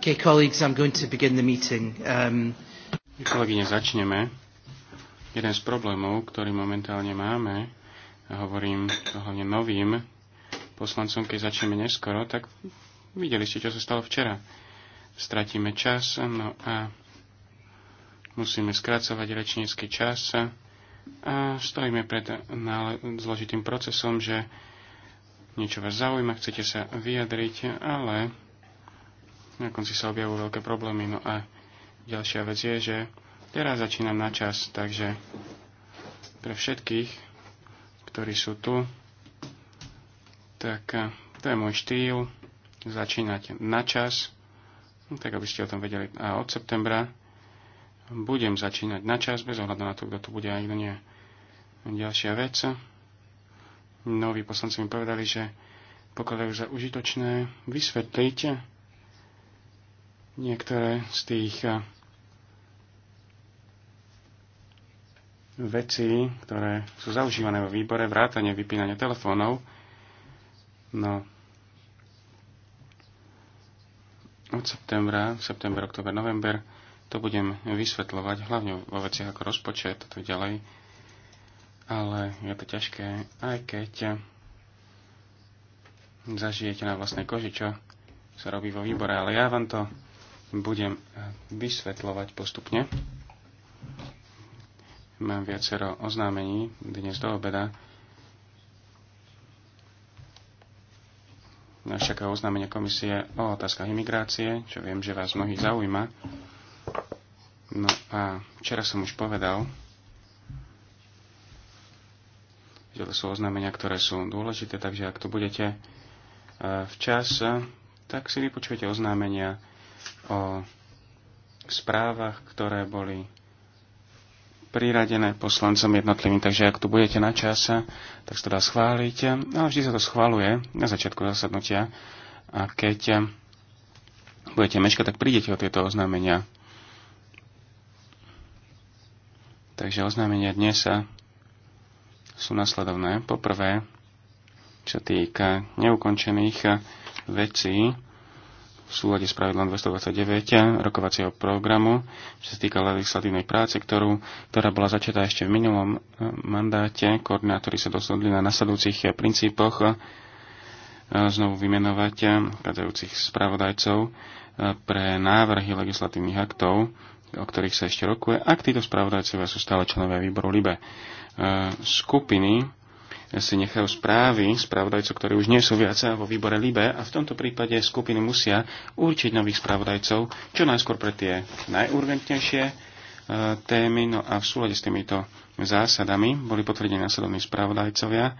Okay, colleagues, I'm going to begin the meeting. Um... Kolegyne, začneme. Jeden z problémov, ktorý momentálne máme, a hovorím to hlavne novým poslancom, keď začneme neskoro, tak videli ste, čo sa stalo včera. Stratíme čas, no a musíme skracovať rečnícky čas a stojíme pred zložitým procesom, že niečo vás zaujíma, chcete sa vyjadriť, ale na konci sa objavujú veľké problémy. No a ďalšia vec je, že teraz začínam na čas, takže pre všetkých, ktorí sú tu, tak eh, to je môj štýl, začínať na čas, no, tak aby ste o tom vedeli. A od septembra budem začínať na čas, bez ohľadu na to, kto tu bude a kto nie. Ďalšia vec. Noví poslanci mi povedali, že pokladajú za užitočné vysvetliť Niektoré z tých eh, veci, ktoré sú zaužívané vo výbore, vrátanie vypínania telefónov, no od septembra, september, oktober, november, to budem vysvetľovať, hlavne vo veciach ako rozpočet a tak ďalej. Ale je to ťažké, aj keď zažijete na vlastnej koži, čo sa robí vo výbore, ale ja vám to budem eh, vysvetľovať postupne. Mám viacero oznámení dnes do obeda. Nás čaká oznámenie komisie o otázkach imigrácie, čo viem, že vás mnohých zaujíma. No a včera som už povedal, že to sú oznámenia, ktoré sú dôležité, takže ak to budete eh, včas, eh, tak si vypočujete oznámenia o správach, ktoré boli priradené poslancom jednotlivým. Takže ak tu budete na čase, tak sa to dá schváliť. Ale no, vždy sa to schváluje na začiatku zasadnutia. A keď budete meškať, tak prídete o tieto oznámenia. Takže oznámenia dnes sú nasledovné. Poprvé, čo týka neukončených vecí, v súlade s pravidlom 229 rokovacieho programu, čo sa týka legislatívnej práce, ktorú, ktorá bola začatá ešte v minulom eh, mandáte. Koordinátori sa dosudli na nasledujúcich eh, princípoch eh, znovu vymenovať predajúcich spravodajcov pre návrhy legislatívnych aktov, o ktorých sa ešte rokuje, ak títo spravodajcovia sú stále členovia výboru LIBE. Skupiny si nechajú správy spravodajcov, ktorí už nie sú viac vo výbore LIBE a v tomto prípade skupiny musia určiť nových spravodajcov čo najskôr pre tie najurgentnejšie e, témy. No a v súlade s týmito zásadami boli potvrdení následovní spravodajcovia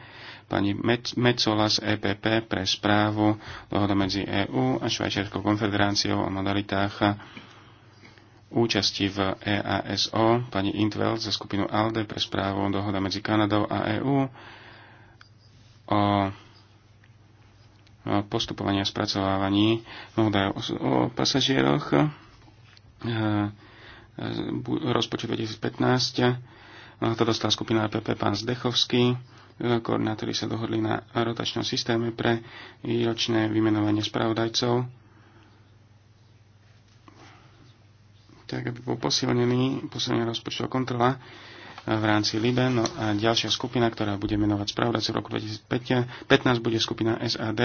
pani Mecola z EPP pre správu dohoda medzi EÚ a Švajčiarskou konfederáciou o modalitách účasti v EASO, pani Intvel za skupinu ALDE pre správu dohoda medzi Kanadou a EÚ o postupovaní a spracovávaní údajov o pasažieroch. E, rozpočet 2015 e, to dostala skupina APP e pán Zdechovský. Koordinátori sa dohodli na rotačnom systéme pre výročné vymenovanie spravodajcov. Tak, aby bol posilnený, posilnený rozpočtová kontrola v rámci LIBE. No a ďalšia skupina, ktorá bude menovať spravodajcov v roku 2015, bude skupina SAD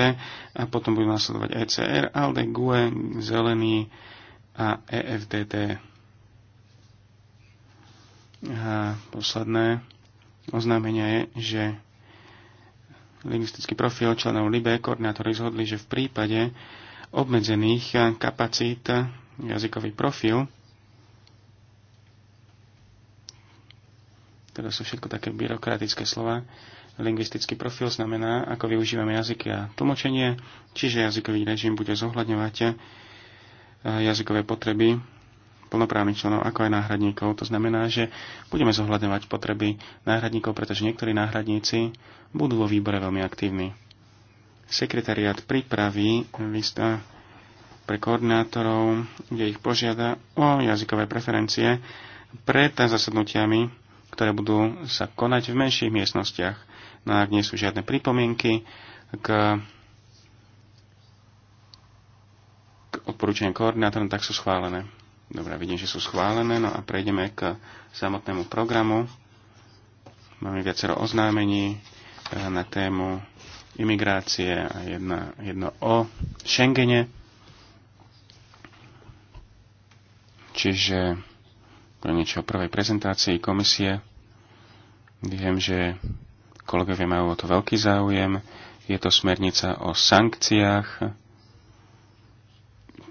a potom budú nasledovať ECR, ALDE, GUE, Zelený a EFDD. E, e a posledné oznámenie je, že lingvistický profil členov LIBE koordinátori zhodli, že v prípade obmedzených kapacít jazykový profil Teda sú všetko také byrokratické slova. Lingvistický profil znamená, ako využívame jazyky a tlmočenie, čiže jazykový režim bude zohľadňovať eh, jazykové potreby plnoprávnych členov, ako aj náhradníkov. To znamená, že budeme zohľadňovať potreby náhradníkov, pretože niektorí náhradníci budú vo výbore veľmi aktívni. Sekretariat pripraví lista pre koordinátorov, kde ich požiada o jazykové preferencie pred zasadnutiami ktoré budú sa konať v menších miestnostiach. No ak nie sú žiadne pripomienky k, k odporúčaniu koordinátorom, tak sú schválené. Dobre, vidím, že sú schválené, no a prejdeme k samotnému programu. Máme viacero oznámení eh, na tému imigrácie a jedna, jedno o Schengene. Čiže pre niečo o prvej prezentácii komisie. Viem, že kolegovia majú o to veľký záujem. Je to smernica o sankciách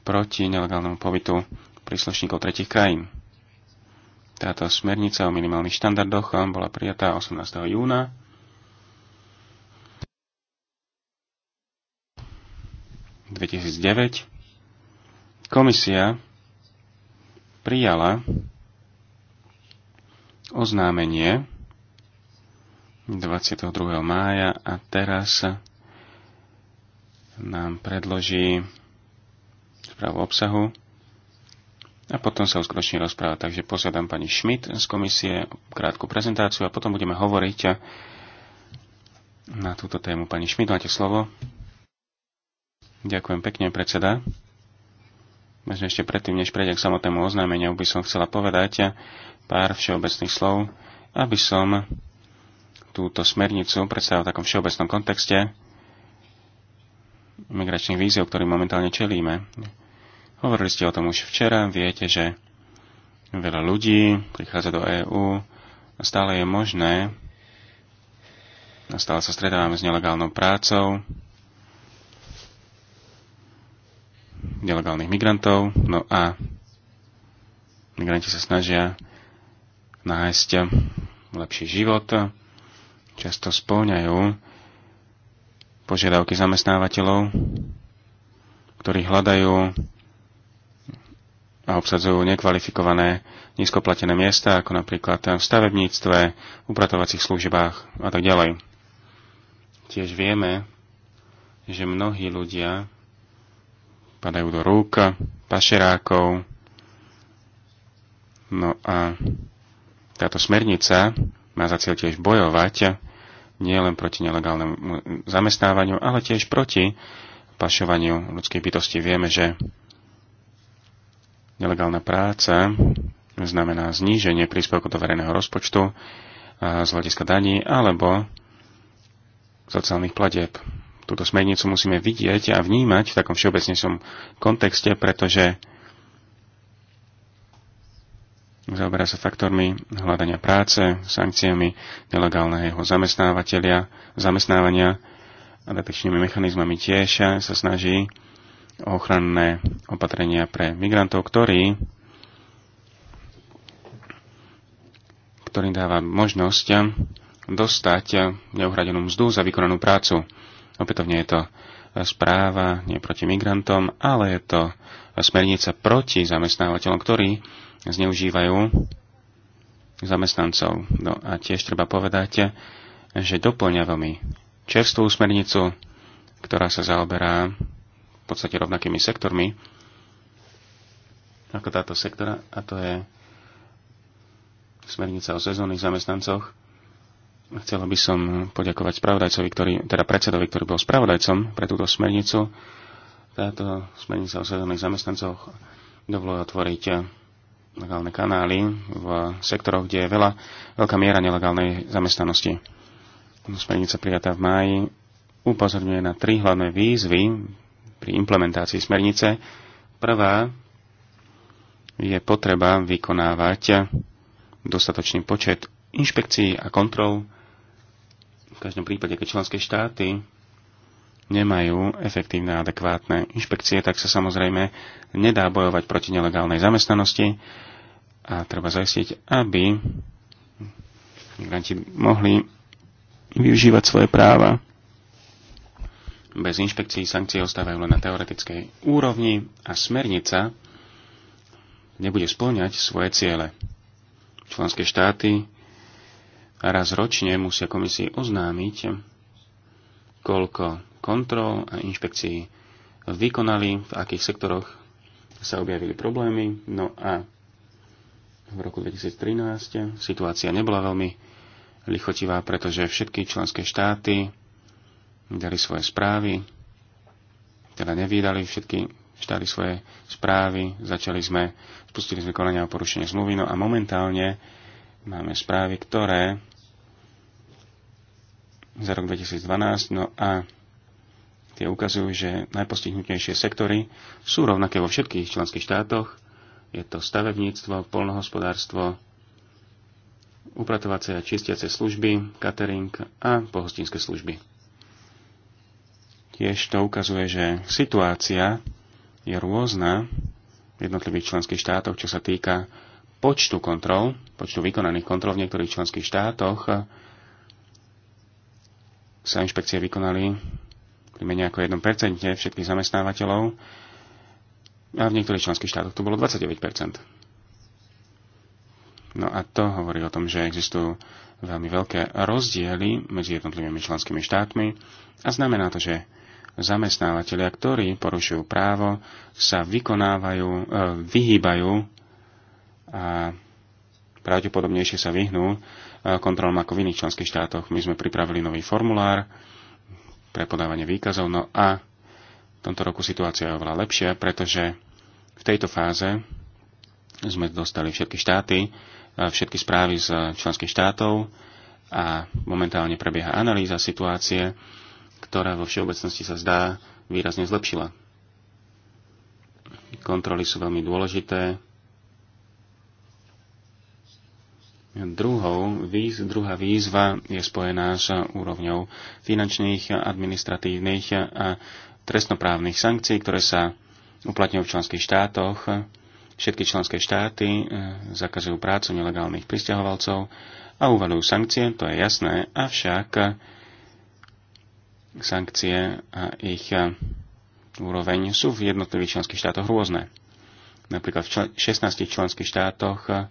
proti nelegálnemu pobytu príslušníkov tretich krajín. Táto smernica o minimálnych štandardoch bola prijatá 18. júna. 2009 komisia prijala oznámenie 22. mája a teraz nám predloží správu obsahu a potom sa uskutoční rozpráva. Takže posiadam pani Schmidt z komisie krátku prezentáciu a potom budeme hovoriť na túto tému. Pani Schmidt, máte slovo. Ďakujem pekne, predseda. Možno ešte predtým, než prejdem k samotnému oznámeniu, by som chcela povedať, pár všeobecných slov, aby som túto smernicu predstavil v takom všeobecnom kontexte migračných víziev, ktorým momentálne čelíme. Hovorili ste o tom už včera, viete, že veľa ľudí prichádza do EÚ a stále je možné, a stále sa stretávame s nelegálnou prácou, nelegálnych migrantov, no a migranti sa snažia nájsť lepší život, často spĺňajú požiadavky zamestnávateľov, ktorí hľadajú a obsadzujú nekvalifikované nízkoplatené miesta, ako napríklad v stavebníctve, upratovacích službách a tak ďalej. Tiež vieme, že mnohí ľudia padajú do rúk pašerákov, no a táto smernica má za cieľ tiež bojovať nielen proti nelegálnemu zamestnávaniu, ale tiež proti pašovaniu ľudskej bytosti. Vieme, že nelegálna práca znamená zníženie príspevku do verejného rozpočtu z hľadiska daní alebo sociálnych platieb. Túto smernicu musíme vidieť a vnímať v takom všeobecnejšom kontexte, pretože Zaoberá sa faktormi hľadania práce, sankciami nelegálneho zamestnávateľia, zamestnávania a detekčnými mechanizmami tiež sa snaží o ochranné opatrenia pre migrantov, ktorí ktorým dáva možnosť dostať neuhradenú mzdu za vykonanú prácu. Opätovne je to správa nie proti migrantom, ale je to smernica proti zamestnávateľom, ktorí zneužívajú zamestnancov. No a tiež treba povedať, že doplňa veľmi čerstvú smernicu, ktorá sa zaoberá v podstate rovnakými sektormi ako táto sektora, a to je smernica o sezónnych zamestnancoch. Chcela by som poďakovať spravodajcovi, ktorý, teda predsedovi, ktorý bol spravodajcom pre túto smernicu. Táto smernica o sezónnych zamestnancoch dovoluje otvoriť legálne kanály v sektoroch, kde je veľa, veľká miera nelegálnej zamestnanosti. Smernica prijatá v máji upozorňuje na tri hlavné výzvy pri implementácii smernice. Prvá je potreba vykonávať dostatočný počet inšpekcií a kontrol. V každom prípade, keď členské štáty nemajú efektívne a adekvátne inšpekcie, tak sa samozrejme nedá bojovať proti nelegálnej zamestnanosti a treba zajistiť, aby migranti mohli využívať svoje práva. Bez inšpekcií sankcie ostávajú len na teoretickej úrovni a smernica nebude splňať svoje ciele. Členské štáty raz ročne musia komisii oznámiť, koľko kontrol a inšpekcií vykonali, v akých sektoroch sa objavili problémy. No a v roku 2013 situácia nebola veľmi lichotivá, pretože všetky členské štáty dali svoje správy, teda nevydali všetky štáty svoje správy, začali sme, spustili sme konania o porušenie zmluvy, no a momentálne máme správy, ktoré za rok 2012, no a Tie ukazujú, že najpostihnutnejšie sektory sú rovnaké vo všetkých členských štátoch. Je to stavebníctvo, polnohospodárstvo, upratovacie a čistiace služby, catering a pohostinské služby. Tiež to ukazuje, že situácia je rôzna v jednotlivých členských štátoch, čo sa týka počtu kontrol, počtu vykonaných kontrol v niektorých členských štátoch sa inšpekcie vykonali menej ako 1% všetkých zamestnávateľov a v niektorých členských štátoch to bolo 29%. No a to hovorí o tom, že existujú veľmi veľké rozdiely medzi jednotlivými členskými štátmi a znamená to, že zamestnávateľia, ktorí porušujú právo, sa vykonávajú, eh, vyhýbajú a pravdepodobnejšie sa vyhnú eh, kontrolom ako v iných členských štátoch. My sme pripravili nový formulár, pre podávanie výkazov. No a v tomto roku situácia je oveľa lepšia, pretože v tejto fáze sme dostali všetky štáty, e, všetky správy z členských štátov a momentálne prebieha analýza situácie, ktorá vo všeobecnosti sa zdá výrazne zlepšila. Kontroly sú veľmi dôležité, Druhou, výz, druhá výzva je spojená s úrovňou finančných, administratívnych a trestnoprávnych sankcií, ktoré sa uplatňujú v členských štátoch. Všetky členské štáty eh, zakazujú prácu nelegálnych pristahovalcov a uvalujú sankcie, to je jasné, avšak sankcie a ich eh, úroveň sú v jednotlivých členských štátoch rôzne. Napríklad v 16 členských štátoch eh,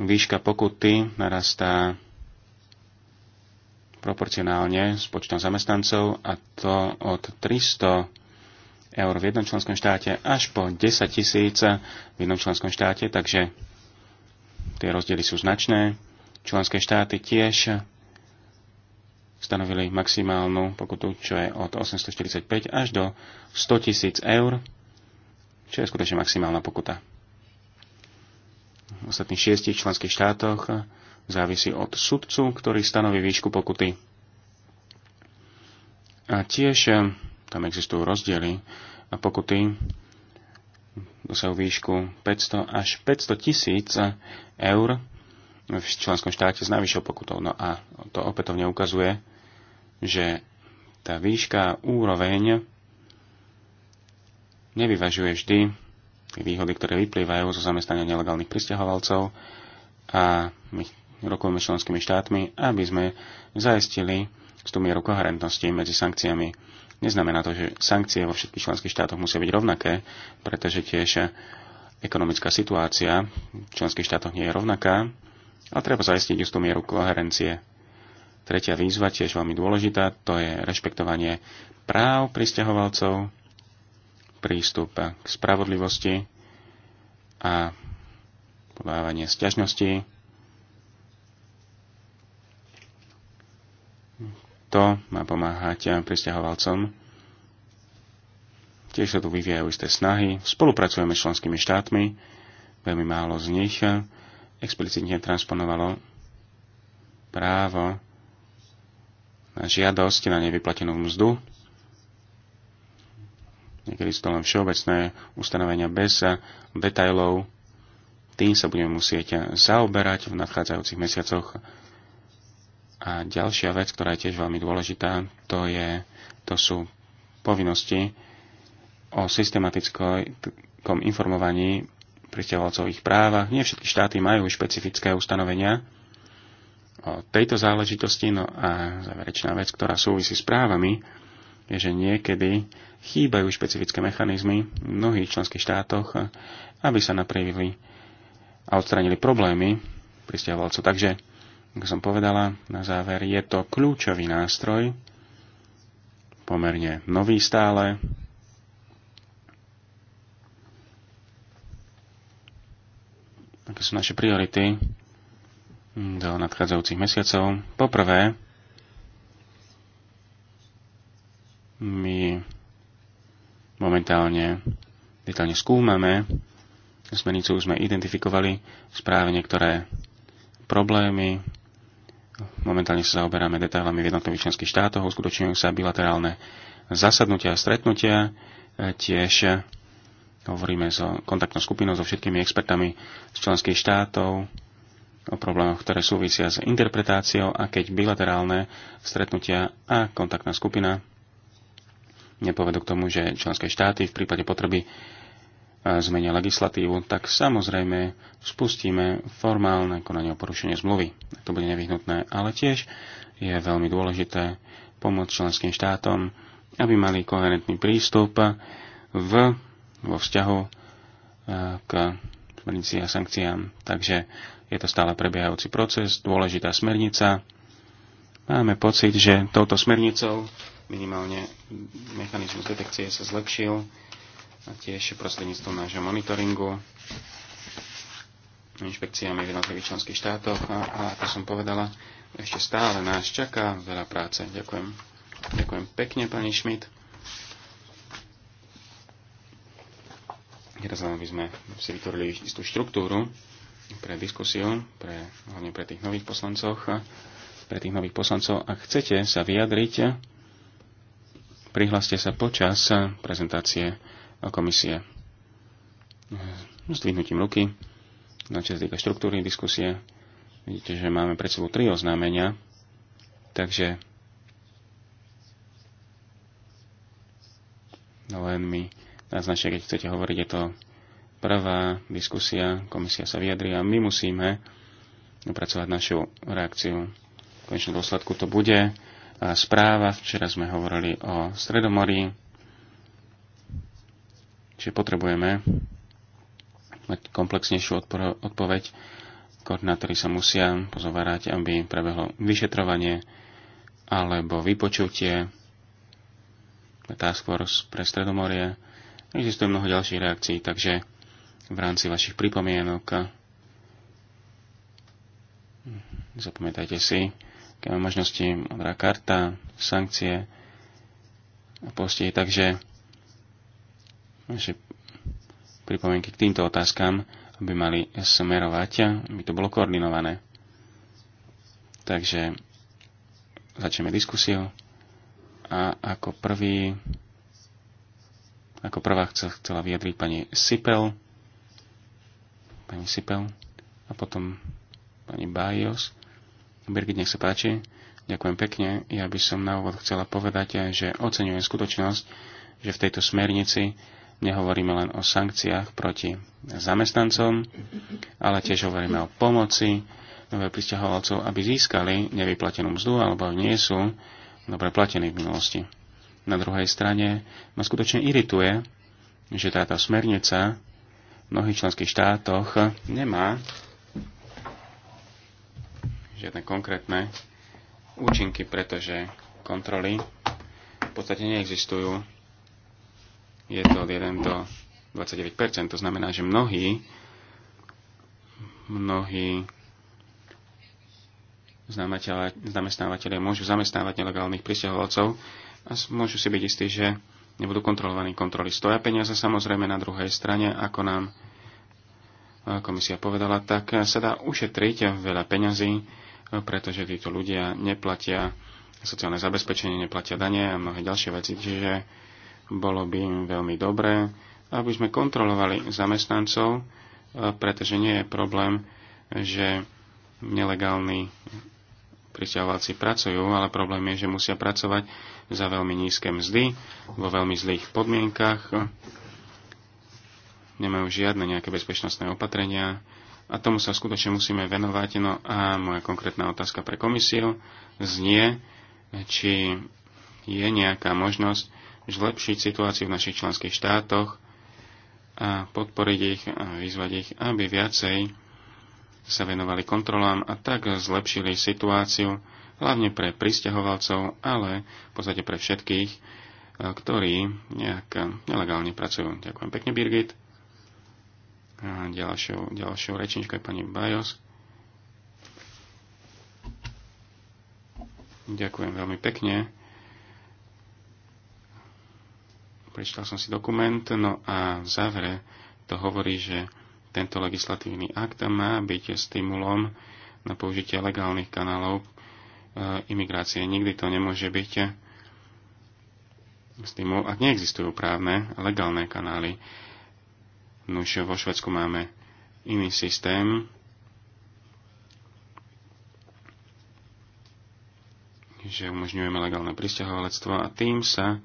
Výška pokuty narastá proporcionálne s počtom zamestnancov a to od 300 eur v jednom členskom štáte až po 10 tisíc v jednom členskom štáte, takže tie rozdiely sú značné. Členské štáty tiež stanovili maximálnu pokutu, čo je od 845 až do 100 tisíc eur, čo je skutočne maximálna pokuta. V ostatných šiestich členských štátoch závisí od sudcu, ktorý stanoví výšku pokuty. A tiež eh, tam existujú rozdiely a pokuty dosahujú výšku 500 až 500 tisíc eur v členskom štáte s najvyššou pokutou. No a to opätovne ukazuje, že tá výška úroveň nevyvažuje vždy výhody, ktoré vyplývajú zo zamestnania nelegálnych pristahovalcov a my rokujeme s členskými štátmi, aby sme zaistili tú mieru koherentnosti medzi sankciami. Neznamená to, že sankcie vo všetkých členských štátoch musia byť rovnaké, pretože tiež ekonomická situácia v členských štátoch nie je rovnaká a treba zaistiť istú mieru koherencie. Tretia výzva, tiež veľmi dôležitá, to je rešpektovanie práv pristahovalcov prístup k spravodlivosti a podávanie sťažnosti. To má pomáhať pristahovalcom. Tiež sa tu vyvíjajú isté snahy. Spolupracujeme s členskými štátmi. Veľmi málo z nich explicitne transponovalo právo na žiadosť na nevyplatenú mzdu niekedy sú to len všeobecné ustanovenia bez eh, detajlov. Tým sa budeme musieť eh, zaoberať v nadchádzajúcich mesiacoch. A ďalšia vec, ktorá je tiež veľmi dôležitá, to, je, to sú povinnosti o systematickom informovaní pristahovalcov ich právach. Nie všetky štáty majú špecifické ustanovenia o tejto záležitosti. No a záverečná vec, ktorá súvisí s právami, je, že niekedy chýbajú špecifické mechanizmy v mnohých členských štátoch, aby sa napravili a odstranili problémy pristiavalcov. Takže, ako som povedala, na záver je to kľúčový nástroj, pomerne nový stále, aké sú naše priority do nadchádzajúcich mesiacov. Poprvé, My momentálne detálne skúmame, smernicu už sme identifikovali správe niektoré problémy, momentálne sa zaoberáme detailami v jednotlivých členských štátoch, uskutočňujú sa bilaterálne zasadnutia a stretnutia, e, tiež hovoríme so kontaktnou skupinou, so všetkými expertami z členských štátov o problémoch, ktoré súvisia s interpretáciou a keď bilaterálne stretnutia a kontaktná skupina nepovedú k tomu, že členské štáty v prípade potreby e, zmenia legislatívu, tak samozrejme spustíme formálne konanie o porušenie zmluvy. To bude nevyhnutné, ale tiež je veľmi dôležité pomôcť členským štátom, aby mali koherentný prístup v, vo vzťahu e, k smernici a sankciám. Takže je to stále prebiehajúci proces, dôležitá smernica. Máme pocit, že touto smernicou minimálne mechanizmus detekcie sa zlepšil a tiež prostredníctvom nášho monitoringu inšpekciami v jednotlivých členských štátoch a, a ako som povedala, ešte stále nás čaká veľa práce. Ďakujem. Ďakujem pekne, pani Schmidt. Teraz len by sme si vytvorili istú štruktúru pre diskusiu, pre, hlavne pre tých nových poslancov, pre tých nových poslancov. Ak chcete sa vyjadriť, Prihláste sa počas prezentácie komisie. S dvihnutím ruky. Na no, čas týka štruktúry diskusie, vidíte, že máme pred sebou tri oznámenia, takže no len mi naznačia, keď chcete hovoriť, je to prvá diskusia, komisia sa vyjadrí a my musíme upracovať našu reakciu. V konečnom dôsledku to bude správa. Včera sme hovorili o Stredomorí, čiže potrebujeme mať komplexnejšiu odpoveď. Koordinátori sa musia pozovárať, aby prebehlo vyšetrovanie alebo vypočutie Task Force pre Stredomorie. Existuje mnoho ďalších reakcií, takže v rámci vašich pripomienok zapamätajte si, možnosti modrá karta, sankcie a postihy. Takže naše pripomienky k týmto otázkam by mali smerovať, aby to bolo koordinované. Takže začneme diskusiu a ako prvý ako prvá chcela vyjadriť pani Sipel pani Sipel a potom pani Bajos Birgit, nech sa páči. Ďakujem pekne. Ja by som na úvod chcela povedať, že oceňujem skutočnosť, že v tejto smernici nehovoríme len o sankciách proti zamestnancom, ale tiež hovoríme o pomoci pristahovalcov, aby získali nevyplatenú mzdu alebo nie sú dobre platení v minulosti. Na druhej strane ma skutočne irituje, že táto smernica v mnohých členských štátoch nemá žiadne konkrétne účinky, pretože kontroly v podstate neexistujú. Je to od 1 do 29 To znamená, že mnohí, mnohí zamestnávateľe môžu zamestnávať nelegálnych pristahovalcov a môžu si byť istí, že nebudú kontrolovaní kontroly. Stoja peniaze samozrejme na druhej strane, ako nám komisia povedala, tak sa dá ušetriť veľa peňazí pretože títo ľudia neplatia sociálne zabezpečenie, neplatia dane a mnohé ďalšie veci, čiže bolo by im veľmi dobré, aby sme kontrolovali zamestnancov, e, pretože nie je problém, že nelegálni pristahovalci pracujú, ale problém je, že musia pracovať za veľmi nízke mzdy, vo veľmi zlých podmienkach, nemajú žiadne nejaké bezpečnostné opatrenia, a tomu sa skutočne musíme venovať. No a moja konkrétna otázka pre komisiu znie, či je nejaká možnosť zlepšiť situáciu v našich členských štátoch a podporiť ich a vyzvať ich, aby viacej sa venovali kontrolám a tak zlepšili situáciu hlavne pre pristahovalcov, ale v podstate pre všetkých, ktorí nejak nelegálne pracujú. Ďakujem pekne, Birgit. A ďalšou, ďalšou rečničkou je pani Bajos. Ďakujem veľmi pekne. Prečítal som si dokument, no a v závere to hovorí, že tento legislatívny akt má byť stimulom na použitie legálnych kanálov e, imigrácie. Nikdy to nemôže byť stimul, ak neexistujú právne legálne kanály Nuž no vo Švedsku máme iný systém. že umožňujeme legálne pristahovalectvo a tým sa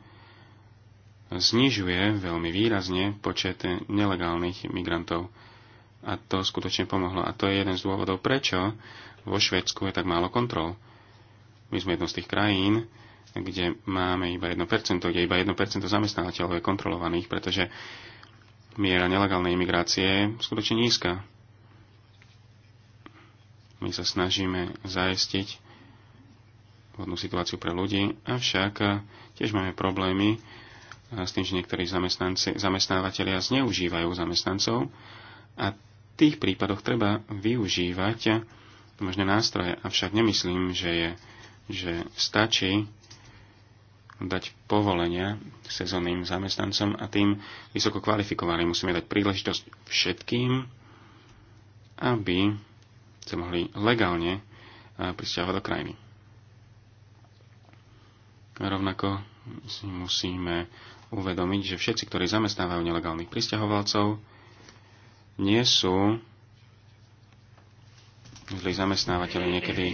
znižuje veľmi výrazne počet nelegálnych migrantov. A to skutočne pomohlo. A to je jeden z dôvodov, prečo vo Švedsku je tak málo kontrol. My sme jednou z tých krajín, kde máme iba 1%, kde iba 1% zamestnávateľov je kontrolovaných, pretože miera nelegálnej imigrácie je skutočne nízka. My sa snažíme zaistiť vhodnú situáciu pre ľudí, avšak eh, tiež máme problémy eh, s tým, že niektorí zamestnávateľia zneužívajú zamestnancov a v tých prípadoch treba využívať eh, možné nástroje. Avšak nemyslím, že, je, že stačí dať povolenia sezónnym zamestnancom a tým vysoko kvalifikovaným. Musíme dať príležitosť všetkým, aby sa mohli legálne pristiahovať do krajiny. Rovnako si musíme uvedomiť, že všetci, ktorí zamestnávajú nelegálnych pristahovalcov, nie sú zlí zamestnávateľi. Niekedy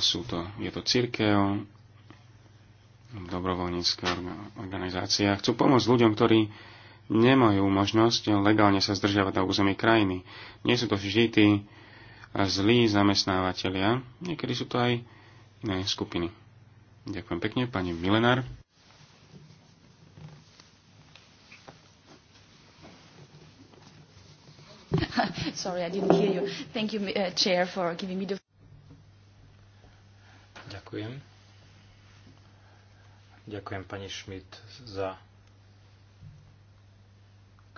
sú to, je to církev, dobrovoľnícke organizácie a chcú pomôcť ľuďom, ktorí nemajú možnosť legálne sa zdržiavať na území krajiny. Nie sú to vždy tí zlí zamestnávateľia, niekedy sú to aj iné skupiny. Ďakujem pekne, pani Milenár. Sorry, I didn't hear you. Thank you, uh, Chair, for giving me the... Ďakujem Ďakujem pani Schmidt za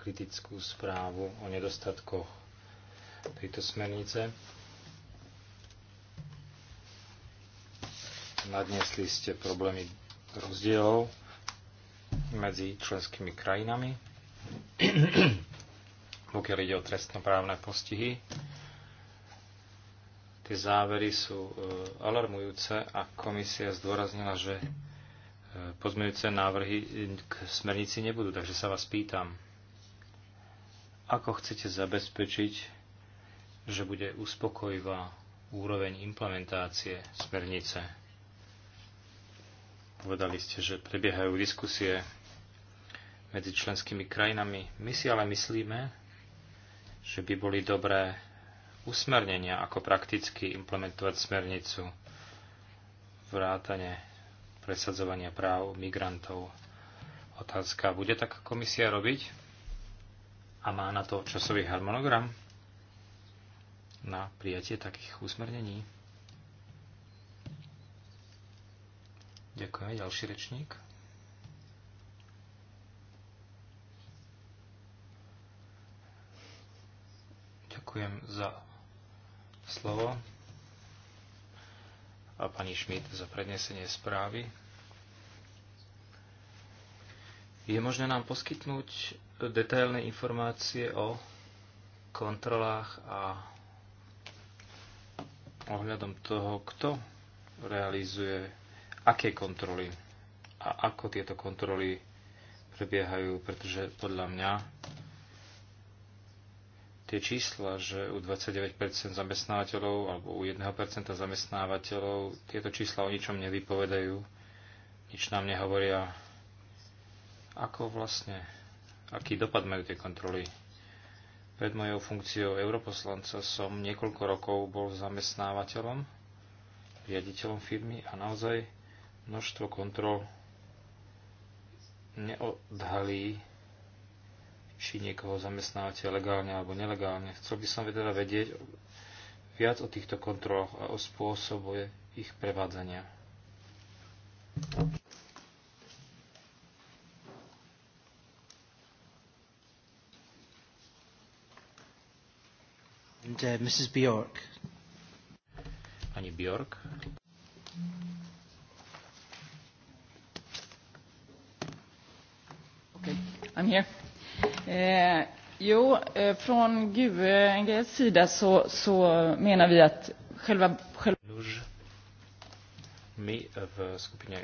kritickú správu o nedostatkoch tejto smernice. Nadnesli ste problémy rozdielov medzi členskými krajinami, pokiaľ ide o trestnoprávne postihy. Tie závery sú e, alarmujúce a komisia zdôraznila, že pozmeňujúce návrhy k smernici nebudú, takže sa vás pýtam, ako chcete zabezpečiť, že bude uspokojivá úroveň implementácie smernice? Povedali ste, že prebiehajú diskusie medzi členskými krajinami. My si ale myslíme, že by boli dobré usmernenia, ako prakticky implementovať smernicu vrátane presadzovania práv migrantov. Otázka, bude tak komisia robiť? A má na to časový harmonogram na prijatie takých usmernení? Ďakujem. Ďalší rečník. Ďakujem za slovo a pani Šmit za prednesenie správy. Je možné nám poskytnúť detailné informácie o kontrolách a ohľadom toho, kto realizuje aké kontroly a ako tieto kontroly prebiehajú, pretože podľa mňa tie čísla, že u 29% zamestnávateľov alebo u 1% zamestnávateľov tieto čísla o ničom nevypovedajú, nič nám nehovoria, ako vlastne, aký dopad majú tie kontroly. Pred mojou funkciou europoslanca som niekoľko rokov bol zamestnávateľom, riaditeľom firmy a naozaj množstvo kontrol neodhalí či niekoho zamestnávate legálne alebo nelegálne. Chcel by som teda vedieť viac o týchto kontrolách a o spôsobe ich prevádzania. And, uh, Mrs. Bjork. Pani Bjork. Okay, I'm here. Eh, jo, eh, från gue ngs sida så, så menar vi att själva... själva... My v skupine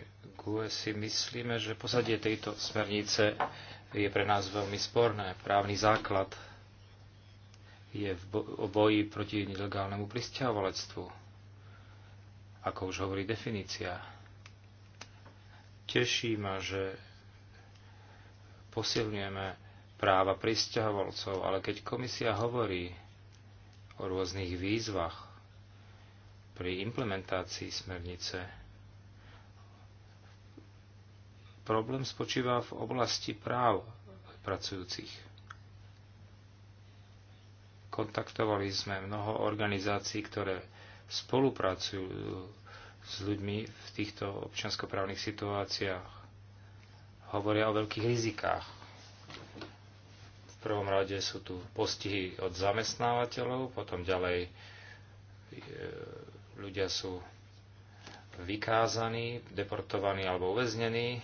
GUE si myslíme, že posadie tejto smernice je pre nás veľmi sporné. Právny základ je v bo- boji proti nelegálnemu pristahovalectvu, ako už hovorí definícia. Teší ma, že posilňujeme práva pristahovalcov, ale keď komisia hovorí o rôznych výzvach pri implementácii smernice, problém spočíva v oblasti práv pracujúcich. Kontaktovali sme mnoho organizácií, ktoré spolupracujú s ľuďmi v týchto občanskoprávnych situáciách. Hovoria o veľkých rizikách prvom rade sú tu postihy od zamestnávateľov, potom ďalej e, ľudia sú vykázaní, deportovaní alebo uväznení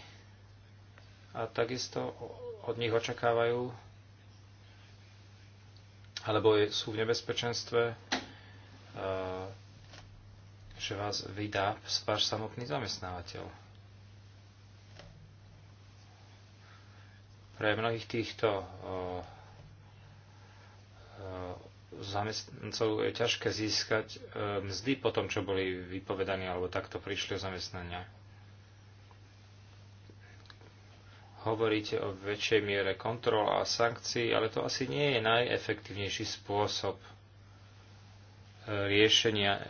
a takisto od nich očakávajú alebo sú v nebezpečenstve, e, že vás vydá váš samotný zamestnávateľ. Pre mnohých týchto zamestnancov je ťažké získať e, mzdy po tom, čo boli vypovedaní alebo takto prišli o zamestnania. Hovoríte o väčšej miere kontrol a sankcií, ale to asi nie je najefektívnejší spôsob e, riešenia e,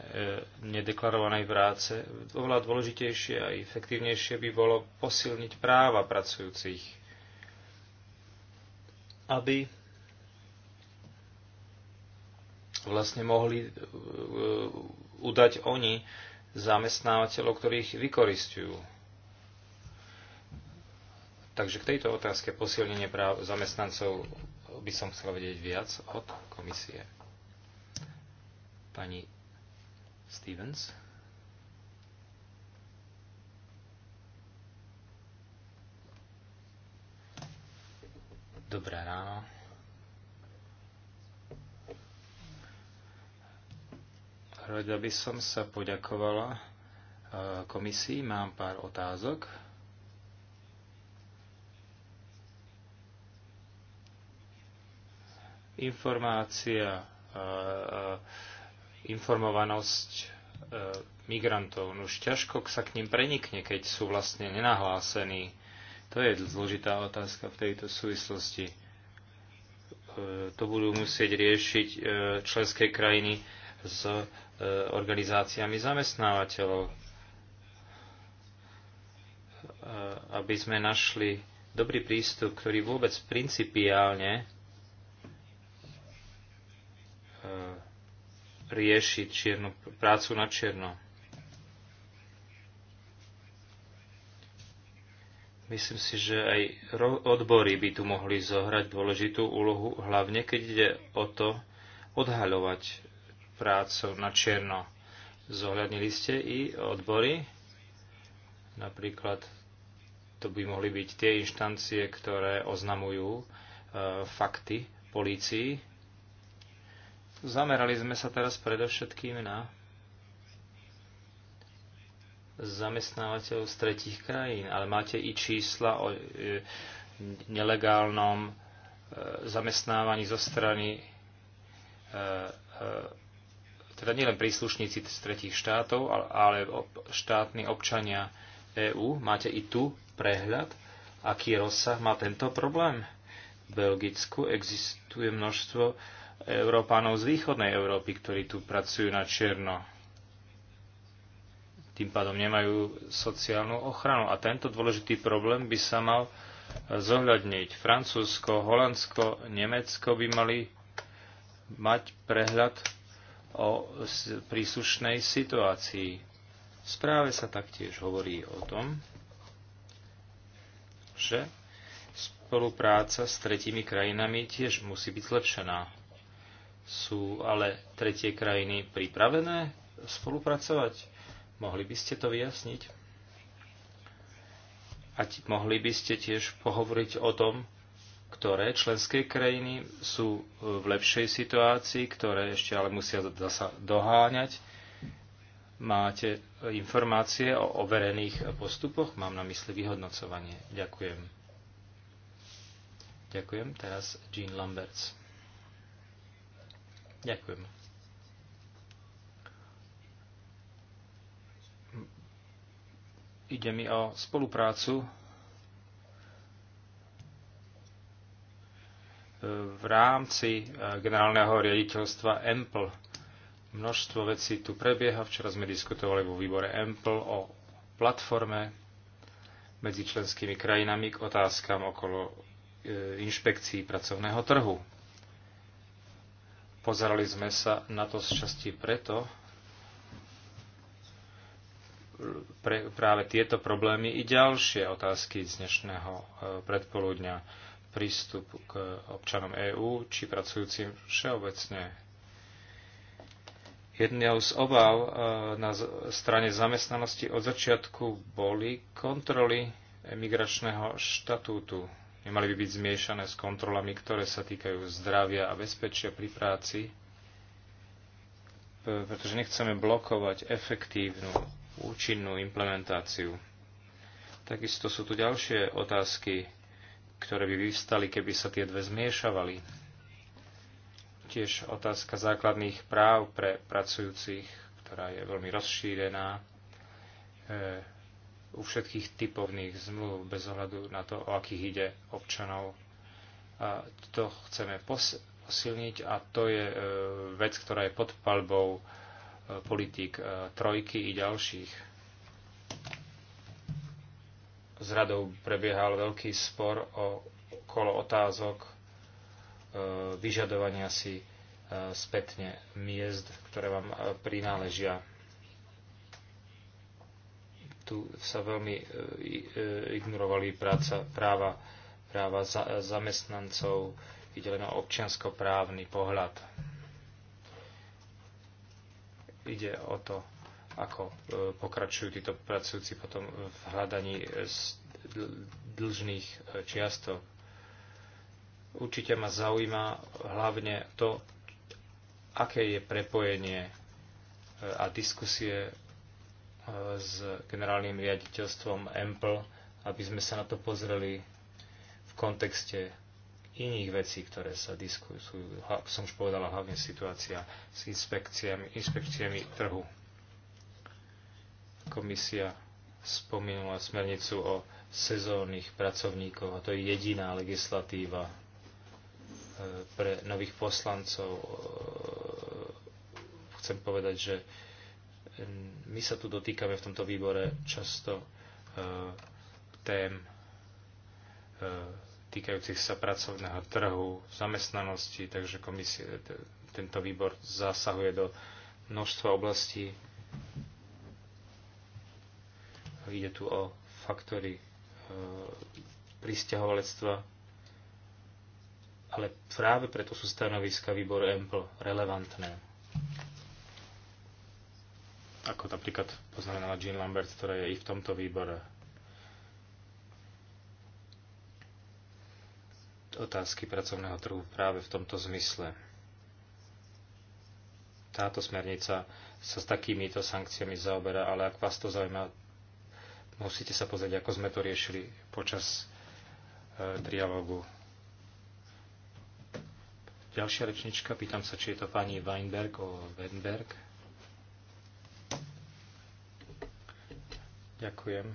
nedeklarovanej práce. Oveľa dôležitejšie a efektívnejšie by bolo posilniť práva pracujúcich aby vlastne mohli e, e, udať oni zamestnávateľov, ktorých vykoristujú. Takže k tejto otázke posilnenie práv zamestnancov by som chcel vedieť viac od komisie. Pani Stevens. Dobré ráno. Rada by som sa poďakovala e, komisii. Mám pár otázok. Informácia, e, e, informovanosť migrantov. No už ťažko sa k ním prenikne, keď sú vlastne nenahlásení to je zložitá otázka v tejto súvislosti. E, to budú musieť riešiť e, členské krajiny s e, organizáciami zamestnávateľov, aby sme našli dobrý prístup, ktorý vôbec principiálne rieši čiernu, prácu na čierno. Myslím si, že aj odbory by tu mohli zohrať dôležitú úlohu, hlavne keď ide o to odhaľovať prácu na čierno. Zohľadnili ste i odbory, napríklad to by mohli byť tie inštancie, ktoré oznamujú e, fakty polícii. Zamerali sme sa teraz predovšetkým na zamestnávateľov z tretich krajín, ale máte i čísla o e, nelegálnom e, zamestnávaní zo strany e, teda nielen príslušníci z tretich štátov, ale štátni občania EÚ. Máte i tu prehľad, aký rozsah má tento problém. V Belgicku existuje množstvo Európánov z východnej Európy, ktorí tu pracujú na čierno tým pádom nemajú sociálnu ochranu. A tento dôležitý problém by sa mal e, zohľadniť. Francúzsko, Holandsko, Nemecko by mali mať prehľad o príslušnej situácii. V správe sa taktiež hovorí o tom, že spolupráca s tretími krajinami tiež musí byť zlepšená. Sú ale tretie krajiny pripravené spolupracovať? Mohli by ste to vyjasniť? A mohli by ste tiež pohovoriť o tom, ktoré členské krajiny sú e, v lepšej situácii, ktoré ešte ale musia zasa doháňať. Máte e, informácie o overených postupoch? Mám na mysli vyhodnocovanie. Ďakujem. Ďakujem. Teraz Jean Lamberts. Ďakujem. Ide mi o spoluprácu e, v rámci e, generálneho riaditeľstva EMPL. Množstvo vecí tu prebieha. Včera sme diskutovali vo výbore EMPL o platforme medzi členskými krajinami k otázkam okolo e, inšpekcií pracovného trhu. Pozerali sme sa na to z časti preto, pre práve tieto problémy i ďalšie otázky z dnešného e, predpoludňa. Prístup k občanom EÚ či pracujúcim všeobecne. Jednou z obav e, na strane zamestnanosti od začiatku boli kontroly emigračného štatútu. Nemali by byť zmiešané s kontrolami, ktoré sa týkajú zdravia a bezpečia pri práci, e, pretože nechceme blokovať efektívnu účinnú implementáciu. Takisto sú tu ďalšie otázky, ktoré by vyvstali, keby sa tie dve zmiešavali. Tiež otázka základných práv pre pracujúcich, ktorá je veľmi rozšírená e, u všetkých typovných zmluv, bez ohľadu na to, o akých ide občanov. A to chceme posilniť a to je e, vec, ktorá je pod palbou politik e, trojky i ďalších. S radou prebiehal veľký spor o kolo otázok e, vyžadovania si e, spätne miest, ktoré vám prináležia. Tu sa veľmi ignorovali práca, práva, práva za, zamestnancov, ide len o občianskoprávny pohľad. Ide o to, ako e, pokračujú títo pracujúci potom v hľadaní e, dlžných e, čiastok. Určite ma zaujíma hlavne to, aké je prepojenie a diskusie s generálnym riaditeľstvom EMPL, aby sme sa na to pozreli v kontexte iných vecí, ktoré sa diskutujú. Som už povedala, hlavne situácia s inspekciami, inspekciami trhu. Komisia spomínala smernicu o sezónnych pracovníkov a to je jediná legislatíva e, pre nových poslancov. E, chcem povedať, že e, my sa tu dotýkame v tomto výbore často tém týkajúcich sa pracovného trhu, zamestnanosti, takže komisie, tento výbor zasahuje do množstva oblastí. Ide tu o faktory e, pristahovalectva, ale práve preto sú stanoviska výboru EMPL relevantné. Ako napríklad poznamenala Jean Lambert, ktorá je i v tomto výbore otázky pracovného trhu práve v tomto zmysle. Táto smernica sa s takýmito sankciami zaoberá, ale ak vás to zaujíma, musíte sa pozrieť, ako sme to riešili počas e, trialógu. Ďalšia rečnička, pýtam sa, či je to pani Weinberg o Weinberg. Ďakujem.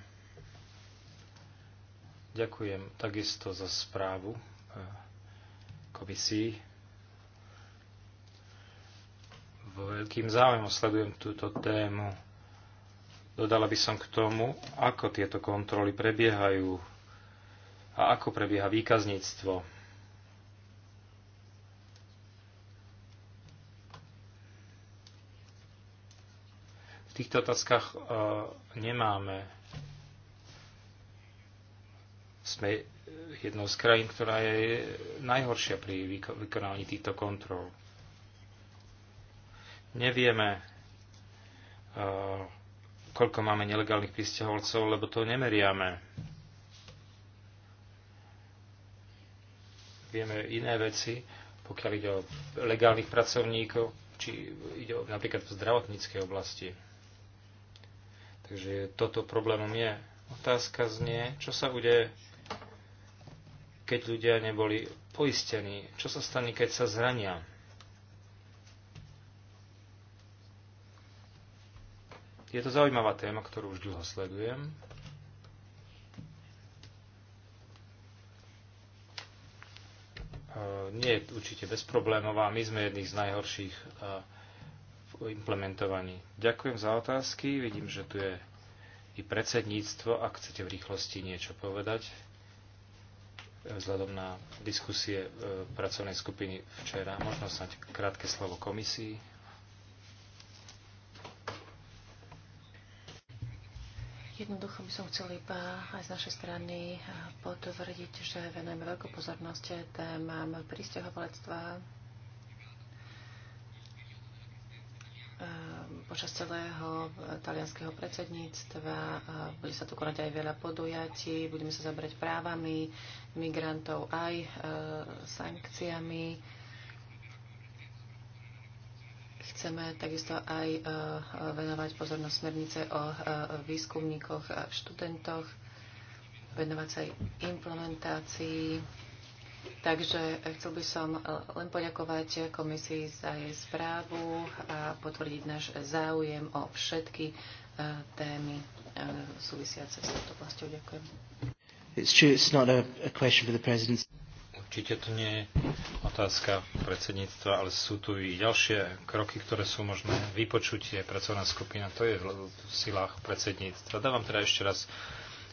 Ďakujem takisto za správu komisii. Vo veľkým záujmom sledujem túto tému. Dodala by som k tomu, ako tieto kontroly prebiehajú a ako prebieha výkazníctvo. V týchto otázkach uh, nemáme sme jednou z krajín, ktorá je najhoršia pri vykonávaní týchto kontrol. Nevieme, eh, koľko máme nelegálnych pristahovalcov, lebo to nemeriame. Vieme iné veci, pokiaľ ide o legálnych pracovníkov, či ide o, napríklad v zdravotníckej oblasti. Takže toto problémom je. Otázka znie, čo sa bude keď ľudia neboli poistení? Čo sa stane, keď sa zrania? Je to zaujímavá téma, ktorú už dlho sledujem. E, nie je určite bezproblémová. My sme jedných z najhorších e, v implementovaní. Ďakujem za otázky. Vidím, že tu je i predsedníctvo, ak chcete v rýchlosti niečo povedať vzhľadom na diskusie e, pracovnej skupiny včera. Možno snáď krátke slovo komisii. Jednoducho by som chcel iba aj z našej strany e, potvrdiť, že venujeme veľkú pozornosť témam pristahovalectva Ehm, počas celého eh, talianského predsedníctva. Eh, bude sa tu konať aj veľa podujatí, budeme sa zabrať právami migrantov aj eh, sankciami. Chceme takisto aj venovať pozornosť smernice o výskumníkoch a študentoch, venovať sa aj implementácii Takže eh, chcel by som eh, len poďakovať komisii za jej správu a potvrdiť náš záujem o všetky eh, témy súvisiace s touto oblasťou. Ďakujem. Určite to nie je otázka predsedníctva, ale sú tu i ďalšie kroky, ktoré sú možné. Vypočutie, pracovná skupina, to je v silách predsedníctva. Dávam teda ešte raz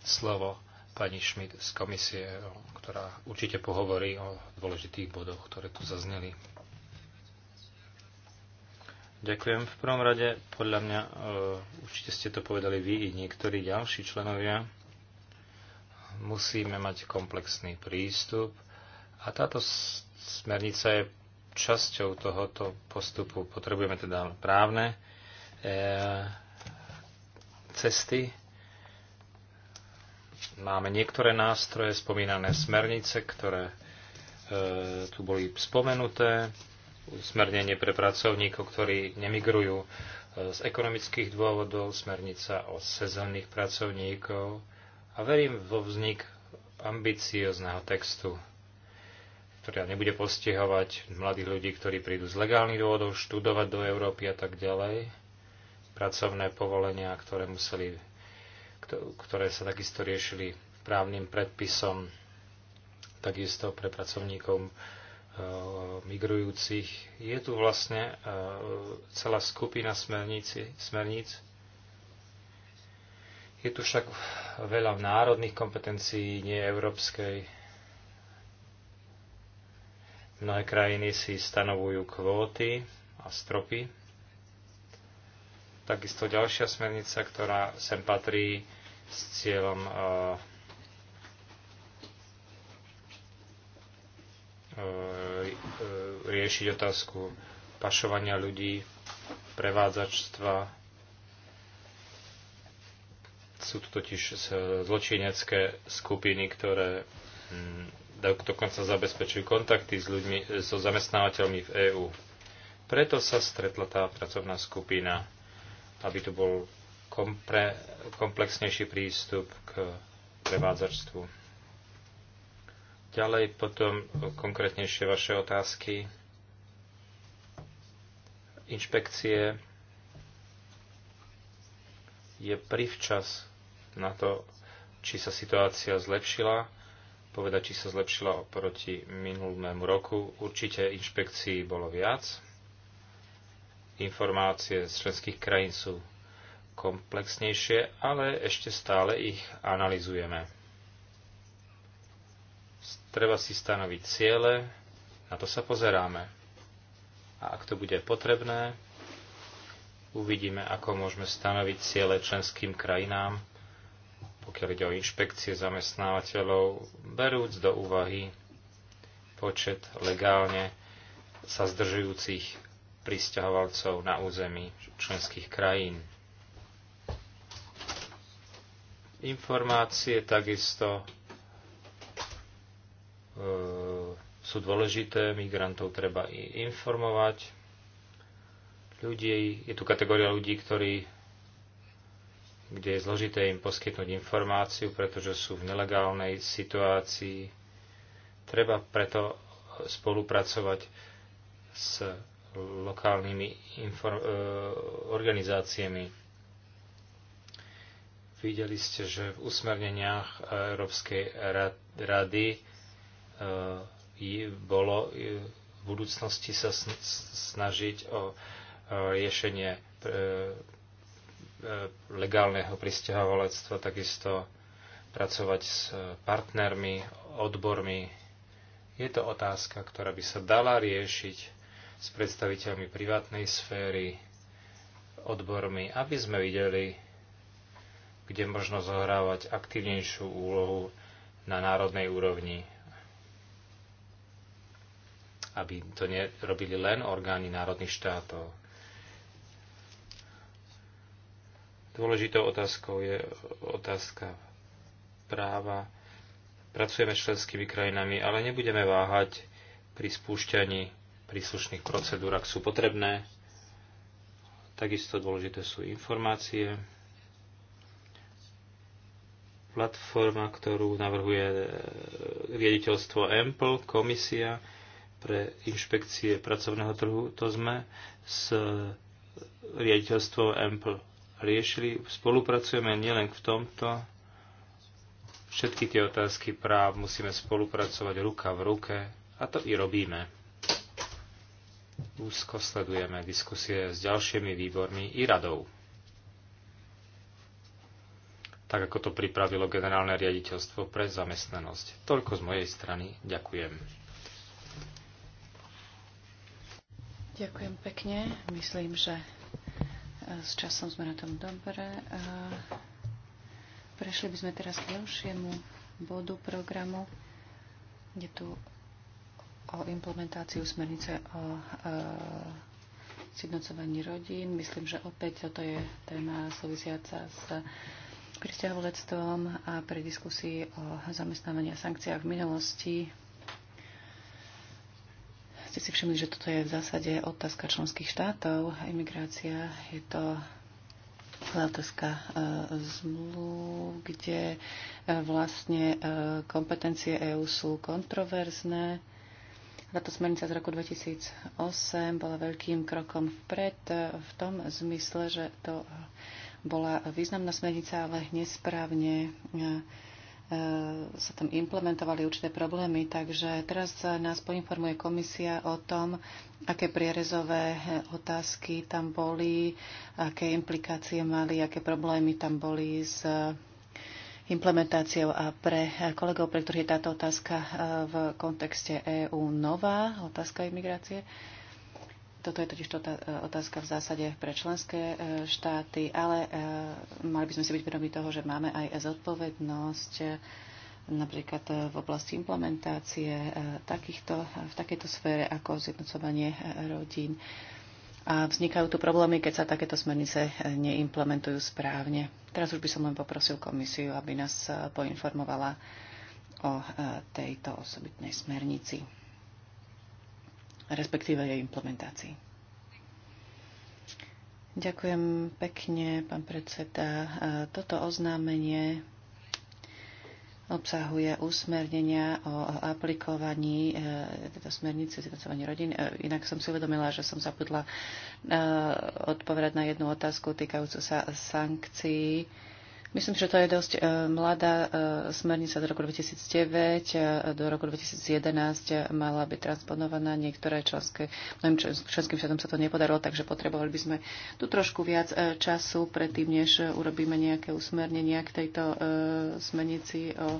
slovo pani Schmidt z komisie, ktorá určite pohovorí o dôležitých bodoch, ktoré tu zazneli. Ďakujem. V prvom rade, podľa mňa, e, určite ste to povedali vy i niektorí ďalší členovia, musíme mať komplexný prístup a táto smernica je časťou tohoto postupu. Potrebujeme teda právne e, cesty, Máme niektoré nástroje, spomínané smernice, ktoré e, tu boli spomenuté, smernenie pre pracovníkov, ktorí nemigrujú e, z ekonomických dôvodov, smernica o sezónnych pracovníkov a verím vo vznik ambiciozného textu, ktorý nebude postihovať mladých ľudí, ktorí prídu z legálnych dôvodov študovať do Európy a tak ďalej, pracovné povolenia, ktoré museli ktoré sa takisto riešili právnym predpisom, takisto pre pracovníkov e, migrujúcich. Je tu vlastne e, celá skupina smerníci, smerníc. Je tu však veľa národných kompetencií, nie európskej. Mnohé krajiny si stanovujú kvóty a stropy. Takisto ďalšia smernica, ktorá sem patrí, s cieľom e, e, riešiť otázku pašovania ľudí, prevádzačstva. Sú tu totiž zločinecké skupiny, ktoré mm, dokonca zabezpečujú kontakty s ľuďmi, so zamestnávateľmi v EÚ. Preto sa stretla tá pracovná skupina, aby tu bol kompre, komplexnejší prístup k prevádzačstvu. Ďalej potom konkrétnejšie vaše otázky. Inšpekcie je privčas na to, či sa situácia zlepšila, povedať, či sa zlepšila oproti minulému roku. Určite inšpekcií bolo viac. Informácie z členských krajín sú komplexnejšie, ale ešte stále ich analizujeme. Treba si stanoviť ciele, na to sa pozeráme. A ak to bude potrebné, uvidíme, ako môžeme stanoviť ciele členským krajinám, pokiaľ ide o inšpekcie zamestnávateľov, berúc do úvahy počet legálne sa zdržujúcich pristahovalcov na území členských krajín. Informácie takisto e, sú dôležité, migrantov treba i informovať. Ľudí, je tu kategória ľudí, ktorí, kde je zložité im poskytnúť informáciu, pretože sú v nelegálnej situácii. Treba preto spolupracovať s lokálnymi e, organizáciami Videli ste, že v usmerneniach Európskej rady e, bolo e, v budúcnosti sa snažiť o riešenie e, legálneho pristahovalectva, takisto pracovať s partnermi, odbormi. Je to otázka, ktorá by sa dala riešiť s predstaviteľmi privátnej sféry, odbormi, aby sme videli, kde možno zohrávať aktívnejšiu úlohu na národnej úrovni, aby to nerobili len orgány národných štátov. Dôležitou otázkou je otázka práva. Pracujeme s členskými krajinami, ale nebudeme váhať pri spúšťaní príslušných procedúr, ak sú potrebné. Takisto dôležité sú informácie. Platforma, ktorú navrhuje e, riaditeľstvo EMPL, komisia pre inšpekcie pracovného trhu, to sme s e, riaditeľstvom EMPL riešili. Spolupracujeme nielen v tomto, všetky tie otázky práv musíme spolupracovať ruka v ruke a to i robíme. Úzko sledujeme diskusie s ďalšími výbormi i radou tak ako to pripravilo generálne riaditeľstvo pre zamestnanosť. Toľko z mojej strany. Ďakujem. Ďakujem pekne. Myslím, že e, s časom sme na tom dobre. E, prešli by sme teraz k ďalšiemu bodu programu. Je tu o implementáciu smernice o sjednocovaní e, rodín. Myslím, že opäť toto je téma súvisiaca s pristahovalectvom a pri diskusii o zamestnávaní a sankciách v minulosti ste si všimli, že toto je v zásade otázka členských štátov. Imigrácia je to otázka e, zmluv, kde e, vlastne e, kompetencie EÚ sú kontroverzné. Táto smernica z roku 2008 bola veľkým krokom vpred v tom zmysle, že to bola významná smernica, ale nesprávne e, e, sa tam implementovali určité problémy, takže teraz nás poinformuje komisia o tom, aké prierezové otázky tam boli, aké implikácie mali, aké problémy tam boli s implementáciou a pre kolegov, pre ktorých je táto otázka e, v kontexte EÚ nová, otázka imigrácie, toto je totiž e, otázka v zásade pre členské e, štáty, ale e, mali by sme si byť vedomi toho, že máme aj zodpovednosť napríklad v oblasti implementácie takýchto, v takejto sfére ako zjednocovanie rodín. A vznikajú tu problémy, keď sa takéto smernice neimplementujú správne. Teraz už by som len poprosil komisiu, aby nás poinformovala o tejto osobitnej smernici respektíve jej implementácii. Ďakujem pekne, pán predseda. Toto oznámenie obsahuje usmernenia o aplikovaní e, teda smernice zjednocovania rodín. E, inak som si uvedomila, že som zabudla e, odpovedať na jednu otázku týkajúcu sa sankcií Myslím, že to je dosť e, mladá e, smernica z roku 2009. E, do roku 2011 mala byť transponovaná. Niektoré členské, mnohým členským štátom sa to nepodarilo, takže potrebovali by sme tu trošku viac času predtým, než urobíme nejaké usmernenia k tejto smernici o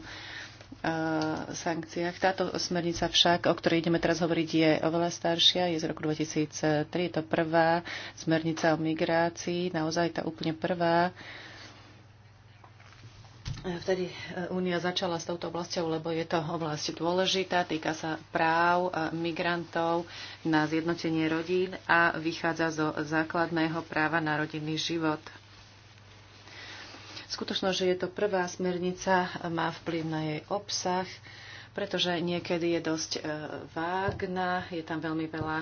sankciách. Táto smernica však, o ktorej ideme teraz hovoriť, je oveľa staršia, je z roku 2003, je to prvá smernica o migrácii, naozaj tá úplne prvá Vtedy e, Únia začala s touto oblasťou, lebo je to oblasť dôležitá, týka sa práv e, migrantov na zjednotenie rodín a vychádza zo základného práva na rodinný život. Skutočnosť, že je to prvá smernica, má vplyv na jej obsah, pretože niekedy je dosť e, vágna, je tam veľmi veľa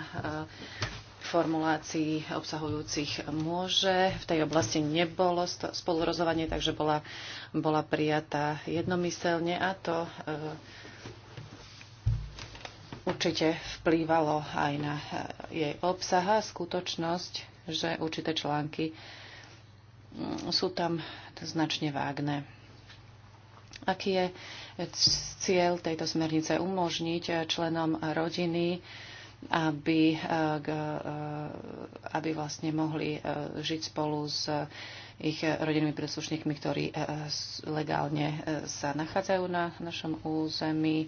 formulácií obsahujúcich môže. V tej oblasti nebolo spolurozovanie, takže bola, bola prijatá jednomyselne a to e, určite vplývalo aj na e, jej obsah a skutočnosť, že určité články mm, sú tam značne vágne. Aký je cieľ tejto smernice umožniť e, členom rodiny aby, eh, eh, aby vlastne mohli eh, žiť spolu s ich rodinnými príslušníkmi, ktorí legálne sa nachádzajú na našom území.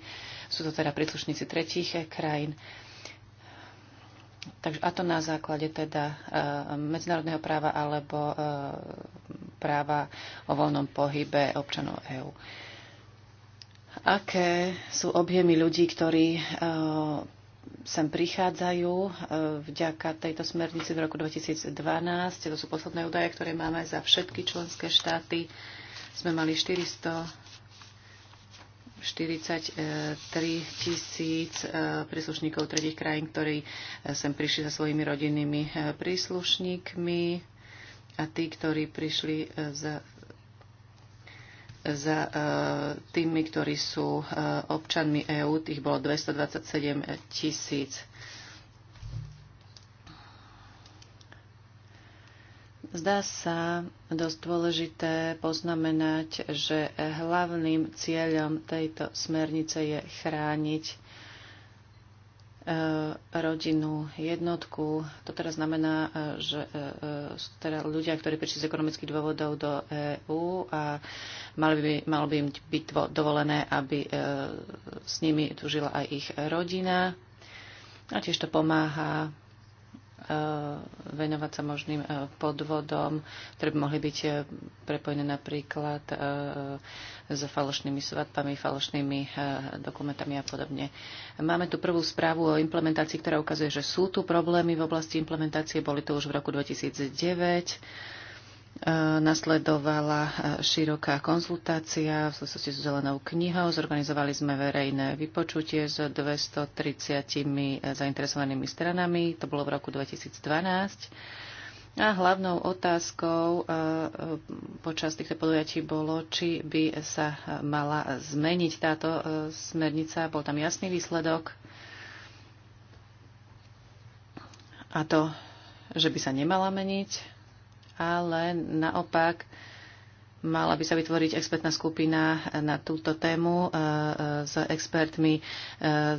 Sú to teda príslušníci tretích krajín. Takže a to na základe teda medzinárodného práva alebo práva o voľnom pohybe občanov EÚ. Aké sú objemy ľudí, ktorí sem prichádzajú e, vďaka tejto smernici v roku 2012. To sú posledné údaje, ktoré máme za všetky členské štáty. Sme mali 400 43 tisíc e, príslušníkov tretich krajín, ktorí e, sem prišli za svojimi rodinnými príslušníkmi a tí, ktorí prišli za za e, tými, ktorí sú e, občanmi EÚ, tých bolo 227 tisíc. Zdá sa dosť dôležité poznamenať, že hlavným cieľom tejto smernice je chrániť E, rodinnú jednotku. To teraz znamená, e, že sú e, teda ľudia, ktorí prišli z ekonomických dôvodov do EÚ a mali by, malo by im byť dovolené, aby s nimi tu žila aj ich rodina. A tiež to pomáha Eh, venovať sa možným eh, podvodom, ktoré by mohli byť eh, prepojené napríklad s falošnými svadbami, falošnými dokumentami a podobne. Máme tu prvú správu o implementácii, ktorá ukazuje, že sú tu problémy v oblasti implementácie. Boli to už v roku 2009 nasledovala e, široká konzultácia v súvislosti s zelenou knihou. Zorganizovali sme verejné vypočutie s 230 e, zainteresovanými stranami. To bolo v roku 2012. A hlavnou otázkou e, počas týchto podujatí bolo, či by sa mala zmeniť táto smernica. Bol tam jasný výsledok. A to, že by sa nemala meniť ale naopak mala by sa vytvoriť expertná skupina na túto tému e, e, s expertmi e,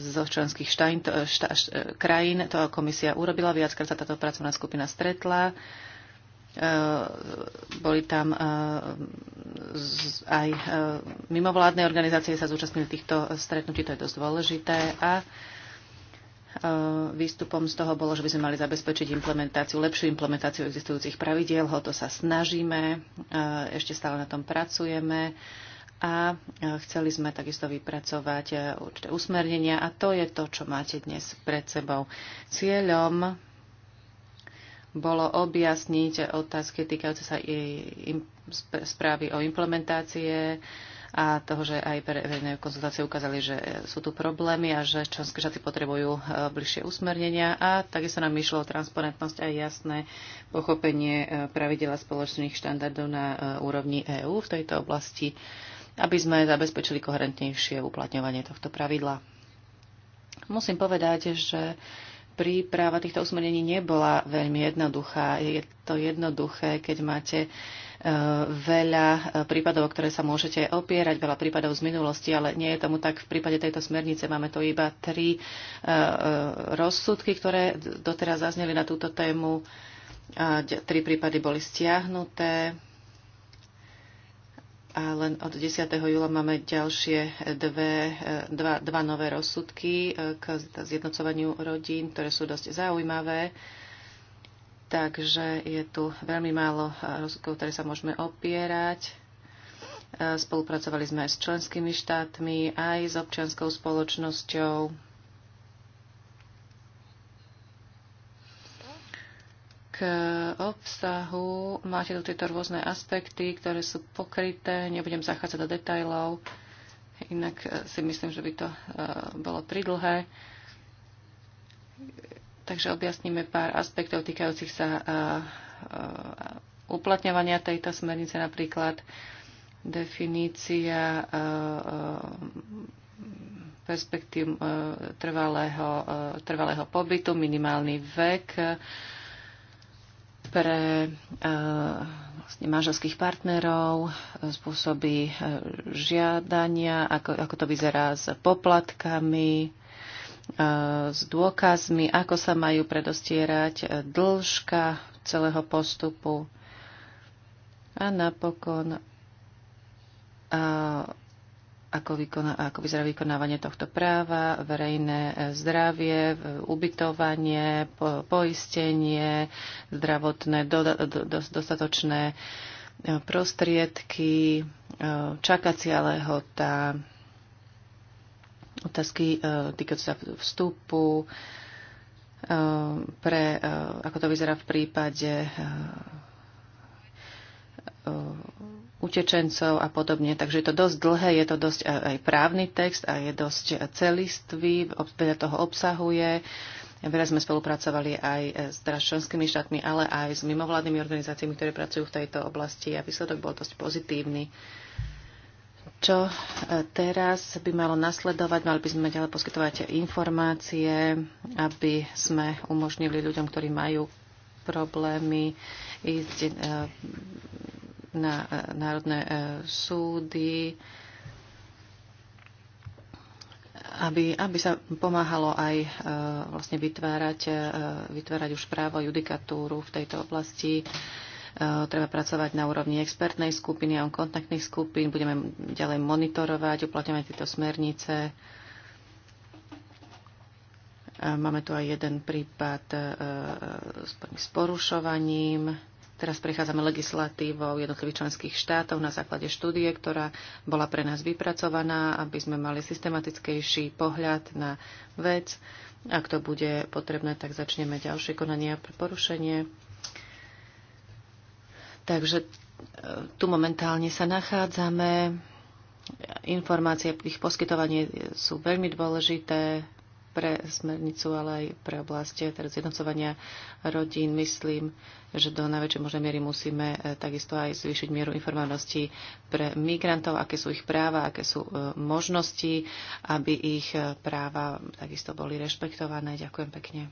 zo členských štajn, šta, št, krajín. To komisia urobila, viackrát sa táto pracovná skupina stretla. Boli tam aj mimovládne organizácie sa zúčastnili týchto stretnutí, to je dosť dôležité. A E, výstupom z toho bolo, že by sme mali zabezpečiť implementáciu, lepšiu implementáciu existujúcich pravidiel. ho to sa snažíme, e, ešte stále na tom pracujeme a e, chceli sme takisto vypracovať určité usmernenia a to je to, čo máte dnes pred sebou. Cieľom bolo objasniť otázky týkajúce sa správy o implementácie, a toho, že aj verejné konzultácie ukázali, že e, sú tu problémy a že členské štáty potrebujú e, bližšie usmernenia a takisto nám išlo o transparentnosť a jasné pochopenie e, pravidela spoločných štandardov na úrovni EÚ v tejto oblasti, aby sme zabezpečili koherentnejšie uplatňovanie tohto pravidla. Musím povedať, že príprava týchto usmernení nebola veľmi jednoduchá. Je to jednoduché, keď máte veľa e, prípadov, o ktoré sa môžete opierať, veľa prípadov z minulosti, ale nie je tomu tak. V prípade tejto smernice máme tu iba tri e, e, rozsudky, ktoré doteraz zazneli na túto tému. Tri prípady boli stiahnuté a len od 10. júla máme ďalšie dve, dva, dva nové rozsudky k zjednocovaniu rodín, ktoré sú dosť zaujímavé. Takže je tu veľmi málo eh, rozsudkov, ktoré sa môžeme opierať. Eh, spolupracovali sme s členskými štátmi, aj s občianskou spoločnosťou. K obsahu máte tu tieto rôzne aspekty, ktoré sú pokryté. Nebudem zachádzať do detajlov, inak eh, si myslím, že by to bolo pridlhé Takže objasníme pár aspektov týkajúcich sa uplatňovania tejto smernice, napríklad definícia perspektív e, trvalého, e, trvalého pobytu, minimálny vek pre e, vlastne manželských partnerov, spôsoby žiadania, ako, ako to vyzerá s poplatkami, s dôkazmi, ako sa majú predostierať e, dĺžka celého postupu. A napokon, a ako, vykoná, ako vyzerá vykonávanie tohto práva, verejné e, zdravie, ubytovanie, po, poistenie, zdravotné, do, do, do, dostatočné e, prostriedky, čakacia lehota, otázky e, týkajúce sa vstupu, e, pre, e, ako to vyzerá v prípade utečencov a podobne. Takže je to dosť dlhé, je to dosť aj právny text a je dosť celistvý, veľa toho obsahuje. Veľa sme spolupracovali aj s členskými štátmi, ale aj s mimovládnymi organizáciami, ktoré pracujú v tejto oblasti a výsledok bol dosť pozitívny. Uh, čo e, teraz by malo nasledovať? Mali by sme ďalej poskytovať informácie, aby sme umožnili ľuďom, ktorí majú problémy, ísť e, na e, národné súdy, aby, aby sa pomáhalo aj vlastne vytvárať, vytvárať už právo judikatúru v tejto oblasti. Eh, treba pracovať na úrovni expertnej skupiny a kontaktných skupín. Budeme ďalej monitorovať, uplatňovať tieto smernice. Eh, máme tu aj jeden prípad eh, s porušovaním. Teraz prechádzame legislatívou jednotlivých členských štátov na základe štúdie, ktorá bola pre nás vypracovaná, aby sme mali systematickejší pohľad na vec. Ak to bude potrebné, tak začneme ďalšie konania pre porušenie. Takže e, tu momentálne sa nachádzame. Informácie, ich poskytovanie sú veľmi dôležité pre smernicu, ale aj pre oblasti teda zjednocovania rodín. Myslím, že do najväčšej možnej miery musíme e, takisto aj zvýšiť mieru informovanosti pre migrantov, aké sú ich práva, aké sú e, možnosti, aby ich práva takisto boli rešpektované. Ďakujem pekne.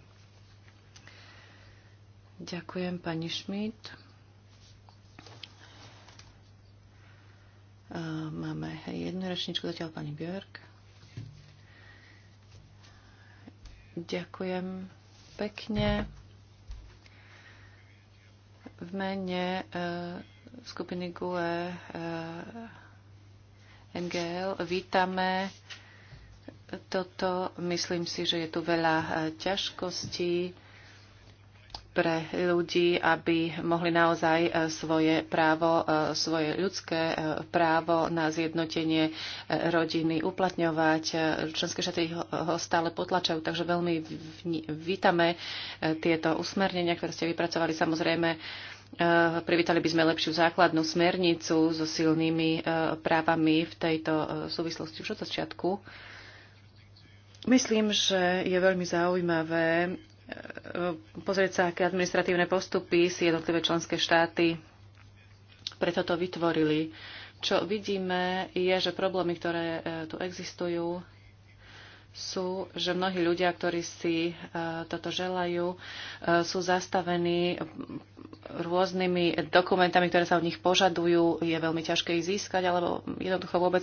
Ďakujem pani Šmit. Máme jednu rečničku zatiaľ pani Björk. Ďakujem pekne. V mene eh, skupiny GUE eh, NGL vítame toto. Myslím si, že je tu veľa eh, ťažkostí pre ľudí, aby mohli naozaj e, svoje právo, e, svoje ľudské e, právo na zjednotenie rodiny uplatňovať. Členské štáty ho stále potlačajú, takže veľmi vítame tieto usmernenia, ktoré ste vypracovali. Samozrejme, privítali by sme lepšiu základnú smernicu so silnými právami v tejto súvislosti už od začiatku. Myslím, že je veľmi zaujímavé, pozrieť sa, aké administratívne postupy si jednotlivé členské štáty preto toto vytvorili. Čo vidíme je, že problémy, ktoré e, tu existujú, sú, že mnohí ľudia, ktorí si e, toto želajú, e, sú zastavení rôznymi dokumentami, ktoré sa od nich požadujú. Je veľmi ťažké ich získať, alebo jednoducho vôbec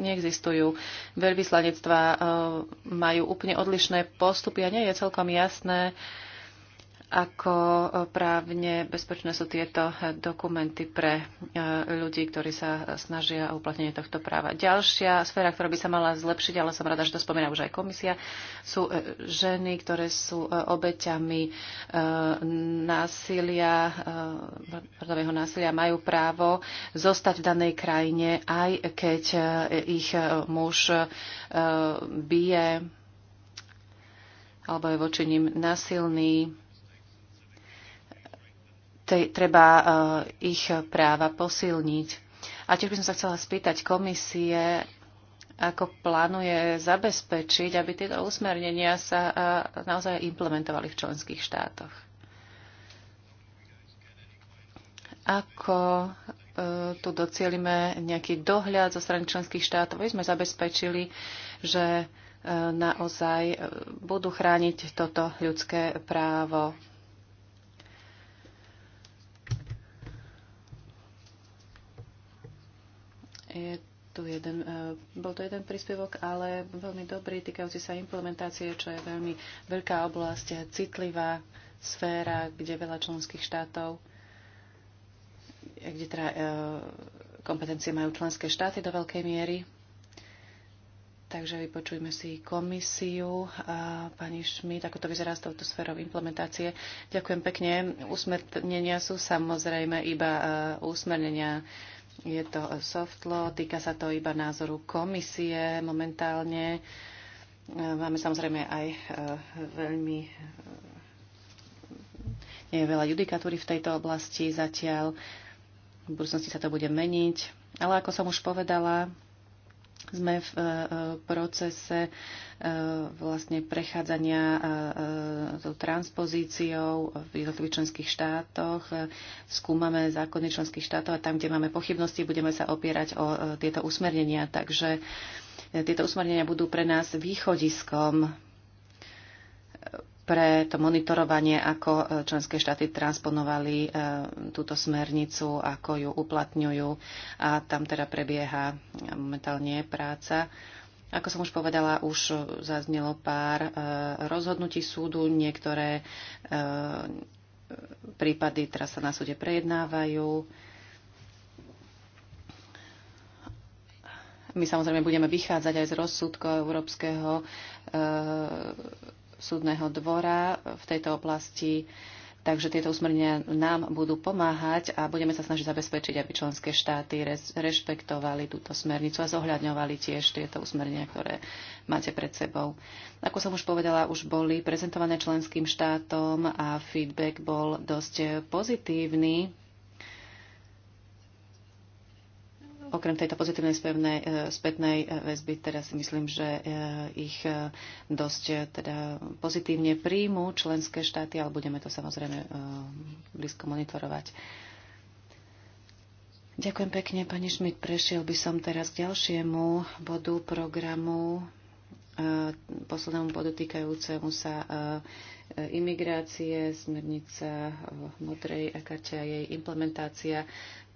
neexistujú. Veľvyslanectva e, majú úplne odlišné postupy a nie je celkom jasné, ako e, právne bezpečné sú tieto e, dokumenty pre e, ľudí, ktorí sa snažia o uplatnenie tohto práva. Ďalšia sféra, ktorá by sa mala zlepšiť, ale som rada, že to spomína už aj komisia, sú ženy, ktoré sú obeťami násilia, rodového násilia, majú právo zostať v danej krajine, aj keď ich muž bije alebo je voči ním nasilný treba eh, ich práva posilniť. A tiež by som sa chcela spýtať komisie, ako plánuje zabezpečiť, aby tieto usmernenia sa eh, naozaj implementovali v členských štátoch. Ako eh, tu docielime nejaký dohľad zo strany členských štátov, aby sme zabezpečili, že naozaj budú chrániť toto ľudské právo Je tu jeden, e, bol to jeden príspevok, ale veľmi dobrý, týkajúci sa implementácie, čo je veľmi veľká oblasť, citlivá sféra, kde veľa členských štátov, kde teda e, kompetencie majú členské štáty do veľkej miery. Takže vypočujme si komisiu a pani Šmit, ako to vyzerá s touto sférou implementácie. Ďakujem pekne. Usmernenia sú samozrejme iba e, usmernenia je to soft law, týka sa to iba názoru komisie momentálne. Máme samozrejme aj e, veľmi e, nie je veľa judikatúry v tejto oblasti zatiaľ. V budúcnosti sa to bude meniť. Ale ako som už povedala, sme v e, procese e, vlastne prechádzania e, tou transpozíciou v jednotlivých členských štátoch. Skúmame zákony členských štátov a tam, kde máme pochybnosti, budeme sa opierať o tieto usmernenia. Takže tieto usmernenia budú pre nás východiskom pre to monitorovanie, ako e, členské štáty transponovali e, túto smernicu, ako ju uplatňujú a tam teda prebieha momentálne práca. Ako som už povedala, už zaznelo pár e, rozhodnutí súdu, niektoré prípady teraz sa na súde prejednávajú. My samozrejme budeme vychádzať aj z rozsudkov Európskeho súdneho dvora v tejto oblasti. Takže tieto usmernenia nám budú pomáhať a budeme sa snažiť zabezpečiť, aby členské štáty rešpektovali túto smernicu a zohľadňovali tiež tieto usmernenia, ktoré máte pred sebou. Ako som už povedala, už boli prezentované členským štátom a feedback bol dosť pozitívny Okrem tejto pozitívnej spävnej, e, spätnej e, väzby, teda si myslím, že e, ich dosť teda pozitívne príjmú členské štáty, ale budeme to samozrejme blízko monitorovať. Ďakujem pekne, pani Šmit. Prešiel by som teraz k ďalšiemu bodu programu, poslednému bodu týkajúcemu sa imigrácie, smernica v modrej karte a jej implementácia.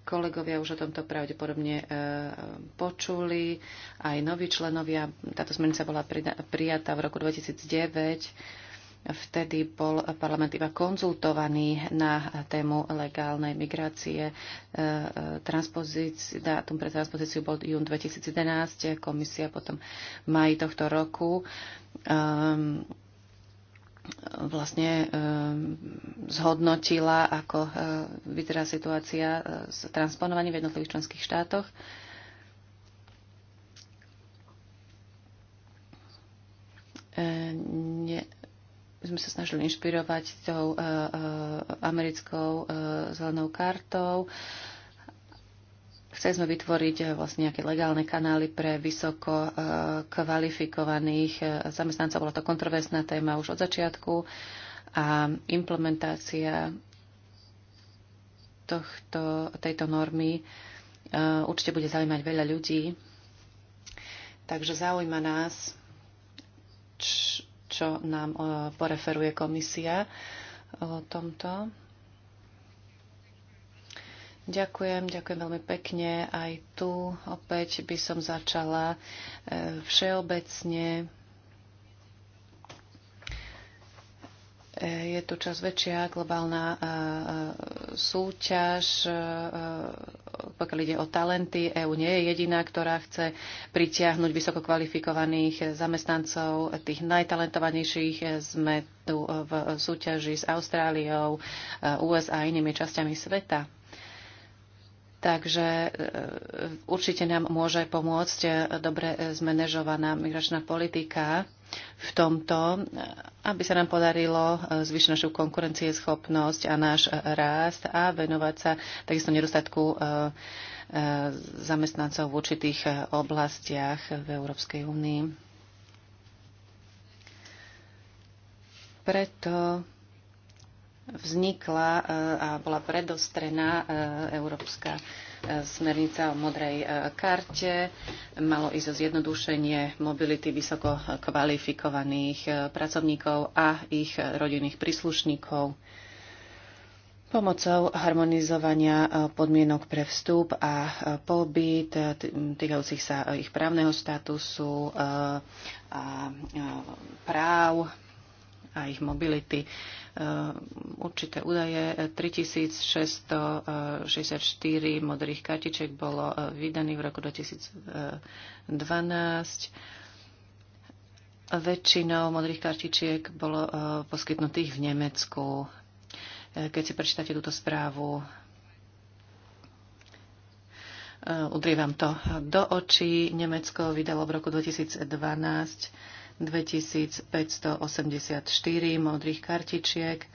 Kolegovia už o tomto pravdepodobne e, počuli, aj noví členovia. Táto smernica bola prijatá v roku 2009 Vtedy bol parlament iba konzultovaný na tému legálnej migrácie. E, e, transpozíci, dátum pre transpozíciu bol jún 2011, komisia potom mají tohto roku. Um, vlastne eh, zhodnotila, ako eh, vyzerá situácia eh, s transponovaním v jednotlivých členských štátoch. Ne, sme sa snažili inšpirovať tou americkou zelenou kartou. Chceli sme vytvoriť e, vlastne nejaké legálne kanály pre vysoko e, kvalifikovaných e, zamestnancov. Bola to kontroverzná téma už od začiatku a implementácia tohto, tejto normy určite bude zaujímať veľa ľudí. Takže zaujíma nás, čo nám poreferuje komisia o tomto. Ďakujem, ďakujem veľmi pekne. Aj tu opäť by som začala e, všeobecne. E, je tu čas väčšia globálna e, súťaž, pokiaľ ide o talenty. EÚ nie je jediná, ktorá chce pritiahnuť vysoko kvalifikovaných zamestnancov, tých najtalentovanejších. Sme tu v súťaži s Austráliou, USA a inými časťami sveta Takže e, určite nám môže pomôcť e, dobre e, zmanéžovaná migračná politika v tomto, aby sa nám podarilo zvyšiť našu konkurencieschopnosť a náš rást a venovať sa takisto nedostatku zamestnancov v určitých oblastiach v Európskej únii. Preto vznikla e, a bola predostrená e, Európska e, smernica o modrej karte. Malo ísť o zjednodušenie mobility vysoko kvalifikovaných pracovníkov a ich rodinných príslušníkov pomocou harmonizovania podmienok pre vstup a pobyt týkajúcich sa ich právneho statusu a práv a ich mobility. E, určité údaje 3664 e, modrých kartiček bolo e, vydaných v roku 2012. Väčšinou modrých kartičiek bolo poskytnutých v Nemecku. Keď si prečítate túto správu, udrie vám to do očí. Nemecko vydalo v roku 2012 2584 modrých kartičiek.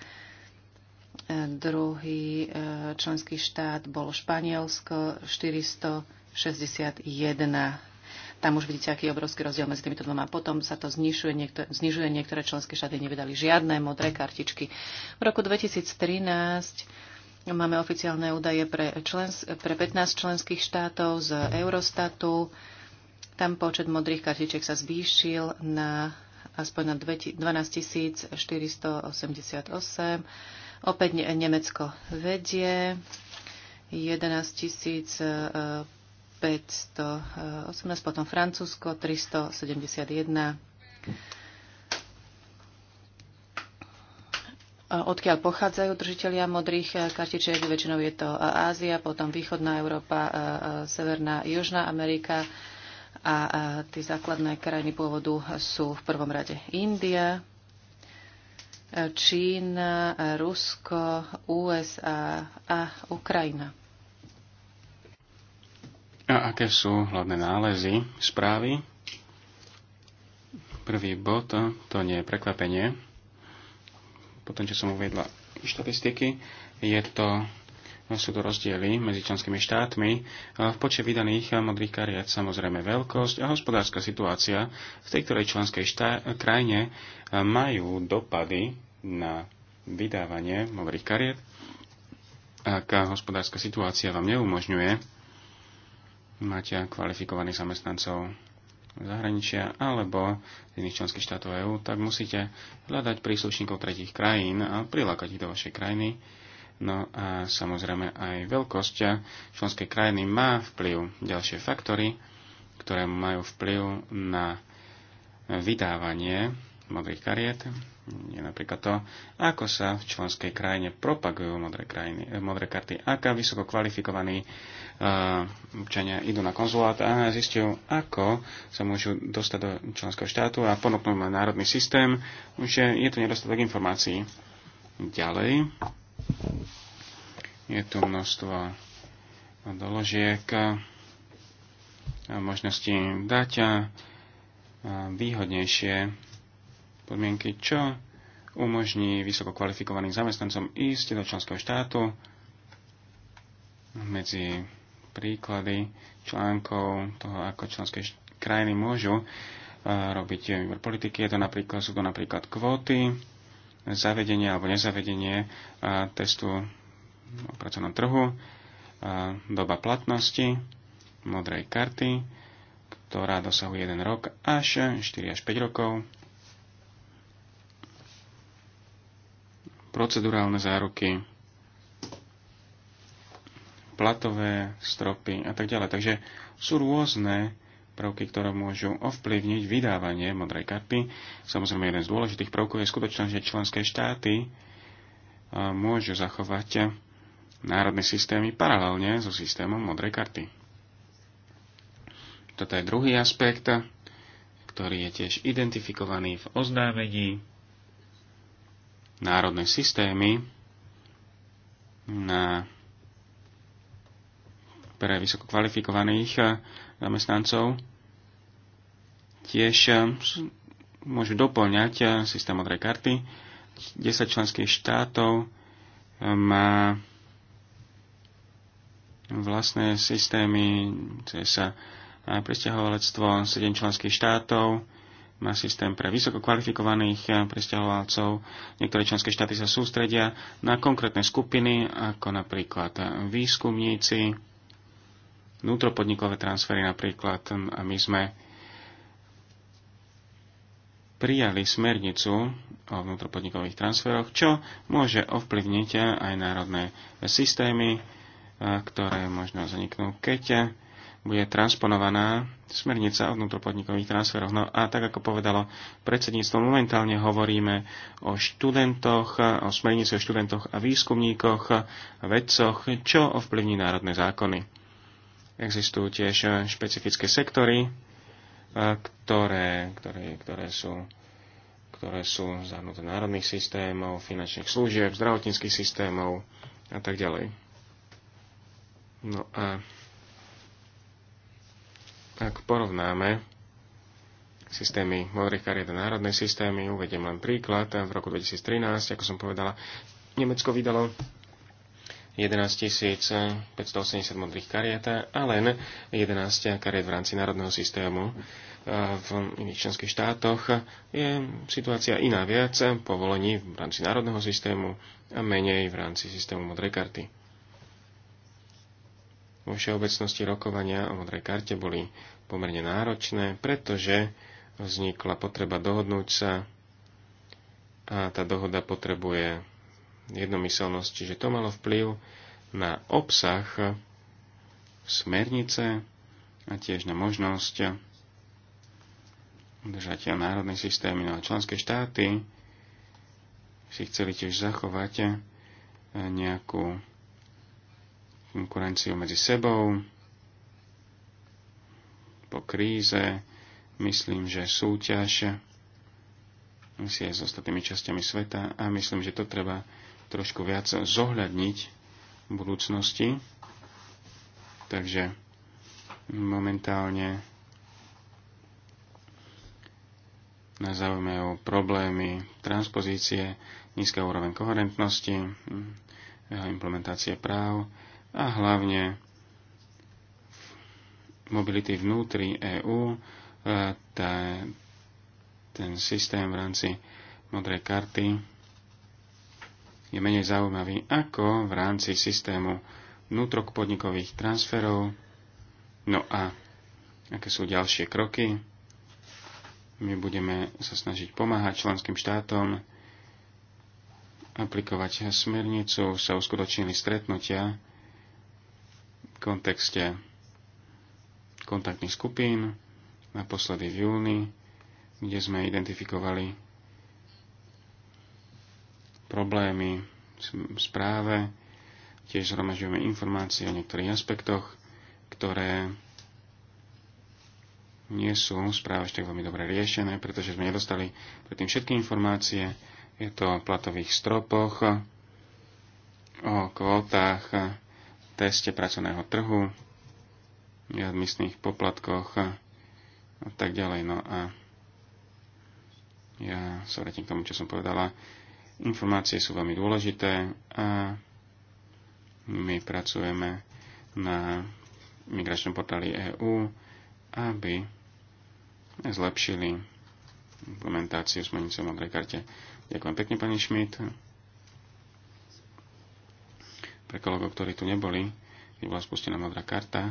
Druhý e, členský štát bol Španielsko 461. Tam už vidíte, aký je obrovský rozdiel medzi týmito dvoma. Potom sa to znižuje, niektor- znižuje niektoré členské štáty nevydali žiadne modré kartičky. V roku 2013 máme oficiálne údaje pre, člens- pre 15 členských štátov z Eurostatu. Tam počet modrých kartiček sa zvýšil na aspoň na 12 488. Opäť Nemecko vedie 11 518, e, potom Francúzsko 371. Odkiaľ pochádzajú držiteľia modrých e, kartičiek? Väčšinou je to e, Ázia, potom Východná Európa, Severná, Južná Amerika a, tie základné krajiny pôvodu sú v prvom rade India, Čína, Rusko, USA a Ukrajina. A aké sú hlavné nálezy správy? Prvý bod, to nie je prekvapenie. Potom, čo som uvedla štatistiky, je to sú tu rozdiely medzi členskými štátmi v počte vydaných modrých kariet, samozrejme veľkosť a hospodárska situácia, v tej ktorej členskej štá- krajine majú dopady na vydávanie modrých kariet. Ak hospodárska situácia vám neumožňuje mať kvalifikovaných zamestnancov zahraničia alebo z iných členských štátov EÚ, tak musíte hľadať príslušníkov tretich krajín a prilákať ich do vašej krajiny No a samozrejme aj veľkosť členskej krajiny má vplyv. Ďalšie faktory, ktoré majú vplyv na vydávanie modrých kariet, je napríklad to, ako sa v členskej krajine propagujú modré, krajiny, eh, modré karty, aká vysoko kvalifikovaní uh, občania idú na konzulát a zistiu, ako sa môžu dostať do členského štátu a ponúknúť národný systém, je, je tu nedostatok informácií. Ďalej, je tu množstvo doložiek a možnosti dať a výhodnejšie podmienky, čo umožní vysoko kvalifikovaným zamestnancom ísť do členského štátu medzi príklady článkov toho, ako členské krajiny môžu robiť výbor politiky. Je to napríklad, sú to napríklad kvóty, zavedenie alebo nezavedenie testu o pracovnom trhu, doba platnosti modrej karty, ktorá dosahuje 1 rok až 4 až 5 rokov, procedurálne záruky, platové stropy a tak ďalej. Takže sú rôzne prvky, ktoré môžu ovplyvniť vydávanie modrej karty. Samozrejme, jeden z dôležitých prvkov je skutočnosť, že členské štáty e, môžu zachovať národné systémy paralelne so systémom modrej karty. Toto je druhý aspekt, ktorý je tiež identifikovaný v oznámení. Národné systémy na pre vysoko kvalifikovaných zamestnancov tiež eh, môžu doplňať eh, systém modrej karty. 10 členských štátov eh, má vlastné systémy, cez sa presťahovalectvo 7 členských štátov, má systém pre vysoko kvalifikovaných presťahovalcov. Niektoré členské štáty sa sústredia na konkrétne skupiny, ako napríklad výskumníci, vnútropodnikové transfery napríklad a my sme prijali smernicu o vnútropodnikových transferoch, čo môže ovplyvniť e, aj národné systémy, e, ktoré možno zaniknú, keď e, bude transponovaná smernica o vnútropodnikových transferoch. No a tak ako povedalo predsedníctvo, momentálne hovoríme o študentoch, o smernici o študentoch a výskumníkoch, vedcoch, čo ovplyvní národné zákony. Existujú tiež eh, špecifické sektory, eh, ktoré, ktoré, ktoré sú ktoré sú zahrnuté národných systémov, finančných služieb, zdravotníckých systémov a tak ďalej. No a ak porovnáme systémy modrých kariet a národné systémy, uvediem len príklad. V roku 2013, ako som povedala, Nemecko vydalo 11 580 modrých kariet a len 11 kariet v rámci národného systému. V iných členských štátoch je situácia iná viac povolení v rámci národného systému a menej v rámci systému modrej karty. Vo všeobecnosti rokovania o modrej karte boli pomerne náročné, pretože vznikla potreba dohodnúť sa a tá dohoda potrebuje jednomyselnosť, čiže to malo vplyv na obsah smernice a tiež na možnosť udržatia národnej systémy. No a členské štáty si chceli tiež zachovať eh, nejakú konkurenciu medzi sebou. Po kríze myslím, že súťaž s ostatnými časťami sveta a myslím, že to treba trošku viac zohľadniť v budúcnosti. Takže momentálne nás zaujímajú problémy transpozície, nízka úroveň koherentnosti, eh, implementácie práv a hlavne mobility vnútri EÚ, eh, ten systém v rámci modrej karty je menej zaujímavý ako v rámci systému vnútrok podnikových transferov. No a aké sú ďalšie kroky? My budeme sa snažiť pomáhať členským štátom aplikovať smernicu, sa uskutočnili stretnutia v kontexte kontaktných skupín, naposledy v júni, kde sme identifikovali problémy v správe, tiež zhromažďujeme informácie o niektorých aspektoch, ktoré nie sú správe ešte veľmi dobre riešené, pretože sme nedostali predtým všetky informácie. Je to o platových stropoch, o kvótach, teste pracovného trhu, neadmisných poplatkoch a tak ďalej. No a ja sa vrátim k tomu, čo som povedala Informácie sú veľmi dôležité a my pracujeme na migračnom portáli EÚ, aby zlepšili implementáciu smernice o modrej karte. Ďakujem pekne, pani Schmidt. Pre kolegov, ktorí tu neboli, kde bola spustená modrá karta,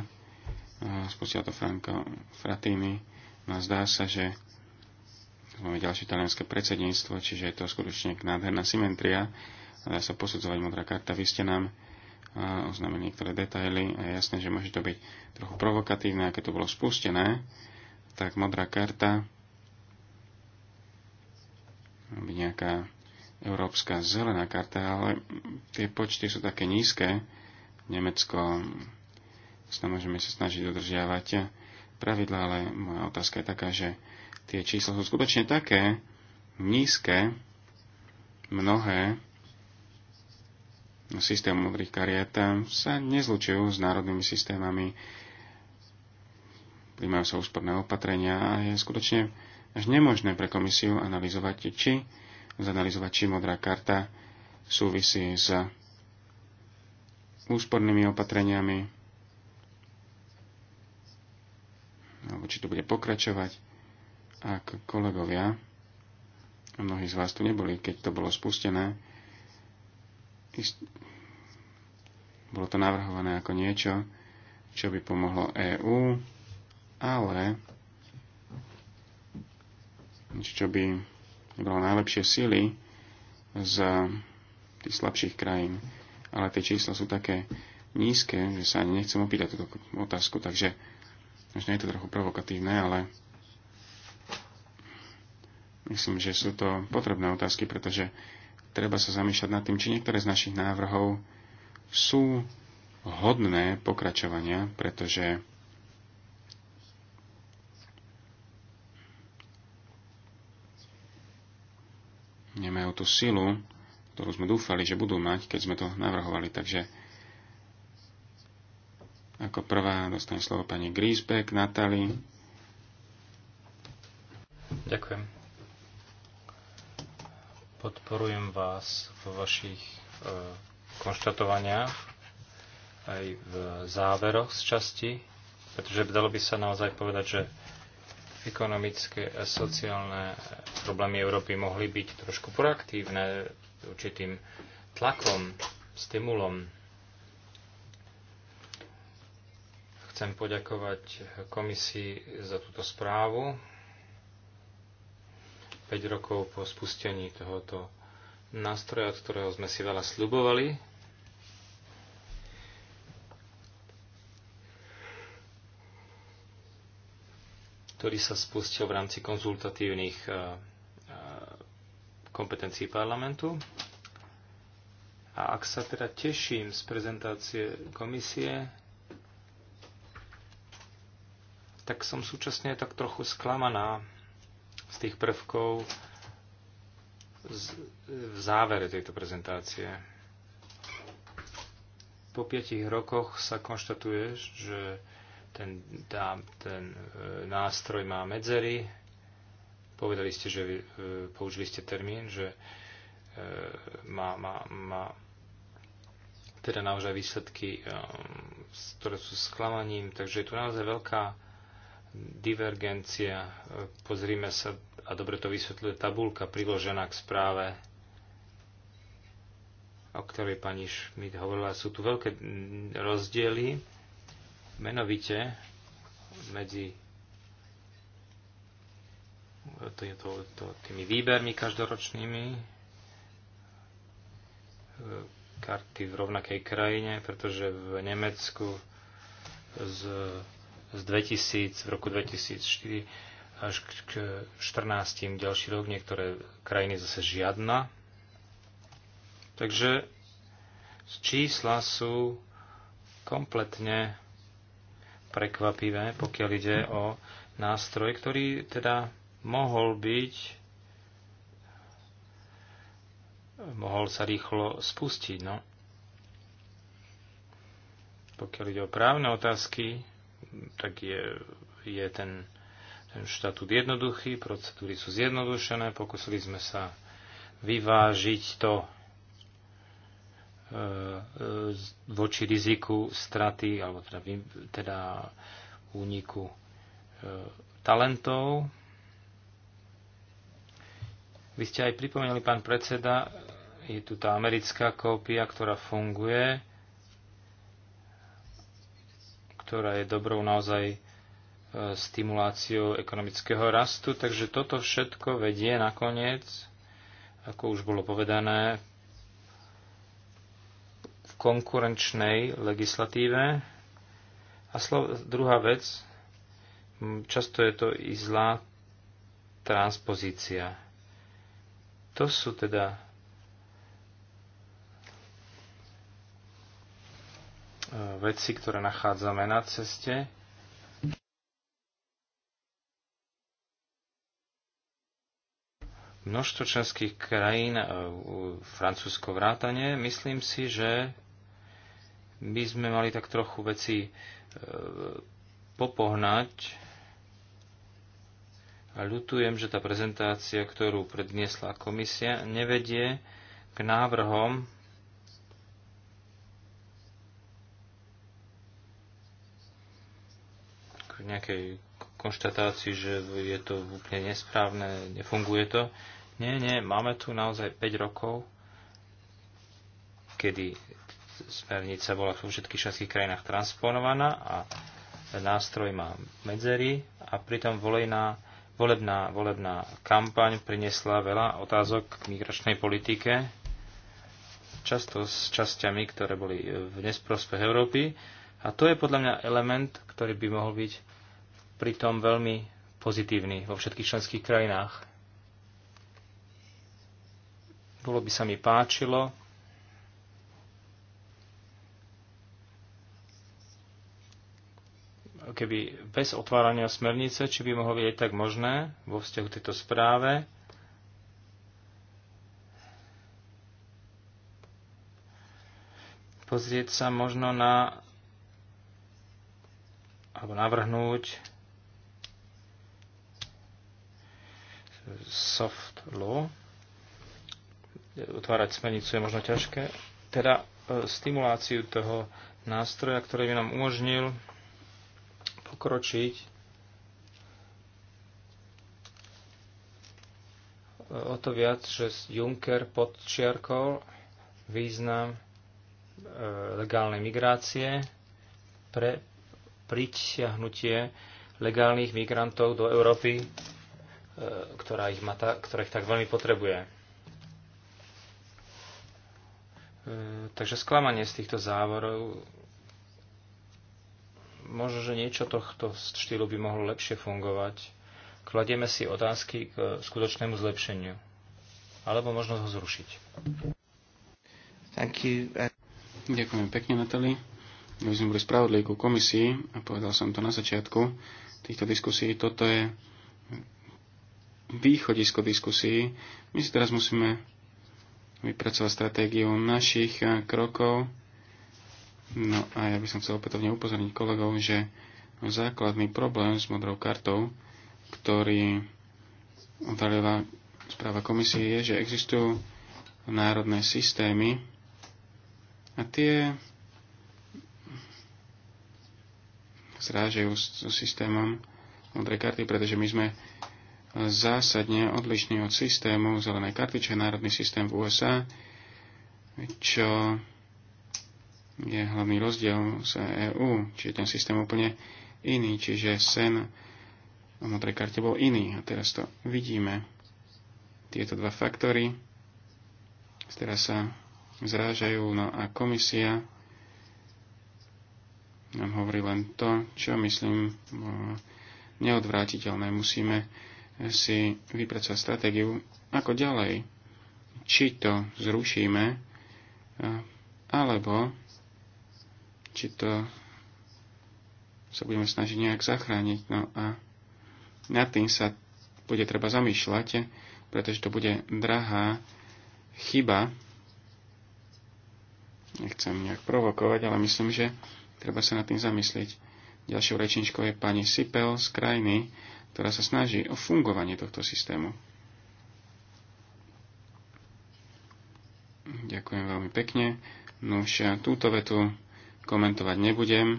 spustila to Franco Fratini. No zdá sa, že Máme ďalšie talianské predsedníctvo, čiže je to skutočne nádherná symetria. Dá sa posudzovať modrá karta. Vy ste nám oznámili niektoré detaily a je jasné, že môže to byť trochu provokatívne, aké to bolo spustené. Tak modrá karta by nejaká európska zelená karta, ale tie počty sú také nízke. Nemecko môžeme sa snažiť dodržiavať pravidla, ale moja otázka je taká, že tie čísla sú skutočne také nízke, mnohé systém modrých kariet sa nezlučujú s národnými systémami, príjmajú sa úsporné opatrenia a je skutočne až nemožné pre komisiu analyzovať, či zanalizovať, či modrá karta súvisí s úspornými opatreniami, alebo či to bude pokračovať ak kolegovia, mnohí z vás tu neboli, keď to bolo spustené, ist... bolo to navrhované ako niečo, čo by pomohlo EÚ, ale čo by bolo najlepšie sily z tých slabších krajín. Ale tie čísla sú také nízke, že sa ani nechcem opýtať túto otázku, takže možno je to trochu provokatívne, ale Myslím, že sú to potrebné otázky, pretože treba sa zamýšľať nad tým, či niektoré z našich návrhov sú hodné pokračovania, pretože nemajú tú silu, ktorú sme dúfali, že budú mať, keď sme to navrhovali. Takže ako prvá dostane slovo pani Griesbeck, Natali. Ďakujem. Podporujem vás v vašich uh, konštatovaniach aj v záveroch z časti, pretože dalo by sa naozaj povedať, že ekonomické a sociálne problémy Európy mohli byť trošku proaktívne určitým tlakom, stimulom. Chcem poďakovať komisii za túto správu, 5 rokov po spustení tohoto nástroja, od ktorého sme si veľa slubovali. ktorý sa spustil v rámci konzultatívnych kompetencií parlamentu. A ak sa teda teším z prezentácie komisie, tak som súčasne tak trochu sklamaná, z tých prvkov v závere tejto prezentácie. Po piatich rokoch sa konštatuje, že ten, tá, ten e, nástroj má medzery. Povedali ste, že e, použili ste termín, že e, má, má, má teda naozaj výsledky, ktoré sú sklamaním. Takže je tu naozaj veľká divergencia. E, pozrime sa, a dobre to vysvetľuje tabulka priložená k správe, o ktorej pani Schmidt hovorila. Sú tu veľké rozdiely, menovite medzi tými výbermi každoročnými e, karty v rovnakej krajine, pretože v Nemecku z z 2000, v roku 2004 až k 14. ďalší rok, niektoré krajiny zase žiadna. Takže čísla sú kompletne prekvapivé, pokiaľ ide o nástroj, ktorý teda mohol byť, mohol sa rýchlo spustiť. No. Pokiaľ ide o právne otázky, tak je, je ten, ten štatút jednoduchý, procedúry sú zjednodušené, pokusili sme sa vyvážiť to e, e, voči riziku straty alebo teda, teda úniku e, talentov. Vy ste aj pripomenuli, pán predseda, je tu tá americká kópia, ktorá funguje ktorá je dobrou naozaj e, stimuláciou ekonomického rastu. Takže toto všetko vedie nakoniec, ako už bolo povedané, v konkurenčnej legislatíve. A druhá vec, často je to i zlá transpozícia. To sú teda E, veci, ktoré nachádzame na ceste. Množstvo členských krajín, e, Francúzsko vrátane, myslím si, že by sme mali tak trochu veci e, popohnať. A ľutujem, že tá prezentácia, ktorú predniesla komisia, nevedie k návrhom, nejakej konštatácii, že je to úplne nesprávne, nefunguje to. Nie, nie, máme tu naozaj 5 rokov, kedy smernica bola vo všetkých členských krajinách transponovaná a nástroj má medzery a pritom volejná, volebná, volebná kampaň priniesla veľa otázok k migračnej politike, často s časťami, ktoré boli v nesprospech Európy. A to je podľa mňa element, ktorý by mohol byť pritom veľmi pozitívny vo všetkých členských krajinách. Bolo by sa mi páčilo, keby bez otvárania smernice, či by mohlo byť aj tak možné vo vzťahu tejto správe, pozrieť sa možno na alebo navrhnúť soft law. Otvárať smernicu je možno ťažké. Teda e, stimuláciu toho nástroja, ktorý by nám umožnil pokročiť e, o to viac, že Juncker podčiarkol význam e, legálnej migrácie pre pritiahnutie legálnych migrantov do Európy E, ktorá ich má ta, ktorá ich tak veľmi potrebuje. E, takže sklamanie z týchto závorov možno, že niečo tohto štýlu by mohlo lepšie fungovať. Kladieme si otázky k skutočnému zlepšeniu. Alebo možno ho zrušiť. Thank you. Uh, Ďakujem pekne, Natali. My sme boli spravodlivý komisii a povedal som to na začiatku týchto diskusí. Toto je východisko diskusí. My si teraz musíme vypracovať stratégiu našich eh, krokov. No a ja by som chcel opätovne upozorniť kolegov, že základný problém s modrou kartou, ktorý odhalila správa komisie, je, že existujú národné systémy a tie zrážajú so systémom modrej karty, pretože my sme zásadne odlišný od systému zelenej karty, čo je národný systém v USA, čo je hlavný rozdiel z EÚ, čiže ten systém úplne iný, čiže sen o modrej karte bol iný. A teraz to vidíme. Tieto dva faktory teraz sa zrážajú, no a komisia nám hovorí len to, čo myslím neodvrátiteľné. Musíme si vypracovať stratégiu, ako ďalej. Či to zrušíme, e, alebo či to sa budeme snažiť nejak zachrániť. No a nad tým sa bude treba zamýšľať, pretože to bude drahá chyba. Nechcem nejak provokovať, ale myslím, že treba sa nad tým zamyslieť. Ďalšou rečničkou je pani Sipel z krajiny, ktorá sa snaží o fungovanie tohto systému. Ďakujem veľmi pekne. No už eh, túto vetu komentovať nebudem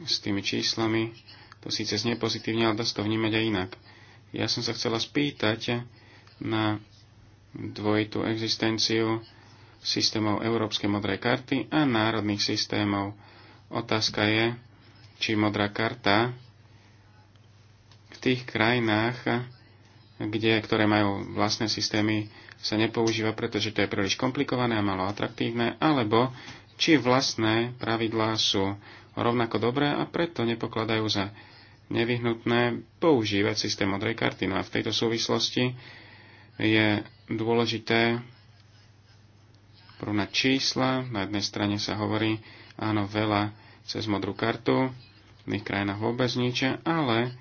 s tými číslami. To síce znie pozitívne, ale dá sa to vnímať aj inak. Ja som sa chcela spýtať na dvojitú existenciu systémov Európskej modrej karty a národných systémov. Otázka je, či modrá karta tých krajinách, kde, ktoré majú vlastné systémy, sa nepoužíva, pretože to je príliš komplikované a malo atraktívne, alebo či vlastné pravidlá sú rovnako dobré a preto nepokladajú za nevyhnutné používať systém modrej karty. No a v tejto súvislosti je dôležité porovnať čísla. Na jednej strane sa hovorí, áno, veľa cez modrú kartu, v iných krajinách vôbec nič, ale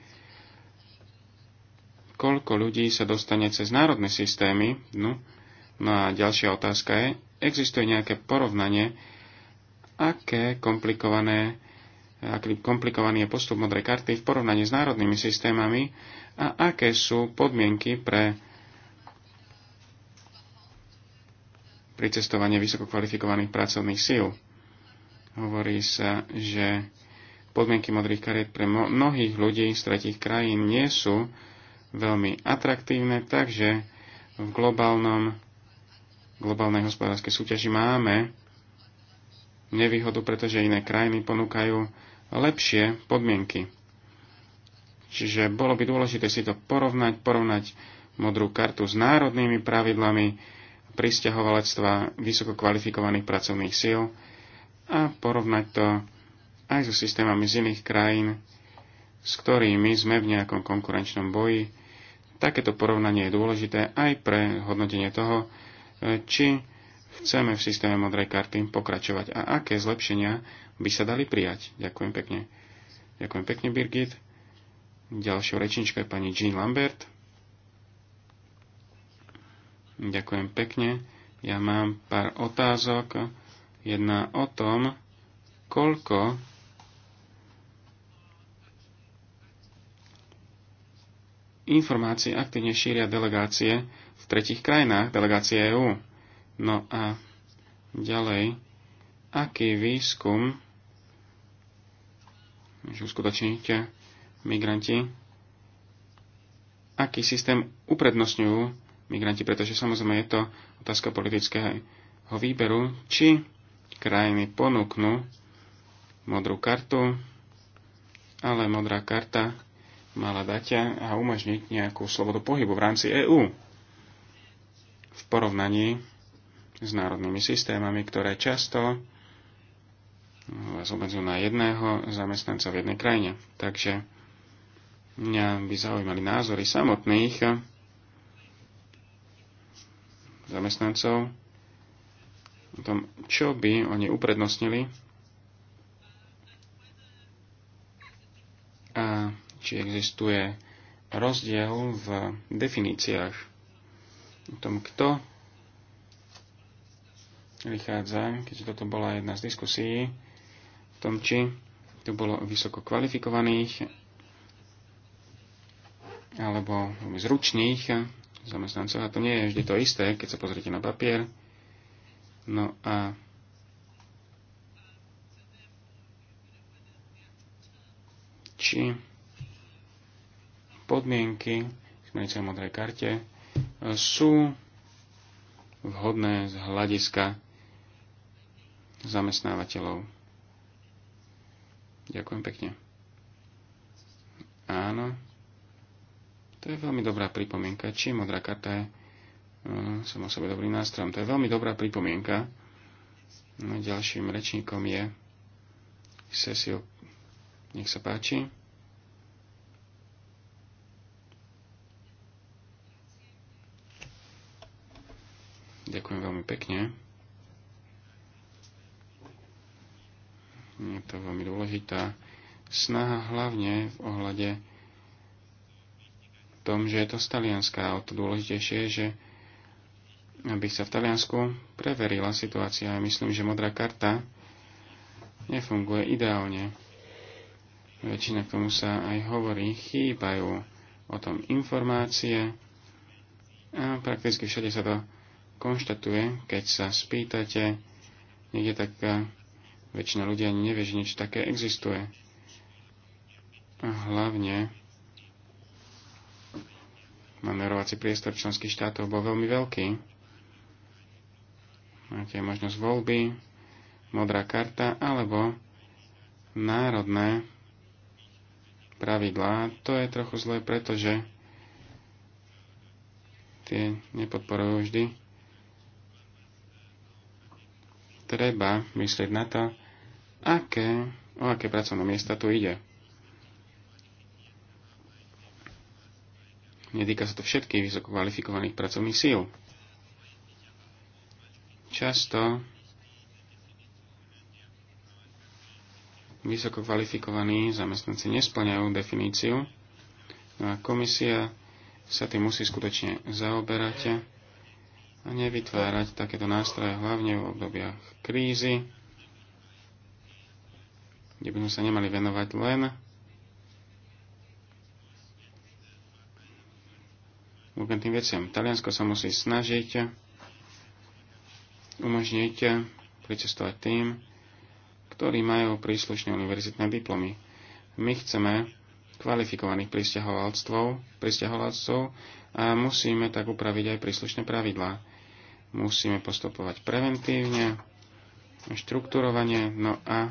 koľko ľudí sa dostane cez národné systémy. No, no a ďalšia otázka je, existuje nejaké porovnanie, aké komplikované, aký komplikovaný je postup modrej karty v porovnaní s národnými systémami a aké sú podmienky pre pricestovanie vysokokvalifikovaných pracovných síl. Hovorí sa, že podmienky modrých kariet pre mnohých ľudí z tretich krajín nie sú veľmi atraktívne, takže v globálnom, globálnej hospodárskej súťaži máme nevýhodu, pretože iné krajiny ponúkajú lepšie podmienky. Čiže bolo by dôležité si to porovnať, porovnať modrú kartu s národnými pravidlami pristahovalectva vysoko kvalifikovaných pracovných síl a porovnať to aj so systémami z iných krajín, s ktorými sme v nejakom konkurenčnom boji Takéto porovnanie je dôležité aj pre hodnotenie toho, e, či chceme v systéme modrej karty pokračovať a aké zlepšenia by sa dali prijať. Ďakujem pekne. Ďakujem pekne, Birgit. Ďalšou rečničkou je pani Jean Lambert. Ďakujem pekne. Ja mám pár otázok. Jedna o tom, koľko informácie aktívne šíria delegácie v tretich krajinách, delegácie EÚ. No a ďalej, aký výskum môžu uskutočníte migranti, aký systém uprednostňujú migranti, pretože samozrejme je to otázka politického výberu, či krajiny ponúknú modrú kartu, ale modrá karta mala dať a umožniť nejakú slobodu pohybu v rámci EÚ v porovnaní s národnými systémami, ktoré často vás obmedzujú na jedného zamestnanca v jednej krajine. Takže mňa by zaujímali názory samotných zamestnancov o tom, čo by oni uprednostnili či existuje rozdiel v definíciách o tom, kto vychádza, keď toto bola jedna z diskusí, v tom, či tu bolo vysoko kvalifikovaných alebo zručných zamestnancov. A to nie je vždy to isté, keď sa pozrite na papier. No a či podmienky smernice o modrej karte e, sú vhodné z hľadiska zamestnávateľov. Ďakujem pekne. Áno. To je veľmi dobrá pripomienka. Či modrá karta je e, som o sebe dobrý nástrojom. To je veľmi dobrá pripomienka. No, ďalším rečníkom je Cecil. Nech sa páči. Ďakujem veľmi pekne. Je to veľmi dôležitá snaha hlavne v ohľade tom, že je to z Talianska. O to dôležitejšie je, že aby sa v Taliansku preverila situácia. Ja myslím, že modrá karta nefunguje ideálne. Väčšina k tomu sa aj hovorí, chýbajú o tom informácie a prakticky všade sa to konštatuje, keď sa spýtate, niekde tak e, väčšina ľudí ani nevie, že niečo také existuje. A hlavne rovací priestor členských štátov bol veľmi veľký. Máte možnosť voľby, modrá karta alebo národné pravidlá. To je trochu zlé, pretože tie nepodporujú vždy treba myslieť na to, aké, o aké pracovné miesta tu ide. Netýka sa to všetkých vysoko kvalifikovaných pracovných síl. Často vysoko kvalifikovaní zamestnanci nesplňajú definíciu no a komisia sa tým musí skutočne zaoberať a nevytvárať takéto nástroje hlavne v obdobiach krízy, kde by sme sa nemali venovať len urgentným veciam. Taliansko sa musí snažiť umožniť pricestovať tým, ktorí majú príslušné univerzitné diplomy. My chceme kvalifikovaných pristahovalcov a musíme tak upraviť aj príslušné pravidlá musíme postupovať preventívne, štrukturovanie, no a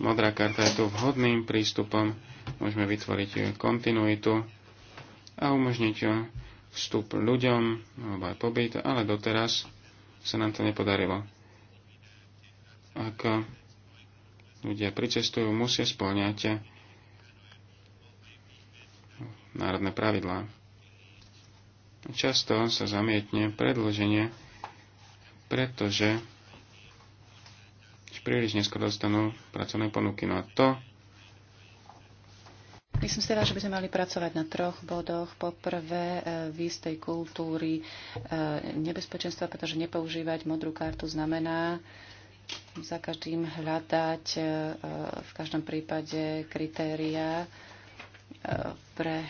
modrá karta je tu vhodným prístupom, môžeme vytvoriť kontinuitu a umožniť vstup ľuďom, alebo aj pobyt, ale doteraz sa nám to nepodarilo. Ak ľudia pricestujú, musia spĺňať národné pravidlá. Často sa zamietne predlženie, pretože príliš neskôr dostanú pracovné ponuky. No a to Myslím si teda, že by sme mali pracovať na troch bodoch. Poprvé, e, výz tej kultúry e, nebezpečenstva, pretože nepoužívať modrú kartu znamená za každým hľadať e, v každom prípade kritéria, pre e,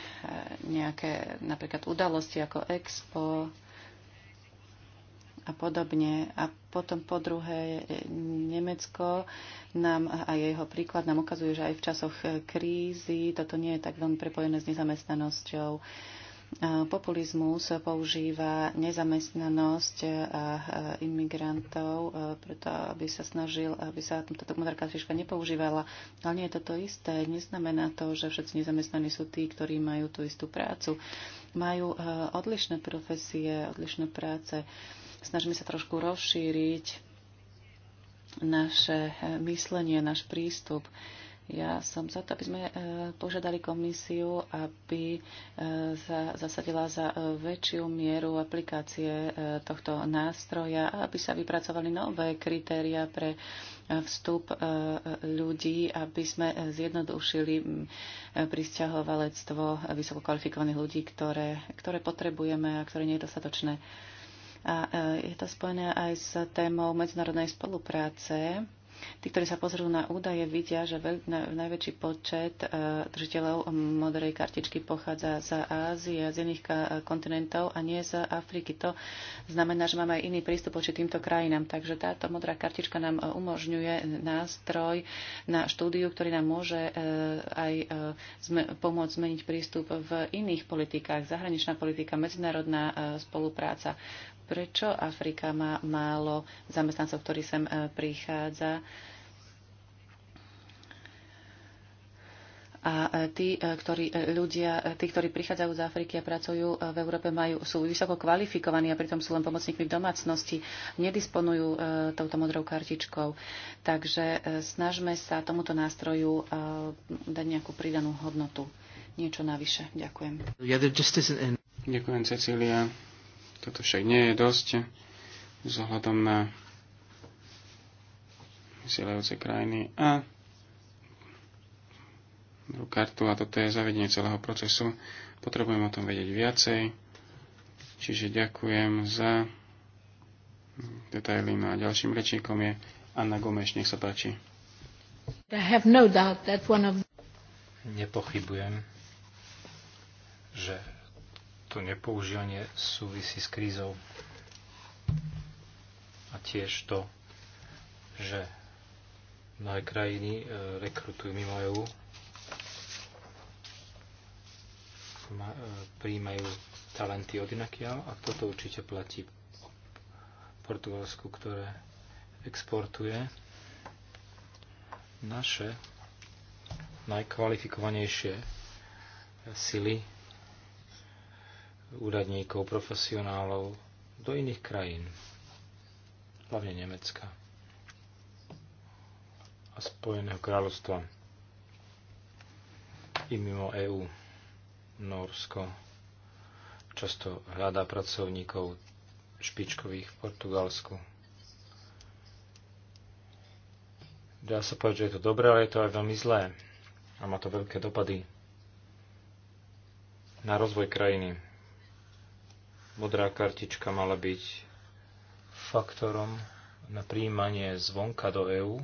nejaké napríklad udalosti ako Expo a podobne. A potom po druhé Nemecko nám a jeho príklad nám ukazuje, že aj v časoch krízy toto nie je tak veľmi prepojené s nezamestnanosťou. Uh, populizmus používa nezamestnanosť a imigrantov, e, preto aby sa snažil, aby sa táto modrá šiška nepoužívala. Ale nie je to to isté. Neznamená to, že všetci nezamestnaní sú tí, ktorí majú tú istú prácu. Majú e, odlišné profesie, odlišné práce. Snažíme sa trošku rozšíriť naše e, myslenie, náš prístup. Uh, ja som za to, aby sme e, požiadali komisiu, aby e, sa zasadila za e, väčšiu mieru aplikácie tohto nástroja a aby sa vypracovali nové kritéria pre vstup ľudí, aby sme zjednodušili prisťahovalectvo vysoko kvalifikovaných ľudí, ktoré, ktoré potrebujeme a ktoré nie je dostatočné. A je to spojené aj s témou medzinárodnej spolupráce Tí, ktorí sa pozrú na údaje, vidia, že veľ, na, najväčší počet uh, držiteľov modrej kartičky pochádza z Ázie, z iných ka, e, kontinentov a nie z Afriky. To znamená, že máme aj iný prístup voči týmto krajinám. Takže táto modrá kartička nám e, umožňuje nástroj na štúdiu, ktorý nám môže uh, aj uh, zme, pomôcť zmeniť prístup v iných politikách. Zahraničná politika, medzinárodná uh, spolupráca prečo Afrika má málo zamestnancov, ktorí sem e, prichádza. A e, tí, e, ktorí, ľudia, tí, ktorí prichádzajú z Afriky a pracujú v Európe, majú, sú vysoko kvalifikovaní a pritom sú len pomocníkmi v domácnosti, nedisponujú touto modrou kartičkou. Takže snažme sa tomuto nástroju dať nejakú pridanú hodnotu, niečo navyše. Ďakujem. Ďakujem, Cecília. Toto však nie je dosť z ohľadom na vysielajúce krajiny a druhú kartu a toto je zavedenie celého procesu. Potrebujem o tom vedieť viacej. Čiže ďakujem za detaily. No a ďalším rečníkom je Anna Gomeš. Nech sa páči. I have no doubt that one of... Nepochybujem, že to nepoužívanie súvisí s krízou. A tiež to, že mnohé krajiny e, rekrutujú mimo EU, e, príjmajú talenty od inakiaľ a toto určite platí Portugalsku, ktoré exportuje naše najkvalifikovanejšie sily úradníkov, profesionálov do iných krajín, hlavne Nemecka a Spojeného kráľovstva i mimo EÚ. Norsko často hľadá pracovníkov špičkových v Portugalsku. Dá sa povedať, že je to dobré, ale je to aj veľmi zlé. A má to veľké dopady na rozvoj krajiny. Modrá kartička mala byť faktorom na príjmanie zvonka do EÚ,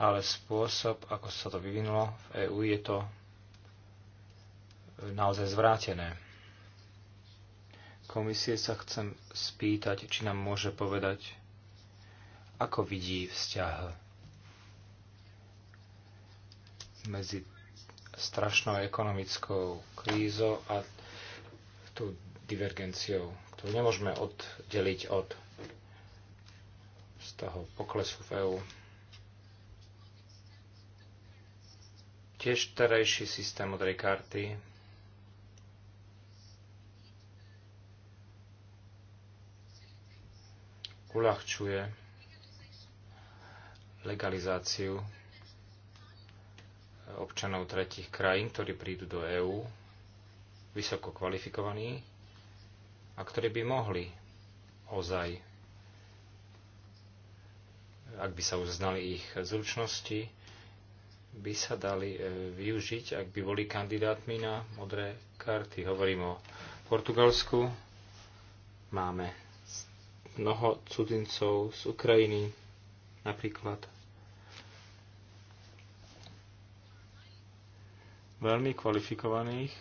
ale spôsob, ako sa to vyvinulo v EÚ, je to naozaj zvrátené. Komisie sa chcem spýtať, či nám môže povedať, ako vidí vzťah medzi strašnou ekonomickou krízou a tú divergenciou, ktorú nemôžeme oddeliť od z toho poklesu v EÚ. Tiež terajší systém modrej karty uľahčuje legalizáciu občanov tretich krajín, ktorí prídu do EÚ, vysoko kvalifikovaní, a ktorí by mohli ozaj, ak by sa uznali ich zručnosti, by sa dali e, využiť, ak by boli kandidátmi na modré karty. Hovorím o Portugalsku. Máme mnoho cudzincov z Ukrajiny napríklad. Veľmi kvalifikovaných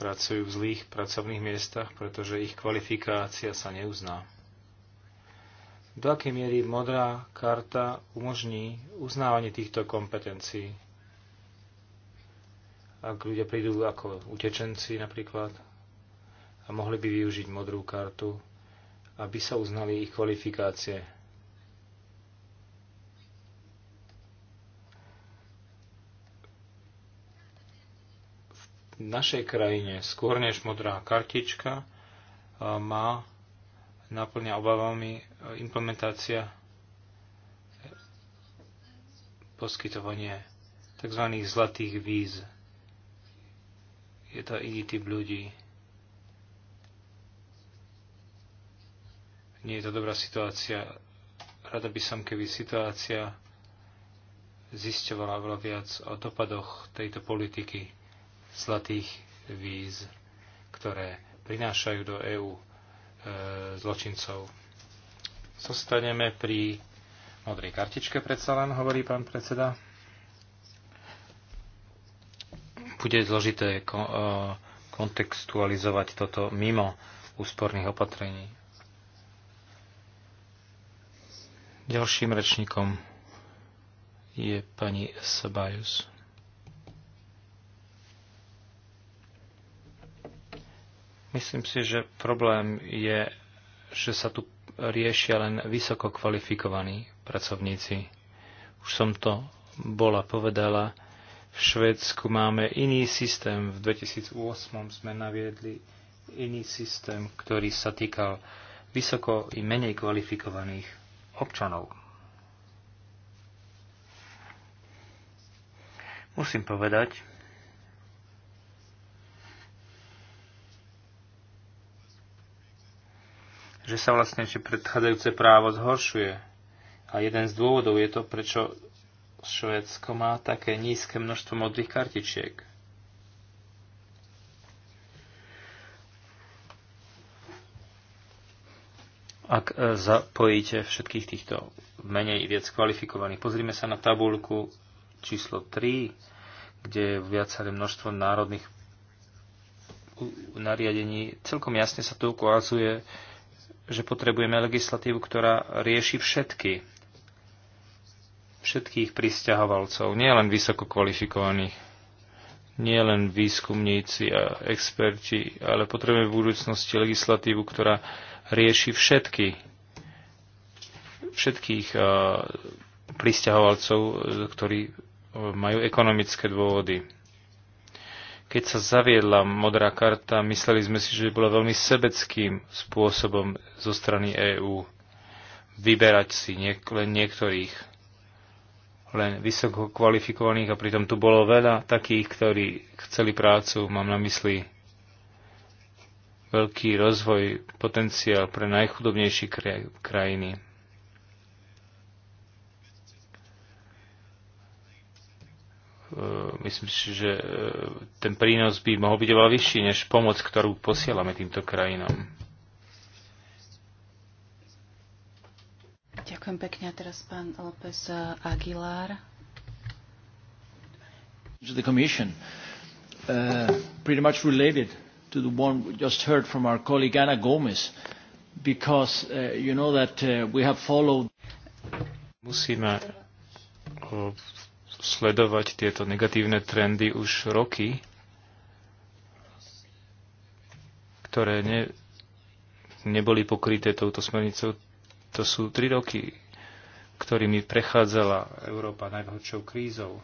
pracujú v zlých pracovných miestach, pretože ich kvalifikácia sa neuzná. Do akej miery modrá karta umožní uznávanie týchto kompetencií? Ak ľudia prídu ako utečenci napríklad a mohli by využiť modrú kartu, aby sa uznali ich kvalifikácie našej krajine skôr než modrá kartička e, má naplňa obavami e, implementácia e, poskytovanie tzv. zlatých víz. Je to iný typ ľudí. Nie je to dobrá situácia. Rada by som, keby situácia zisťovala veľa viac o dopadoch tejto politiky zlatých víz, ktoré prinášajú do EÚ e, zločincov. Zostaneme pri modrej kartičke, predsa len, hovorí pán predseda. Bude zložité ko, e, kontextualizovať toto mimo úsporných opatrení. Ďalším rečníkom je pani Sabajus. Myslím si, že problém je, že sa tu riešia len vysoko kvalifikovaní pracovníci. Už som to bola povedala. V Švedsku máme iný systém. V 2008 sme naviedli iný systém, ktorý sa týkal vysoko i menej kvalifikovaných občanov. Musím povedať, že sa vlastne že predchádzajúce právo zhoršuje. A jeden z dôvodov je to, prečo Švédsko má také nízke množstvo modrých kartičiek. Ak e, zapojíte všetkých týchto menej viac kvalifikovaných, pozrime sa na tabulku číslo 3, kde je viaceré množstvo národných nariadení. Celkom jasne sa to ukazuje, že potrebujeme legislatívu, ktorá rieši všetky, všetkých pristahovalcov, nielen vysoko kvalifikovaných, nielen výskumníci a experti, ale potrebujeme v budúcnosti legislatívu, ktorá rieši všetky, všetkých uh, pristahovalcov, ktorí eh, majú ekonomické dôvody keď sa zaviedla modrá karta, mysleli sme si, že bola veľmi sebeckým spôsobom zo strany EÚ vyberať si niek- len niektorých, len vysoko kvalifikovaných a pritom tu bolo veľa takých, ktorí chceli prácu, mám na mysli veľký rozvoj, potenciál pre najchudobnejšie krajiny. E, myslím si, že e, ten prínos by mohol byť oveľa vyšší než pomoc, ktorú posielame týmto krajinám. Ďakujem pekne. A teraz pán López Aguilar. The Commission, uh, pretty much related to the one we just heard from our colleague Anna Gomez, because uh, you know that uh, we have followed. Musíme uh, sledovať tieto negatívne trendy už roky, ktoré ne, neboli pokryté touto smernicou. To sú tri roky, ktorými prechádzala Európa najhoršou krízou e,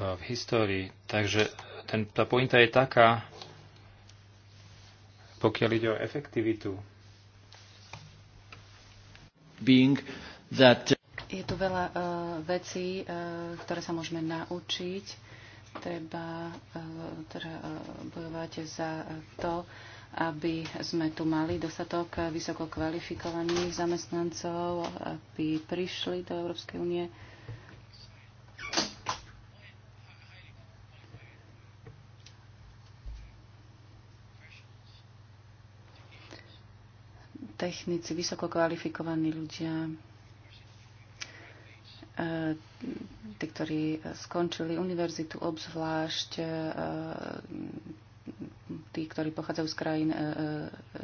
v histórii. Takže ten, tá pointa je taká, pokiaľ ide o efektivitu. Being that je tu veľa uh, vecí, uh, ktoré sa môžeme naučiť. Treba uh, teda, uh, bojovať za to, aby sme tu mali dostatok vysoko kvalifikovaných zamestnancov, aby prišli do Európskej únie. Technici, vysoko kvalifikovaní ľudia, E, tí, ktorí e, skončili univerzitu obzvlášť, e, tí, ktorí pochádzajú z krajín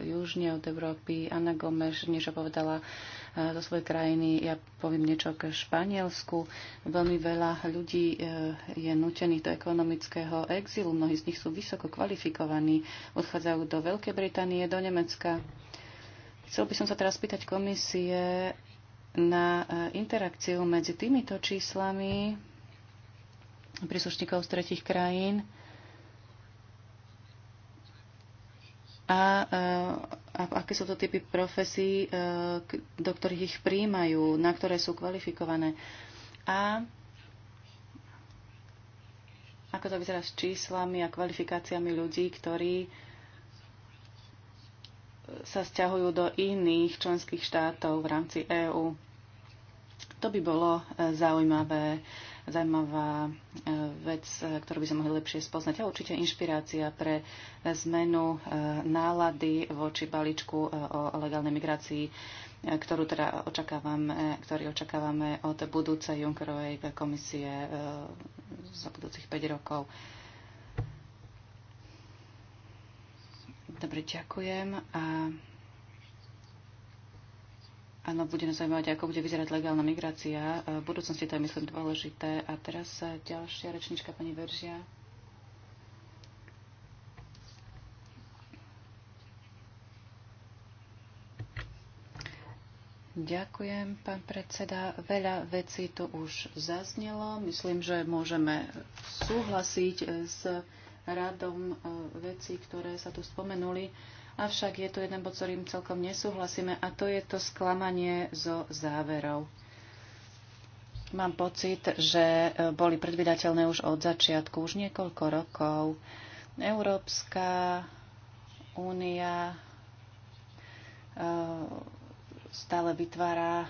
južne od Európy. Anna Gomes niečo povedala do svojej krajiny. Ja poviem niečo k Španielsku. Veľmi veľa ľudí je nutených do ekonomického exilu. Mnohí z nich sú vysoko kvalifikovaní. Odchádzajú do Veľkej Británie, do Nemecka. Chcel by som sa teraz spýtať komisie, na e, interakciu medzi týmito číslami príslušníkov z tretich krajín a, e, a aké sú to typy profesí, e, do ktorých ich príjmajú, na ktoré sú kvalifikované. A ako to vyzerá s číslami a kvalifikáciami ľudí, ktorí sa sťahujú do iných členských štátov v rámci EÚ. To by bolo e, zaujímavé, zaujímavá e, vec, e, ktorú by sme mohli lepšie spoznať a určite inšpirácia pre zmenu nálady voči balíčku o legálnej migrácii, ktorú teda očakávame, ktorý očakávame od budúcej Junckerovej komisie za budúcich 5 rokov. Dobre, ďakujem. A Áno, bude nás zaujímať, ako bude vyzerať legálna migrácia. V budúcnosti to je, myslím, dôležité. A teraz ďalšia rečnička, pani Veržia. Ďakujem, pán predseda. Veľa vecí tu už zaznelo. Myslím, že môžeme súhlasiť s radom e, veci, ktoré sa tu spomenuli. Avšak je tu jeden bod, ktorým celkom nesúhlasíme, a to je to sklamanie zo záverov. Mám pocit, že e, boli predvydateľné už od začiatku, už niekoľko rokov. Európska únia e, stále vytvára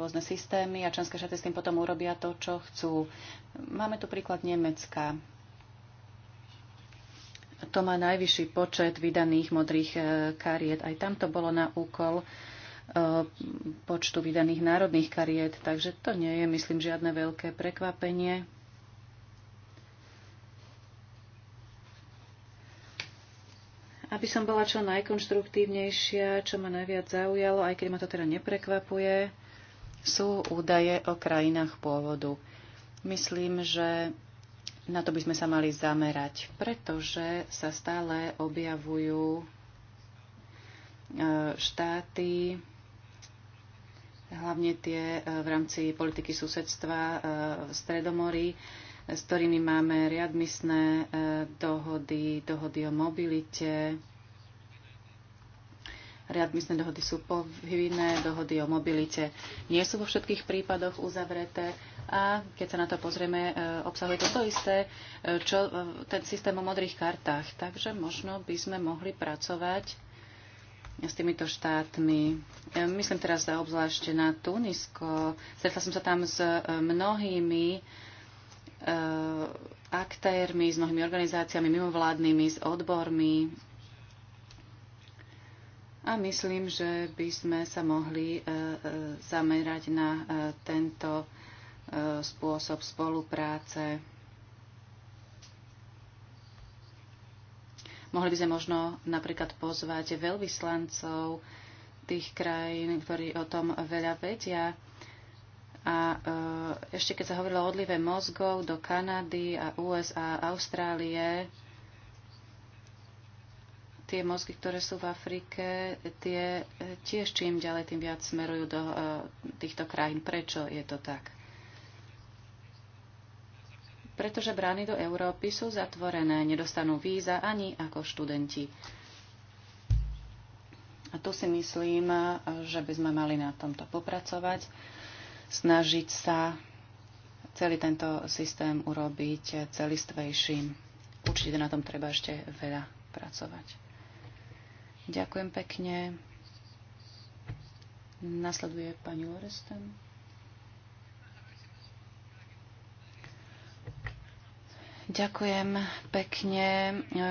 rôzne systémy a členské štáty s tým potom urobia to, čo chcú. Máme tu príklad Nemecka to má najvyšší počet vydaných modrých e, kariet. Aj tam to bolo na úkol e, počtu vydaných národných kariet, takže to nie je, myslím, žiadne veľké prekvapenie. Aby som bola čo najkonštruktívnejšia, čo ma najviac zaujalo, aj keď ma to teda neprekvapuje, sú údaje o krajinách pôvodu. Myslím, že na to by sme sa mali zamerať, pretože sa stále objavujú e, štáty, hlavne tie e, v rámci politiky susedstva e, v Stredomorí, s ktorými máme riadmisné dohody, dohody o mobilite. Riadmisné dohody sú povinné, dohody o mobilite nie sú vo všetkých prípadoch uzavreté a keď sa na to pozrieme, e, obsahuje to to isté, e, čo e, ten systém o modrých kartách. Takže možno by sme mohli pracovať s týmito štátmi. Myslím teraz obzvlášť na Tunisko. Stretla som sa tam s mnohými aktérmi, s mnohými organizáciami, mimovládnymi, s odbormi. A myslím, že by sme sa mohli zamerať na tento E, spôsob spolupráce. Mohli by sme možno napríklad pozvať veľvyslancov tých krajín, ktorí o tom veľa vedia. A e, ešte keď sa hovorilo o odlive mozgov do Kanady a USA, Austrálie, tie mozgy, ktoré sú v Afrike, tie e, tiež čím ďalej, tým viac smerujú do týchto krajín. Prečo je to tak? pretože brány do Európy sú zatvorené, nedostanú víza ani ako študenti. A tu si myslím, že by sme mali na tomto popracovať, snažiť sa celý tento systém urobiť celistvejším. Určite na tom treba ešte veľa pracovať. Ďakujem pekne. Nasleduje pani Oresten. Ďakujem pekne.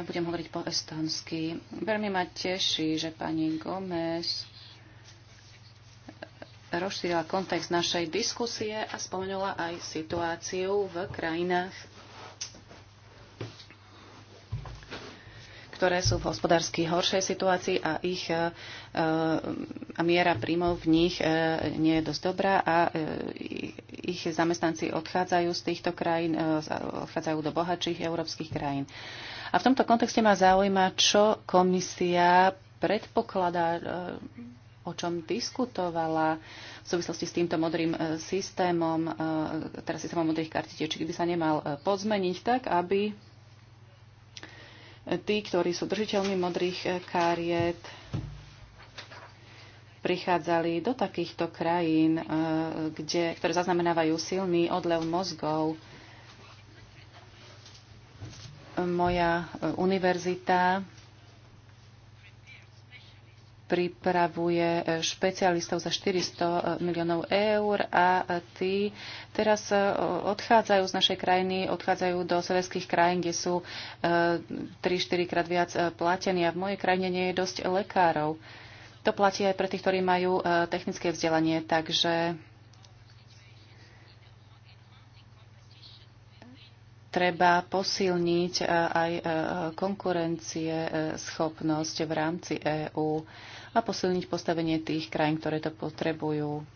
Budem hovoriť po estonsky. Veľmi ma teší, že pani Gomez rozšírila kontext našej diskusie a spomenula aj situáciu v krajinách ktoré sú v hospodársky horšej situácii a ich e, e, a miera príjmov v nich e, nie je dosť dobrá a ich zamestnanci odchádzajú z týchto krajín, odchádzajú do bohatších európskych krajín. A v tomto kontexte ma zaujíma, čo komisia predpokladá, o čom diskutovala v súvislosti s týmto modrým systémom, teraz systémom modrých kartičiek, či by sa nemal pozmeniť tak, aby tí, ktorí sú držiteľmi modrých eh, kariet, prichádzali do takýchto krajín, eh, kde, ktoré zaznamenávajú silný odlev mozgov. Moja eh, univerzita pripravuje e, špecialistov za 400 e, miliónov eur a e, tí teraz odchádzajú z našej krajiny, odchádzajú do severských krajín, kde sú 3-4 krát viac platení a v mojej krajine nie je dosť lekárov. To platí aj pre tých, ktorí majú technické vzdelanie, takže treba posilniť aj konkurencie schopnosť v rámci EÚ a posilniť postavenie tých krajín, ktoré to potrebujú.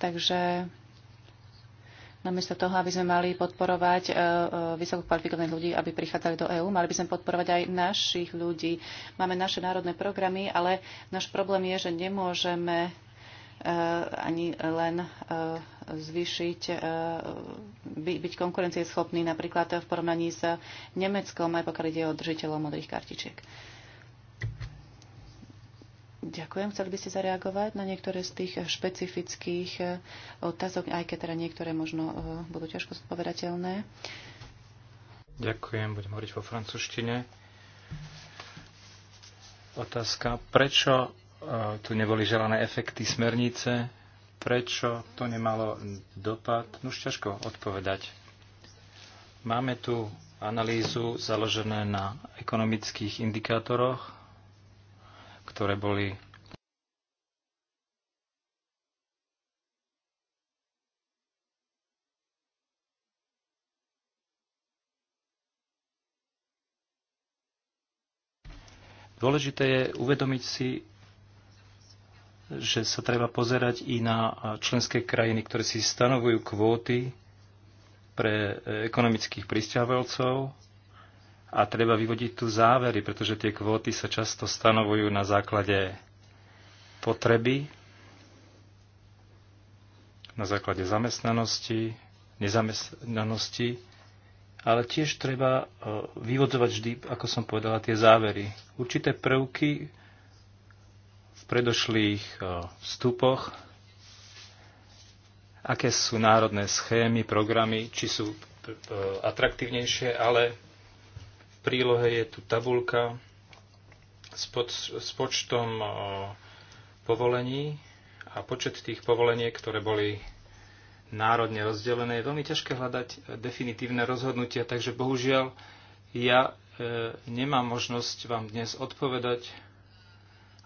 Takže namiesto toho, aby sme mali podporovať e, e, vysoko kvalifikovaných ľudí, aby prichádzali do EÚ, mali by sme podporovať aj našich ľudí. Máme naše národné programy, ale náš problém je, že nemôžeme e, ani len zvýšiť, e, by, byť konkurencieschopný napríklad v porovnaní s Nemeckom, aj pokiaľ ide o držiteľov modrých kartičiek. Ďakujem. Chceli by ste zareagovať na niektoré z tých špecifických e, otázok, aj keď teda niektoré možno e, budú ťažko zodpovedateľné. Ďakujem, budem hovoriť vo francúzštine. Otázka, prečo tu neboli želané efekty smernice? Prečo to nemalo dopad? Už ťažko odpovedať. Máme tu analýzu založené na ekonomických indikátoroch, ktoré boli Dôležité je uvedomiť si, že sa treba pozerať i na členské krajiny, ktoré si stanovujú kvóty pre e, ekonomických pristahovalcov a treba vyvodiť tu závery, pretože tie kvóty sa často stanovujú na základe potreby, na základe zamestnanosti, nezamestnanosti, ale tiež treba e, vyvodzovať vždy, ako som povedala, tie závery. Určité prvky predošlých eh, vstupoch, aké sú národné schémy, programy, či sú eh, atraktívnejšie, ale v prílohe je tu tabulka s, pod, s počtom eh, povolení a počet tých povoleniek, ktoré boli národne rozdelené. Je veľmi ťažké hľadať definitívne rozhodnutia, takže bohužiaľ ja e, nemám možnosť vám dnes odpovedať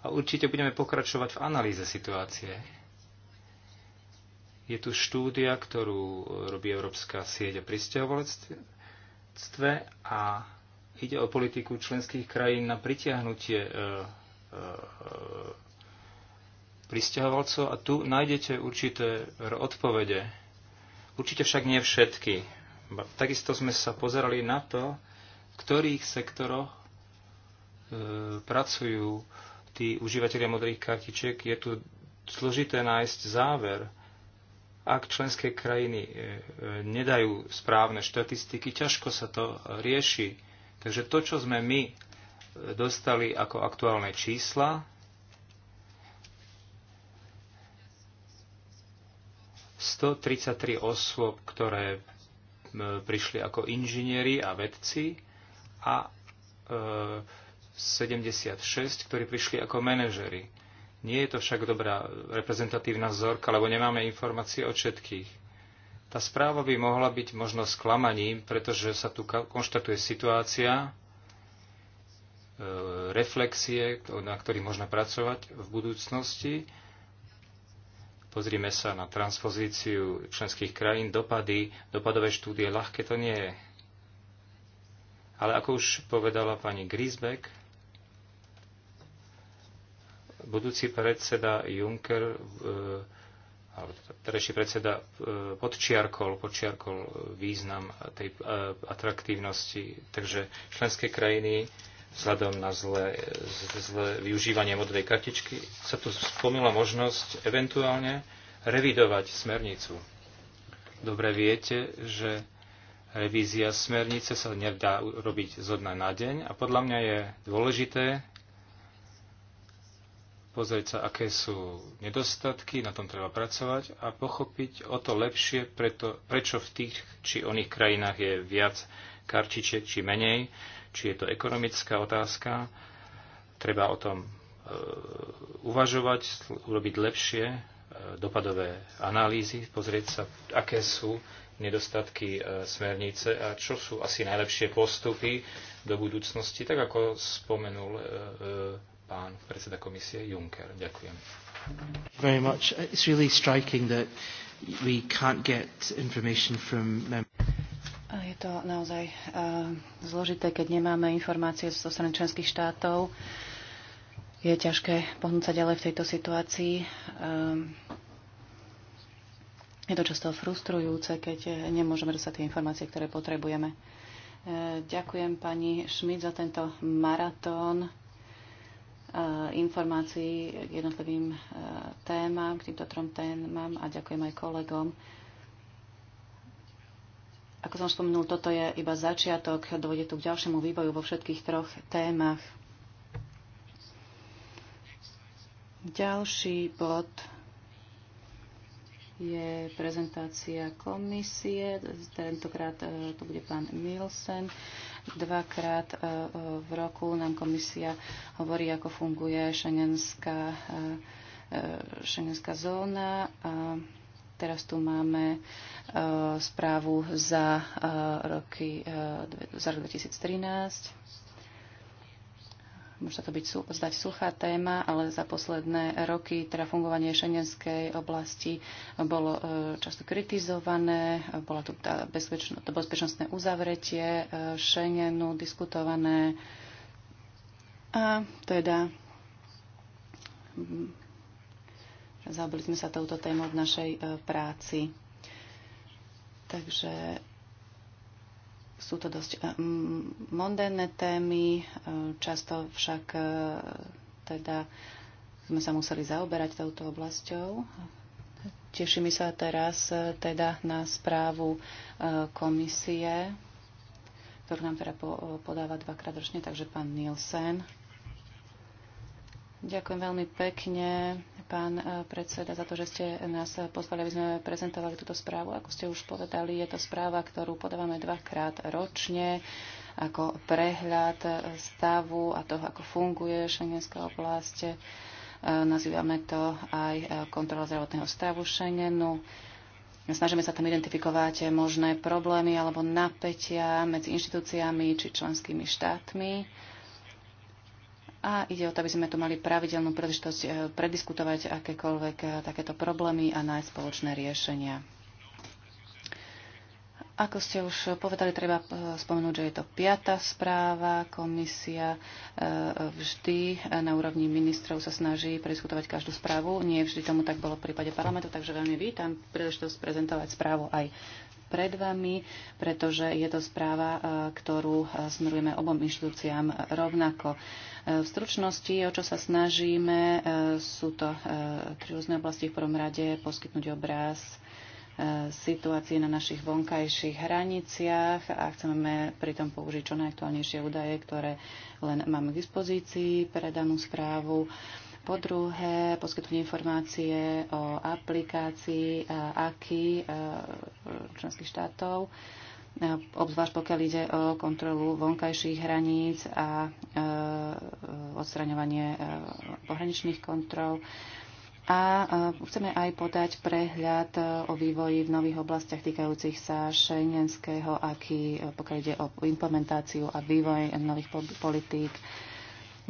a určite budeme pokračovať v analýze situácie. Je tu štúdia, ktorú e, robí Európska sieť o pristahovalectve a ide o politiku členských krajín na pritiahnutie e, e, pristahovalcov a tu nájdete určité odpovede. Určite však nie všetky. Takisto sme sa pozerali na to, v ktorých sektoroch pracujú tí užívateľia modrých kartičiek, je tu zložité nájsť záver. Ak členské krajiny e, e, nedajú správne štatistiky, ťažko sa to rieši. Takže to, čo sme my e, dostali ako aktuálne čísla, ...133 osôb, ktoré prišli ako inžinieri a vedci a e, 76, ktorí prišli ako manažery. Nie je to však dobrá reprezentatívna vzorka, lebo nemáme informácie o všetkých. Tá správa by mohla byť možno sklamaním, pretože sa tu konštatuje situácia, e, reflexie, na ktorých možno pracovať v budúcnosti. Pozrime sa na transpozíciu členských krajín, dopady, dopadové štúdie, ľahké to nie je. Ale ako už povedala pani Grisbeck, budúci predseda Juncker, eh, alebo teda terajší predseda eh, podčiarkol, podčiarkol eh, význam tej atraktívnosti. Takže členské krajiny vzhľadom na zlé, zlé využívanie modrej kartičky sa tu spomila možnosť eventuálne revidovať smernicu. Dobre viete, že revízia smernice sa nedá robiť zo dna na deň a podľa mňa je dôležité pozrieť sa, aké sú nedostatky, na tom treba pracovať a pochopiť o to lepšie, preto, prečo v tých či oných krajinách je viac karčičiek či menej, či je to ekonomická otázka. Treba o tom e, uvažovať, urobiť lepšie e, dopadové analýzy, pozrieť sa, aké sú nedostatky e, smernice a čo sú asi najlepšie postupy do budúcnosti, tak ako spomenul e, e, pán predseda komisie Juncker. Ďakujem. Very much. It's really striking that we can't get information from je to naozaj uh, zložité, keď nemáme informácie zo strany členských štátov. Je ťažké pohnúť sa ďalej v tejto situácii. Um, je to často frustrujúce, keď eh, nemôžeme dostať tie informácie, ktoré potrebujeme. Ďakujem pani Šmit za tento maratón. Eh, informácií k jednotlivým eh, témam, k týmto trom témam a ďakujem aj kolegom. Ako som spomenul, toto je iba začiatok, dôjde tu k ďalšiemu vývoju vo všetkých troch témach. Ďalší bod je prezentácia komisie. Tentokrát eh, tu bude pán Nielsen. Dvakrát e, e, v roku nám komisia hovorí, ako funguje šengenská, e, šengenská zóna. A Teraz tu máme správu za, roky, za rok 2013 môže to byť, zdať suchá téma, ale za posledné roky teda fungovanie šengenskej oblasti bolo e, často kritizované, bola tu tá bezpečno, to bezpečnostné uzavretie e, Schengenu diskutované a teda mm, zaobili sme sa touto témou v našej e, práci. Takže sú to dosť eh, mondénne témy, eh, často však eh, teda sme sa museli zaoberať touto oblasťou. mi sa teraz teda na správu komisie, ktorú nám teda podáva dvakrát ročne, takže pán Nielsen. Ďakujem veľmi pekne pán eh, predseda, za to, že ste nás pozvali, aby sme prezentovali túto správu. Ako ste už povedali, je to správa, ktorú podávame dvakrát ročne ako prehľad stavu a toho, ako funguje šengenská oblasť. Eh, nazývame to aj eh, kontrola zdravotného stavu Schengenu. Snažíme sa tam identifikovať možné problémy alebo napätia medzi inštitúciami či členskými štátmi a ide o to, aby sme tu mali pravidelnú príležitosť e, prediskutovať akékoľvek e, takéto problémy a nájsť spoločné riešenia. Ako ste už povedali, treba e, spomenúť, že je to piata správa. Komisia vždy na úrovni ministrov sa snaží prediskutovať každú správu. Nie vždy tomu tak bolo v prípade parlamentu, takže veľmi vítam príležitosť prezentovať správu aj pred vami, pretože je to správa, e, ktorú e, smerujeme obom inštitúciám rovnako. E, v stručnosti, o čo sa snažíme, sú to tri rôzne oblasti. V prvom rade poskytnúť obraz situácie na našich vonkajších hraniciach a chceme pritom použiť čo najaktuálnejšie údaje, ktoré len máme k dispozícii pre danú správu. Po druhé, poskytnúť informácie o aplikácii eh, AKI eh, členských štátov, eh, obzvlášť pokiaľ ide o kontrolu vonkajších hraníc a odstraňovanie pohraničných kontrol. A chceme aj podať prehľad o vývoji v nových oblastiach týkajúcich sa šengenského, aký pokiaľ ide o implementáciu a vývoj nových politík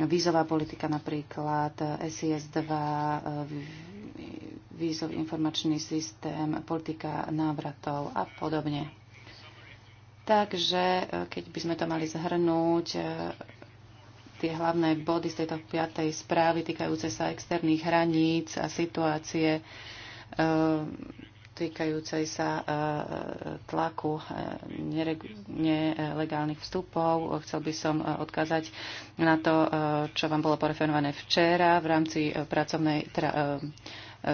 vízová politika napríklad, SIS-2, e, vízový informačný systém, politika návratov a podobne. Takže e, keď by sme to mali zhrnúť, e, tie hlavné body z tejto piatej správy týkajúce sa externých hraníc a situácie týkajúcej sa e, e, tlaku e, nelegálnych vstupov. Chcel by som odkázať na to, čo vám bolo poreferované včera v rámci pracovnej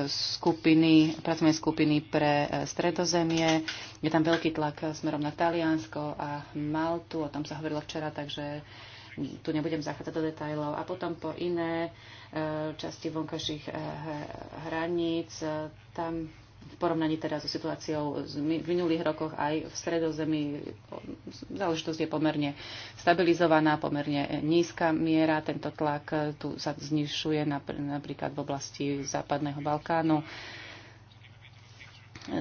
skupiny, pracovnej skupiny pre stredozemie. Je tam veľký tlak smerom na Taliansko a Maltu, o tom sa hovorilo včera, takže tu nebudem zachádzať do detajlov. A potom po iné časti vonkajších hraníc, tam v porovnaní teda so situáciou v minulých rokoch aj v stredozemi záležitosť je pomerne stabilizovaná, pomerne nízka miera. Tento tlak e, tu sa znišuje napríklad v oblasti Západného Balkánu.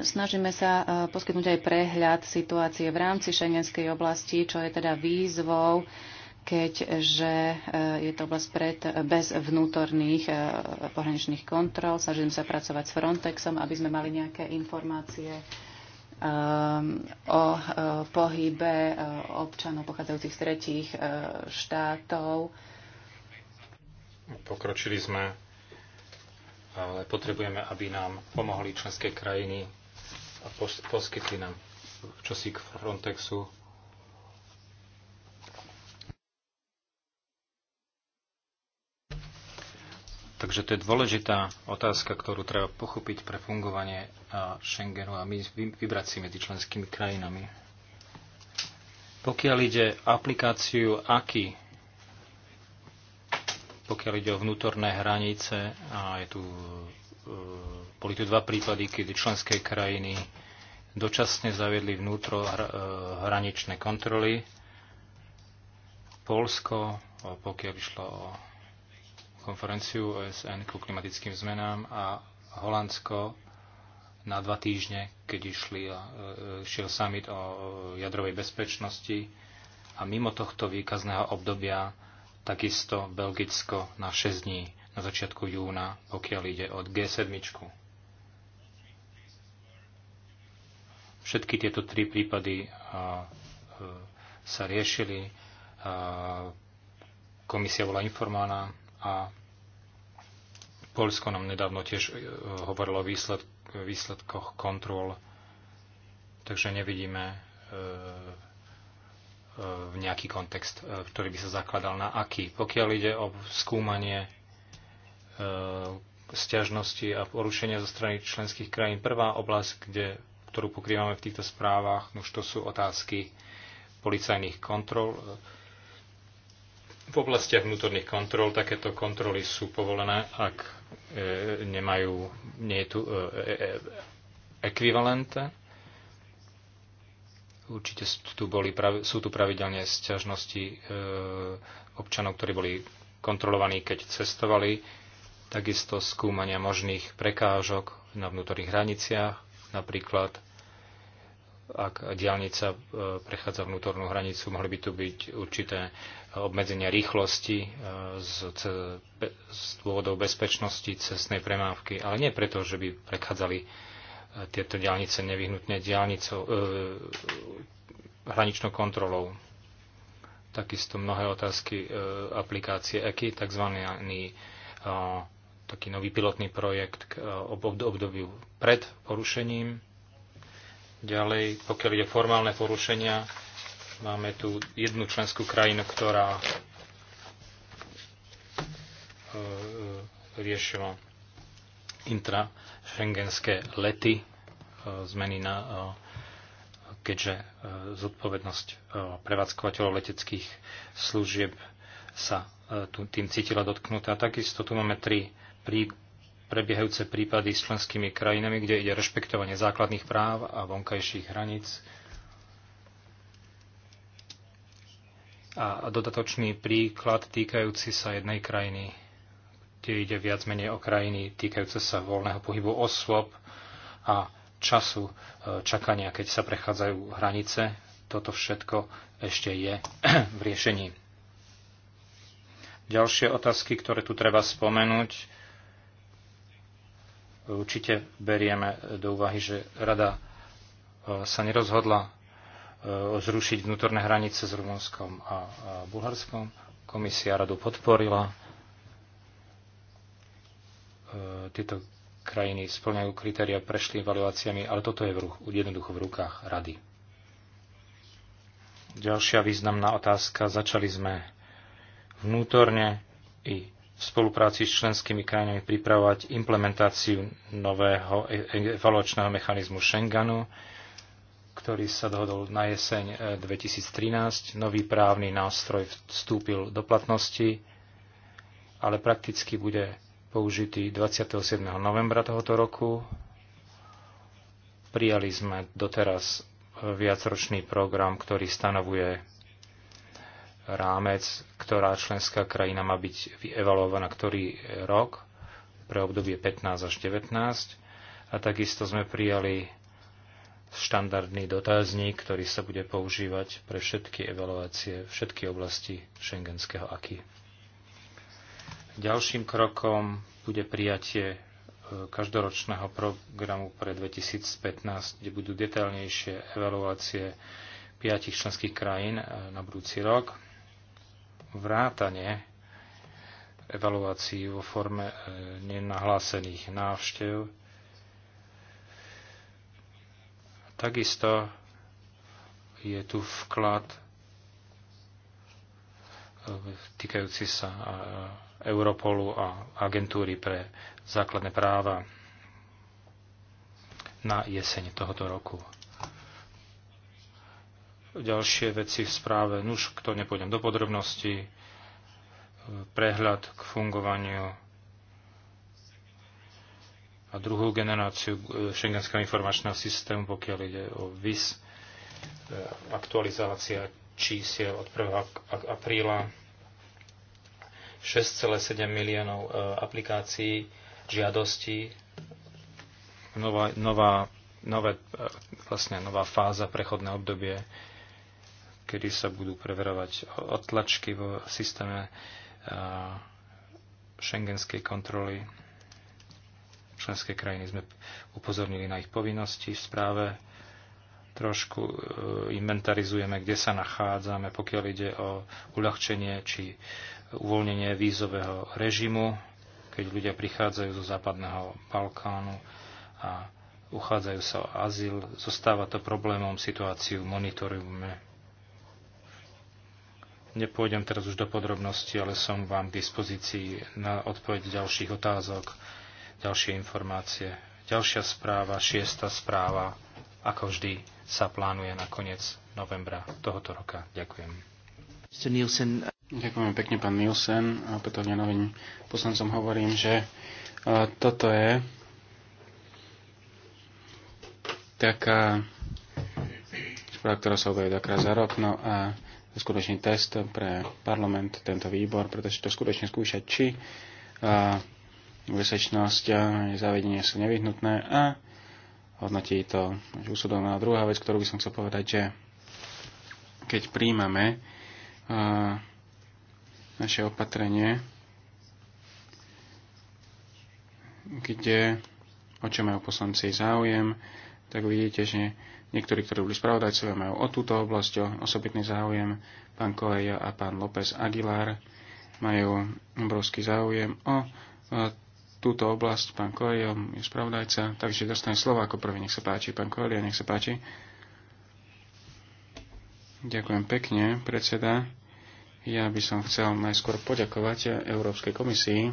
Snažíme sa e, poskytnúť aj prehľad situácie v rámci šengenskej oblasti, čo je teda výzvou keďže e, je to oblasť pred, bez vnútorných e, pohraničných kontrol. snažíme sa pracovať s Frontexom, aby sme mali nejaké informácie e, o pohybe občanov pochádzajúcich z tretích štátov. Pokročili sme, ale potrebujeme, aby nám pomohli členské krajiny a poskytli nám čosi k Frontexu Takže to je dôležitá otázka, ktorú treba pochopiť pre fungovanie Schengenu a my vybrať si medzi členskými krajinami. Pokiaľ ide aplikáciu AKI, pokiaľ ide o vnútorné hranice, a je tu, e, boli tu dva prípady, kedy členské krajiny dočasne zaviedli vnútrohraničné e, kontroly. Polsko, pokiaľ išlo o konferenciu OSN ku klimatickým zmenám a Holandsko na dva týždne, keď išli, e, šiel summit o e, jadrovej bezpečnosti a mimo tohto výkazného obdobia takisto Belgicko na 6 dní na začiatku júna, pokiaľ ide od G7. Všetky tieto tri prípady e, sa riešili, komisia bola informovaná a Polsko nám nedávno tiež e, hovorilo o výsledkoch kontrol, takže nevidíme e, e, v nejaký kontext, ktorý by sa zakladal na aký. Pokiaľ ide o skúmanie stiažnosti a porušenia zo strany členských krajín, prvá oblasť, kde, ktorú pokrývame v týchto správach, už to sú otázky policajných kontrol, v oblastiach vnútorných kontrol takéto kontroly sú povolené, ak e, nemajú, nie je tu e, e, e ekvivalente. Určite sú tu, boli, sú tu pravidelne sťažnosti e, občanov, ktorí boli kontrolovaní, keď cestovali. Takisto skúmania možných prekážok na vnútorných hraniciach, napríklad ak diálnica e, prechádza vnútornú hranicu, mohli by tu byť určité obmedzenia rýchlosti e, z, z dôvodov bezpečnosti cestnej premávky, ale nie preto, že by prechádzali e, tieto diálnice nevyhnutne diálnicou, e, hraničnou kontrolou. Takisto mnohé otázky e, aplikácie EKI, tzv. E, taký nový pilotný projekt k e, obdobiu pred porušením. Ďalej, pokiaľ ide formálne porušenia, Máme tu jednu členskú krajinu, ktorá e, e, riešila intrašengenské lety, e, zmeny na keďže zodpovednosť prevádzkovateľov leteckých služieb sa tým cítila dotknutá. Takisto tu máme tri prí, prebiehajúce prípady s členskými krajinami, kde ide rešpektovanie základných práv a vonkajších hraníc a dodatočný príklad týkajúci sa jednej krajiny, kde ide viac menej o krajiny týkajúce sa voľného pohybu osôb a času e, čakania, keď sa prechádzajú hranice. Toto všetko ešte je v riešení. Ďalšie otázky, ktoré tu treba spomenúť, určite berieme do úvahy, že rada e, sa nerozhodla E, zrušiť vnútorné hranice s Rumunskom a Bulharskom. Komisia radu podporila. E, tieto krajiny splňajú kritéria, prešli evaluáciami, ale toto je v ruch, jednoducho v rukách rady. Ďalšia významná otázka. Začali sme vnútorne i v spolupráci s členskými krajinami pripravovať implementáciu nového e-, evaluačného mechanizmu Schengenu ktorý sa dohodol na jeseň 2013. E, Nový právny nástroj vstúpil do platnosti, ale prakticky bude použitý 27. novembra tohoto roku. Prijali sme doteraz e, viacročný program, ktorý stanovuje rámec, ktorá členská krajina má byť evaluovaná ktorý rok pre obdobie 15 až 19. A takisto sme prijali štandardný dotazník, ktorý sa bude používať pre všetky evaluácie, všetky oblasti šengenského AKI. Ďalším krokom bude prijatie e, každoročného programu pre 2015, kde budú detailnejšie evaluácie piatich členských krajín e, na budúci rok. Vrátanie evaluácií vo forme e, nenahlásených návštev Takisto je tu vklad e, týkajúci sa e, Europolu a agentúry pre základné práva na jeseň tohoto roku. Ďalšie veci v správe, nuž, kto nepôjdem do podrobnosti, prehľad k fungovaniu a druhú generáciu e, šengenského informačného systému, pokiaľ ide o VIS, e, aktualizácia čísiel od 1. apríla 6,7 miliónov e, aplikácií, žiadostí, nová, nová, nové, vlastne nová fáza, prechodné obdobie, kedy sa budú preverovať odtlačky v systéme šengenskej kontroly Členské krajiny sme upozornili na ich povinnosti v správe. Trošku e, inventarizujeme, kde sa nachádzame, pokiaľ ide o uľahčenie či uvoľnenie vízového režimu, keď ľudia prichádzajú zo západného Balkánu a uchádzajú sa o azyl. Zostáva to problémom, situáciu monitorujeme. Nepôjdem teraz už do podrobností, ale som vám k dispozícii na odpoveď ďalších otázok ďalšie informácie. Ďalšia správa, šiesta správa, ako vždy, sa plánuje na koniec novembra tohoto roka. Ďakujem. Ďakujem pekne, pán Nielsen. A opätovne novým poslancom hovorím, že e, toto je taká správa, ktorá sa objaví dokrát za rok. No a skutočný test pre parlament, tento výbor, pretože to skutočne skúša, či e, Vesečnosť a zavedenie sú nevyhnutné a hodnotí to úsudom. No a druhá vec, ktorú by som chcel povedať, že keď príjmame naše opatrenie, kde, o čo majú poslanci záujem, tak vidíte, že niektorí, ktorí boli spravodajcovia, majú o túto oblasť osobitný záujem. Pán Koeja a pán López Aguilar majú obrovský záujem o túto oblasť. Pán Koelio je spravodajca, takže dostane slovo ako prvý. Nech sa páči, pán Koelio, nech sa páči. Ďakujem pekne, predseda. Ja by som chcel najskôr poďakovať Európskej komisii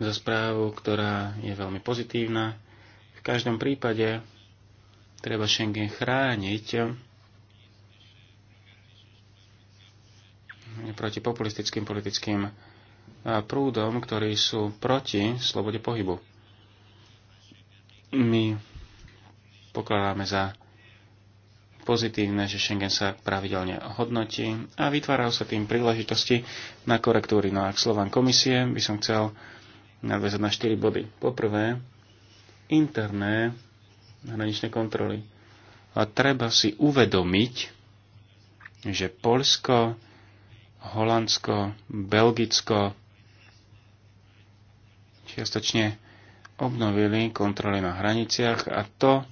za správu, ktorá je veľmi pozitívna. V každom prípade treba Schengen chrániť proti populistickým politickým prúdom, ktorí sú proti slobode pohybu. My pokladáme za pozitívne, že Schengen sa pravidelne hodnotí a vytvárajú sa tým príležitosti na korektúry. No a k slovám komisie by som chcel nadväzať na 4 body. Poprvé, interné hraničné kontroly. A treba si uvedomiť, že Polsko, Holandsko, Belgicko, čiastočne obnovili kontroly na hraniciach a to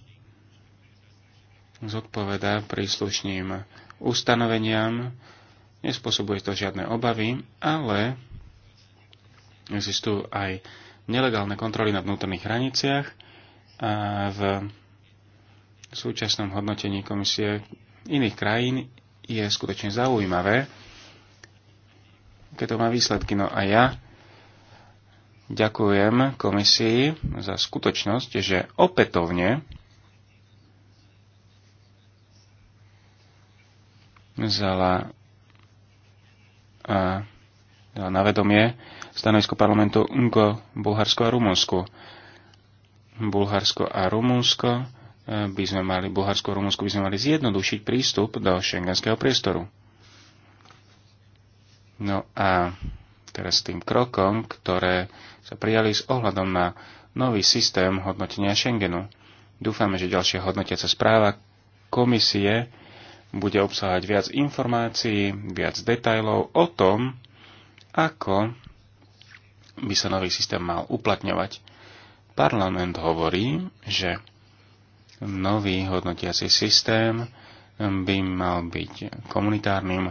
zodpoveda príslušným ustanoveniam. Nespôsobuje to žiadne obavy, ale existujú aj nelegálne kontroly na vnútorných hraniciach a v súčasnom hodnotení komisie iných krajín je skutočne zaujímavé, keď to má výsledky. No a ja Ďakujem komisii za skutočnosť, že opätovne vzala a na vedomie stanovisko parlamentu Ungo, Bulharsko a Rumunsko. Bulharsko a Rumunsko e, by sme mali, Bulharsko a Rumunsko by sme mali zjednodušiť prístup do šengenského priestoru. No a teraz tým krokom, ktoré sa prijali s ohľadom na nový systém hodnotenia Schengenu. Dúfame, že ďalšia hodnotiaca správa komisie bude obsahovať viac informácií, viac detajlov o tom, ako by sa nový systém mal uplatňovať. Parlament hovorí, že nový hodnotiaci systém by mal byť komunitárnym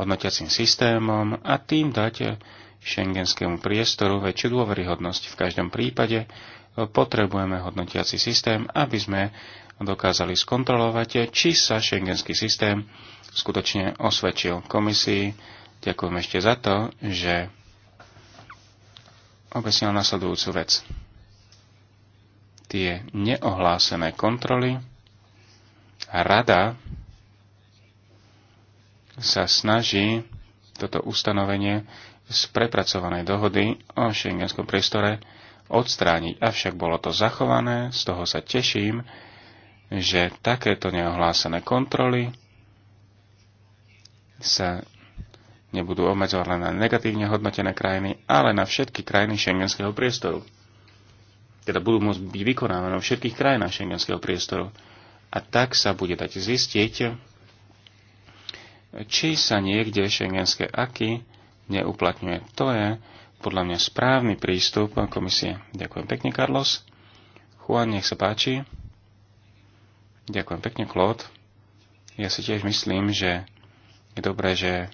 hodnotiacím systémom a tým dať šengenskému priestoru väčšiu dôveryhodnosť. V každom prípade potrebujeme hodnotiaci systém, aby sme dokázali skontrolovať, či sa šengenský systém skutočne osvedčil komisii. Ďakujem ešte za to, že objasnil nasledujúcu vec. Tie neohlásené kontroly rada sa snaží toto ustanovenie z prepracovanej dohody o šengenskom priestore odstrániť. Avšak bolo to zachované, z toho sa teším, že takéto neohlásené kontroly sa nebudú obmedzovať len na negatívne hodnotené krajiny, ale na všetky krajiny šengenského priestoru. Teda budú môcť byť vykonávané vo všetkých krajinách šengenského priestoru. A tak sa bude dať zistiť, či sa niekde šengenské aky neuplatňuje. To je podľa mňa správny prístup komisie. Ďakujem pekne, Carlos. Juan, nech sa páči. Ďakujem pekne, Claude. Ja si tiež myslím, že je dobré, že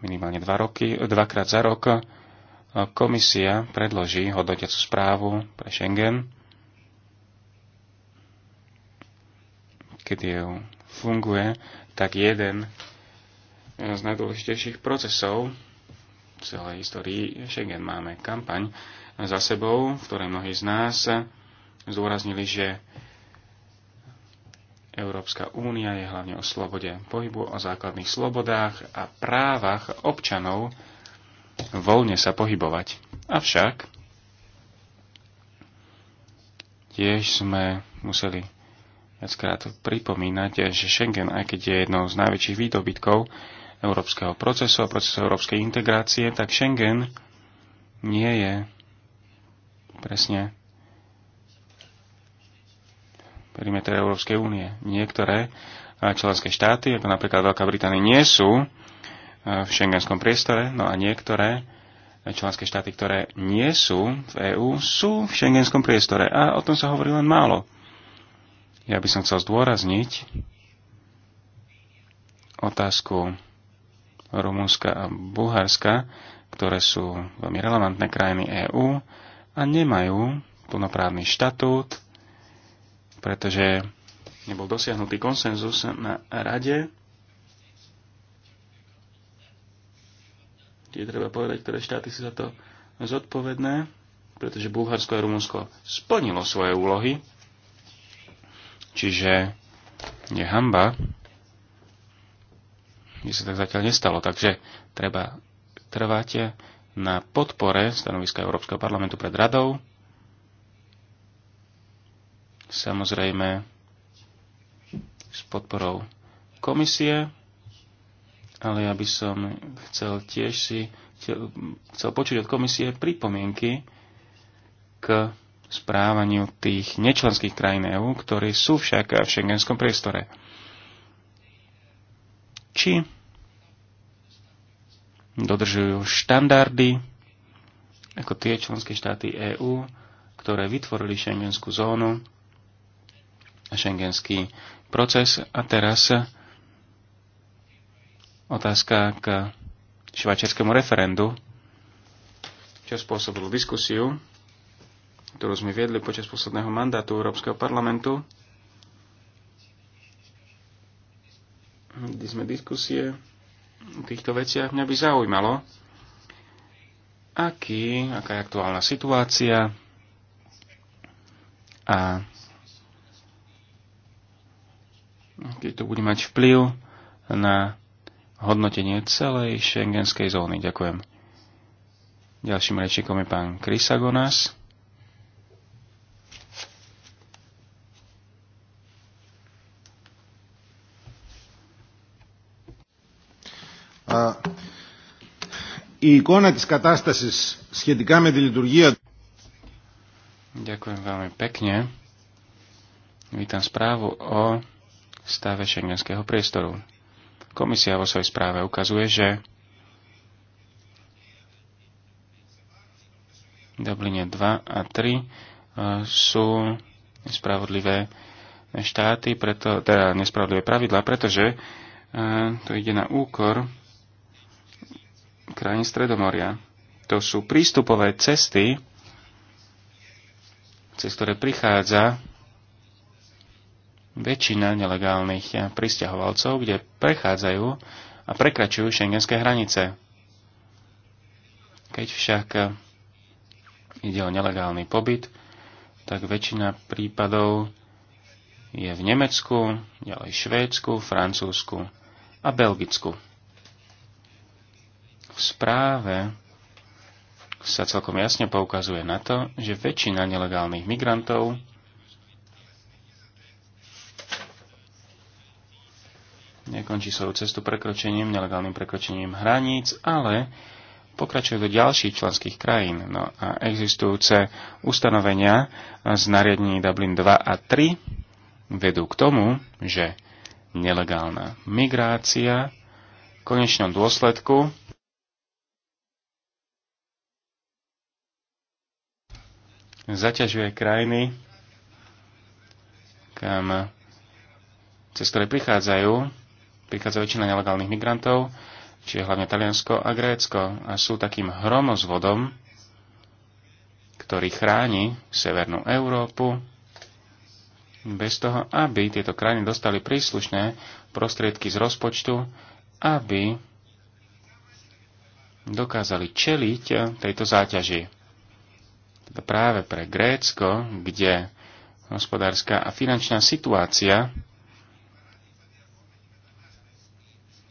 minimálne dva roky, dvakrát za rok komisia predloží hodnotiacu správu pre Schengen, kedy ju funguje, tak jeden z najdôležitejších procesov v celej histórii Schengen. Máme kampaň za sebou, v ktorej mnohí z nás zdôraznili, že Európska únia je hlavne o slobode pohybu, o základných slobodách a právach občanov voľne sa pohybovať. Avšak tiež sme museli viackrát pripomínať, že Schengen, aj keď je jednou z najväčších výdobytkov európskeho procesu a procesu európskej integrácie, tak Schengen nie je presne perimeter Európskej únie. Niektoré členské štáty, ako napríklad Veľká Británia, nie sú eh, v šengenskom priestore, no a niektoré členské štáty, ktoré nie sú v EÚ, sú v šengenskom priestore a o tom sa hovorí len málo. Ja by som chcel zdôrazniť otázku Rumunska a Bulharska, ktoré sú veľmi relevantné krajiny EÚ a nemajú plnoprávny štatút, pretože nebol dosiahnutý konsenzus na rade. Je treba povedať, ktoré štáty sú za to zodpovedné, pretože Bulharsko a Rumunsko splnilo svoje úlohy, čiže je hamba, že sa tak zatiaľ nestalo. Takže treba trvať na podpore stanoviska Európskeho parlamentu pred radou. Samozrejme s podporou komisie, ale ja by som chcel tiež si chcel, chcel počuť od komisie pripomienky k správaniu tých nečlenských krajín EÚ, ktorí sú však v šengenskom priestore. Či dodržujú štandardy ako tie členské štáty EÚ, ktoré vytvorili šengenskú zónu a šengenský proces. A teraz otázka k švajčiarskému referendu, čo spôsobilo diskusiu, ktorú sme viedli počas posledného mandátu Európskeho parlamentu, kde sme diskusie týchto veciach, mňa by zaujímalo, aký, aká je aktuálna situácia a keď to bude mať vplyv na hodnotenie celej šengenskej zóny. Ďakujem. Ďalším rečníkom je pán Krisagonas. Η εικόνα της κατάστασης σχετικά με τη λειτουργία... Ďakujem veľmi pekne. Vítam správu o stave šengenského priestoru. Komisia vo svojej správe ukazuje, že Dubline 2 a 3 e, sú nespravodlivé štáty, preto, teda nespravodlivé pravidla, pretože e, to ide na úkor krajín Stredomoria. To sú prístupové cesty, cez ktoré prichádza väčšina nelegálnych pristahovalcov, kde prechádzajú a prekračujú šengenské hranice. Keď však ide o nelegálny pobyt, tak väčšina prípadov je v Nemecku, ďalej Švédsku, Francúzsku a Belgicku. V správe sa celkom jasne poukazuje na to, že väčšina nelegálnych migrantov nekončí svoju cestu prekročením, nelegálnym prekročením hraníc, ale pokračuje do ďalších členských krajín. No a existujúce ustanovenia z nariadení Dublin 2 a 3 vedú k tomu, že nelegálna migrácia v konečnom dôsledku zaťažuje krajiny, kam, cez ktoré prichádzajú, prichádza väčšina nelegálnych migrantov, čiže hlavne Taliansko a Grécko. A sú takým hromozvodom, ktorý chráni Severnú Európu, bez toho, aby tieto krajiny dostali príslušné prostriedky z rozpočtu, aby dokázali čeliť tejto záťaži. Teda práve pre Grécko, kde hospodárska a finančná situácia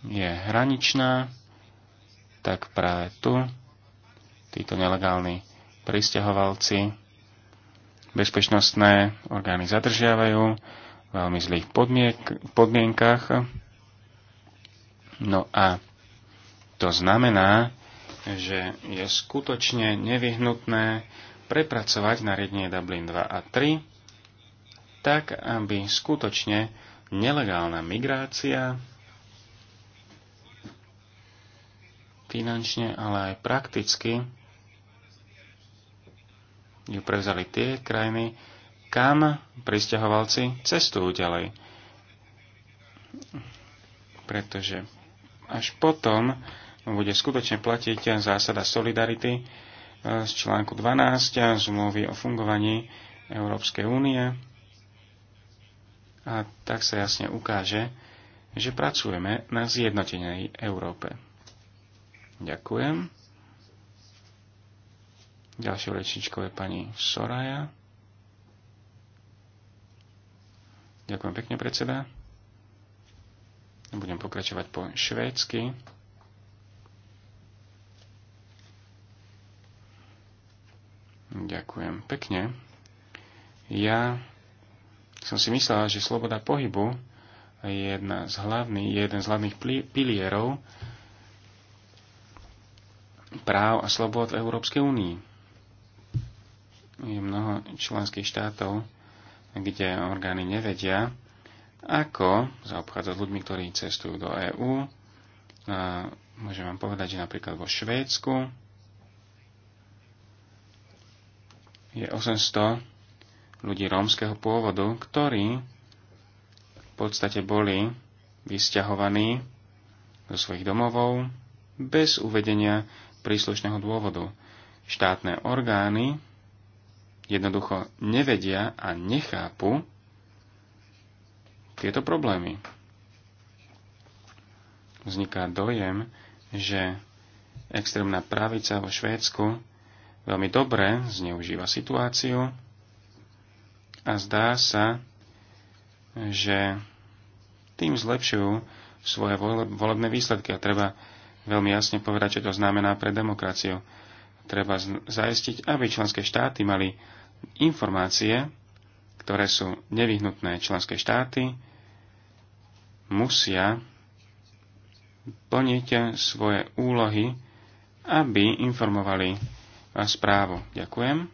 je hraničná, tak práve tu títo nelegálni pristahovalci bezpečnostné orgány zadržiavajú v veľmi zlých podmienk- podmienkách. No a to znamená, že je skutočne nevyhnutné prepracovať nariadenie Dublin 2 a 3, tak aby skutočne nelegálna migrácia finančne, ale aj prakticky ju prevzali tie krajiny, kam pristahovalci cestujú ďalej. Pretože až potom bude skutočne platiť zásada solidarity, z článku 12 zmluvy o fungovaní Európskej únie a tak sa jasne ukáže, že pracujeme na zjednotenej Európe. Ďakujem. Ďalšou rečničkou je pani Soraya. Ďakujem pekne, predseda. Budem pokračovať po švédsky. Ďakujem pekne. Ja som si myslela, že sloboda pohybu je jedna z hlavný, jeden z hlavných pilierov práv a slobod v Európskej únii. Je mnoho členských štátov, kde orgány nevedia, ako zaobchádzať s ľuďmi, ktorí cestujú do EÚ. Môžem vám povedať, že napríklad vo Švédsku je 800 ľudí rómskeho pôvodu, ktorí v podstate boli vysťahovaní zo svojich domovov bez uvedenia príslušného dôvodu. Štátne orgány jednoducho nevedia a nechápu tieto problémy. Vzniká dojem, že extrémna pravica vo Švédsku veľmi dobre zneužíva situáciu a zdá sa, že tým zlepšujú svoje volebné výsledky a treba veľmi jasne povedať, čo to znamená pre demokraciu. Treba zaistiť, aby členské štáty mali informácie, ktoré sú nevyhnutné. Členské štáty musia plniť svoje úlohy, aby informovali a správu. Ďakujem.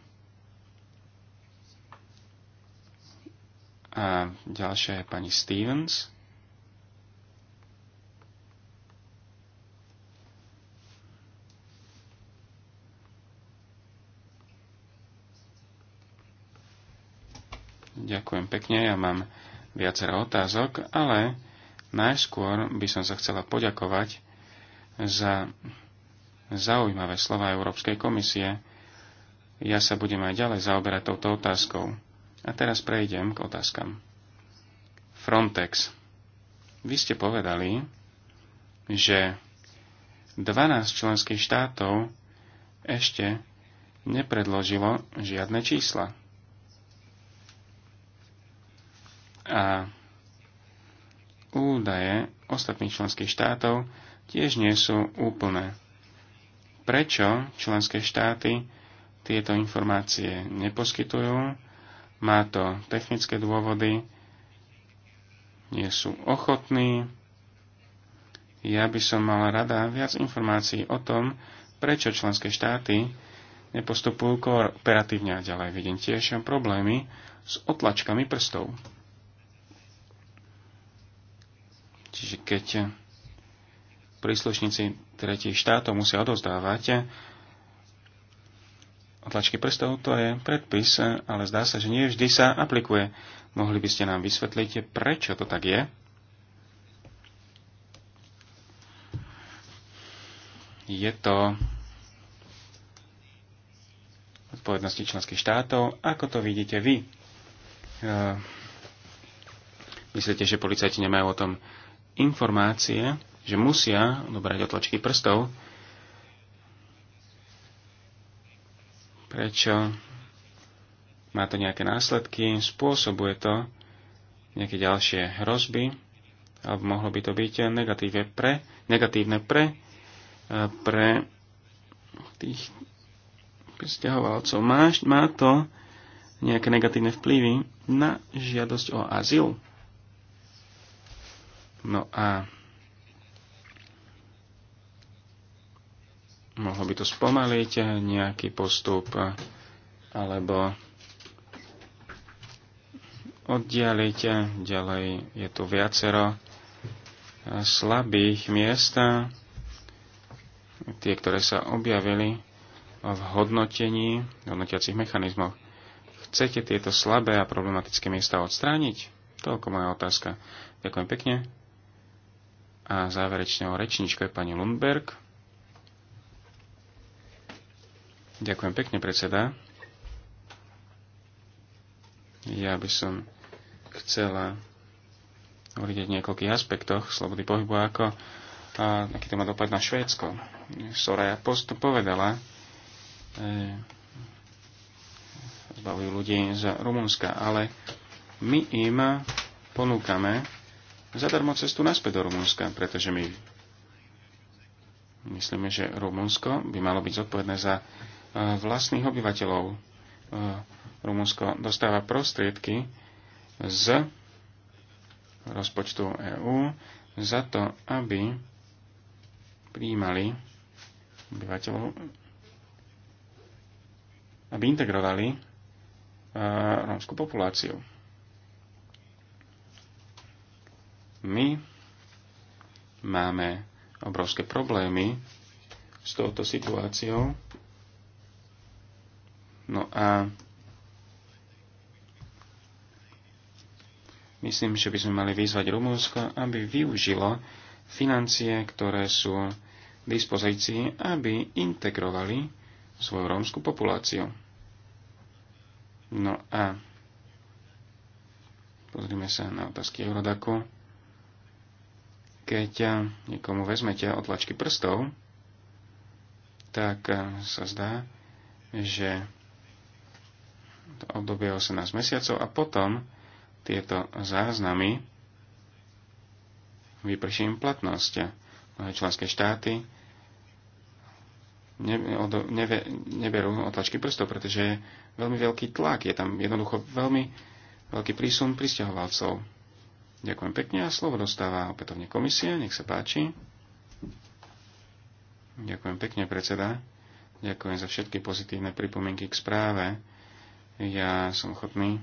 A ďalšia je pani Stevens. Ďakujem pekne, ja mám viacero otázok, ale najskôr by som sa chcela poďakovať za zaujímavé slova Európskej komisie. Ja sa budem aj ďalej zaoberať touto otázkou. A teraz prejdem k otázkam. Frontex. Vy ste povedali, že 12 členských štátov ešte nepredložilo žiadne čísla. A údaje ostatných členských štátov tiež nie sú úplné prečo členské štáty tieto informácie neposkytujú. Má to technické dôvody, nie sú ochotní. Ja by som mal rada viac informácií o tom, prečo členské štáty nepostupujú kooperatívne a ďalej. Vidím tiež problémy s otlačkami prstov. Čiže keď príslušníci tretich štátov musia odozdávať otlačky prstov, to je predpis, ale zdá sa, že nie vždy sa aplikuje. Mohli by ste nám vysvetliť, prečo to tak je? Je to odpovednosti členských štátov. Ako to vidíte vy? Myslíte, že policajti nemajú o tom informácie? že musia dobrať otlačky prstov. Prečo? Má to nejaké následky, spôsobuje to nejaké ďalšie hrozby, alebo mohlo by to byť negatívne pre, negatívne pre, e, pre tých pristahovalcov. Má, má to nejaké negatívne vplyvy na žiadosť o azyl. No a mohlo by to spomaliť nejaký postup alebo oddialiť. Ďalej je tu viacero slabých miest, tie, ktoré sa objavili v hodnotení, v hodnotiacich mechanizmoch. Chcete tieto slabé a problematické miesta odstrániť? Toľko moja otázka. Ďakujem pekne. A záverečne rečničkou je pani Lundberg. Ďakujem pekne, predseda. Ja by som chcela uvidieť o niekoľkých aspektoch slobody pohybu, ako a aký to má dopad na Švédsko. Soraya Post povedala, e, zbavujú ľudí z Rumunska, ale my im ponúkame zadarmo cestu naspäť do Rumunska, pretože my myslíme, že Rumunsko by malo byť zodpovedné za Eh, vlastných obyvateľov. Eh, Rumunsko dostáva prostriedky z rozpočtu EÚ za to, aby prijímali obyvateľov, aby integrovali eh, rómskú populáciu. My máme obrovské problémy s touto situáciou No a myslím, že by sme mali vyzvať Rumunsko, aby využilo financie, ktoré sú k dispozícii, aby integrovali svoju rómskú populáciu. No a pozrime sa na otázky Eurodaku. Keď niekomu vezmete otlačky prstov, tak sa zdá, že to obdobie 18 mesiacov a potom tieto záznamy vyprší im platnosť. Mnohé členské štáty neberú otlačky prstov, pretože je veľmi veľký tlak. Je tam jednoducho veľmi veľký prísun pristahovalcov. Ďakujem pekne a slovo dostáva opätovne komisia. Nech sa páči. Ďakujem pekne, predseda. Ďakujem za všetky pozitívne pripomienky k správe ja som ochotný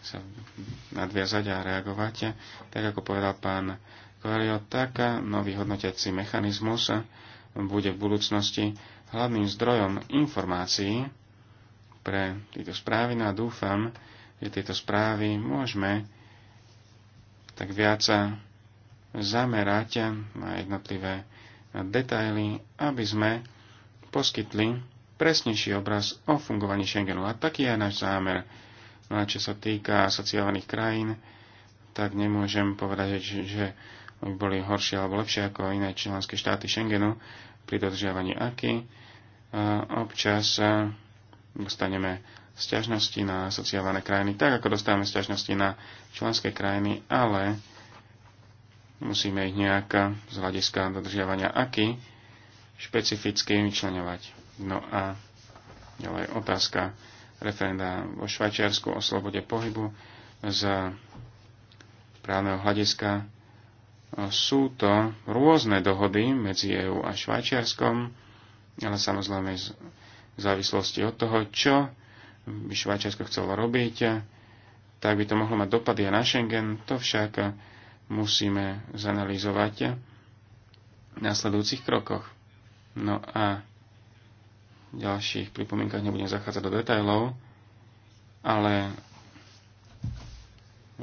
sa nadviazať a reagovať. Tak ako povedal pán Kovalio, tak nový hodnotiaci mechanizmus bude v budúcnosti hlavným zdrojom informácií pre tieto správy. No a dúfam, že tieto správy môžeme tak viac zamerať na jednotlivé detaily, aby sme poskytli presnejší obraz o fungovaní Schengenu. A taký je náš zámer. No a čo sa týka asociovaných krajín, tak nemôžem povedať, že, že oni boli horšie alebo lepšie ako iné členské štáty Schengenu pri dodržiavaní A Občas dostaneme sťažnosti na asociované krajiny, tak ako dostávame sťažnosti na členské krajiny, ale musíme ich nejak z hľadiska dodržiavania AKY špecificky vyčlenovať. No a ďalej otázka referenda vo Švajčiarsku o slobode pohybu z právneho hľadiska. Sú to rôzne dohody medzi EÚ a Švajčiarskom, ale samozrejme v závislosti od toho, čo by Švajčiarsko chcelo robiť, tak by to mohlo mať dopady aj na Schengen. To však musíme zanalýzovať v nasledujúcich krokoch. No a ďalších pripomienkach nebudem zachádzať do detajlov, ale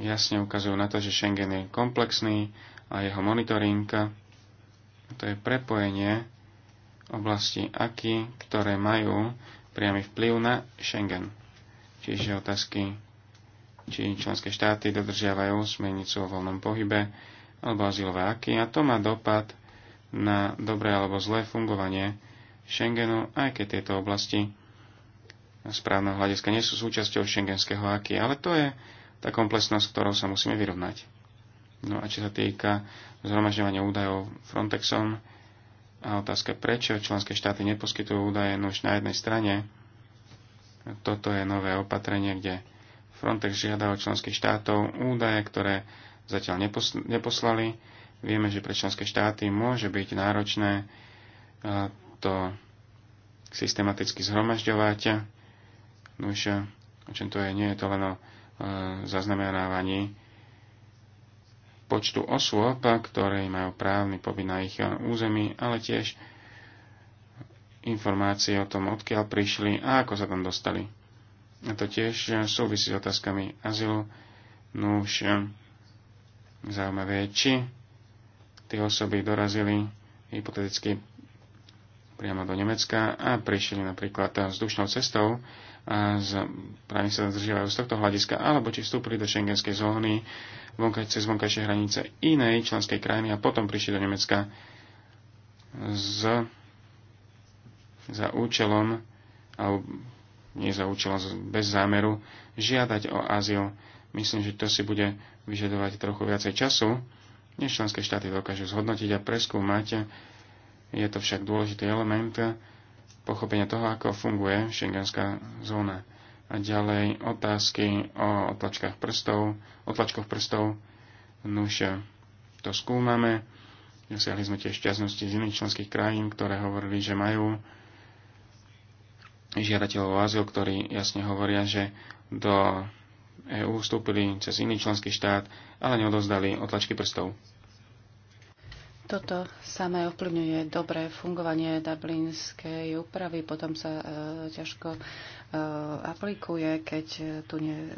jasne ukazujú na to, že Schengen je komplexný a jeho monitoring to je prepojenie oblasti AKI, ktoré majú priamy vplyv na Schengen. Čiže otázky, či členské štáty dodržiavajú smernicu o voľnom pohybe alebo azylové AKI a to má dopad na dobré alebo zlé fungovanie Schengenu, aj keď tieto oblasti správneho hľadiska nie sú súčasťou šengenského aky, ale to je tá komplexnosť, ktorou sa musíme vyrovnať. No a čo sa týka zhromažďovania údajov Frontexom a otázka, prečo členské štáty neposkytujú údaje, no už na jednej strane toto je nové opatrenie, kde Frontex žiada od členských štátov údaje, ktoré zatiaľ neposlali. Vieme, že pre členské štáty môže byť náročné to systematicky zhromažďovať. No už, o čom to je, nie je to len o e, zaznamenávaní počtu osôb, ktoré majú právny pobyt na ich území, ale tiež informácie o tom, odkiaľ prišli a ako sa tam dostali. A to tiež súvisí s otázkami azylu. No už zaujímavé či tie osoby dorazili hypoteticky priamo do Nemecka a prišli napríklad vzdušnou cestou a z, práve sa zdržiavajú z tohto hľadiska, alebo či vstúpili do šengenskej zóny vonka- cez vonkajšie hranice inej členskej krajiny a potom prišli do Nemecka z, za účelom, alebo nie za účelom, bez zámeru, žiadať o azyl. Myslím, že to si bude vyžadovať trochu viacej času, než členské štáty dokážu zhodnotiť a preskúmať je to však dôležitý element pochopenia toho, ako funguje šengenská zóna. A ďalej otázky o otlačkách prstov, otlačkoch prstov. Nuž, to skúmame. Dosiahli sme tiež šťastnosti z iných členských krajín, ktoré hovorili, že majú žiadateľov o azyl, ktorí jasne hovoria, že do EÚ vstúpili cez iný členský štát, ale neodozdali otlačky prstov. Toto samé ovplyvňuje dobré fungovanie dublinskej úpravy, potom sa e, ťažko e, aplikuje, keď e, tu nie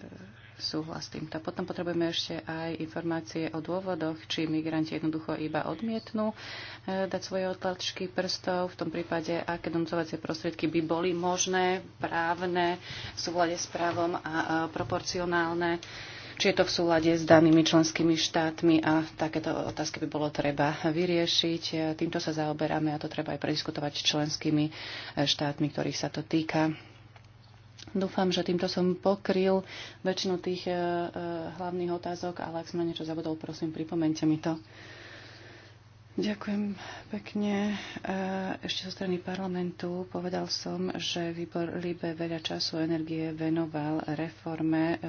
súhlas s týmto. Potom potrebujeme ešte aj informácie o dôvodoch, či migranti jednoducho iba odmietnú e, dať svoje otlačky prstov. V tom prípade, aké domcovacie prostriedky by boli možné, právne, v súhľade s právom a e, proporcionálne. E, či je to v súlade s danými členskými štátmi a takéto otázky by bolo treba vyriešiť. Týmto sa zaoberáme a to treba aj prediskutovať s členskými e, štátmi, ktorých sa to týka. Dúfam, že týmto som pokryl väčšinu tých e, e, hlavných otázok, ale ak som na niečo zabudol, prosím, pripomente mi to. Ďakujem pekne. E, ešte zo strany parlamentu povedal som, že výbor Libe veľa času a energie venoval reforme e, e,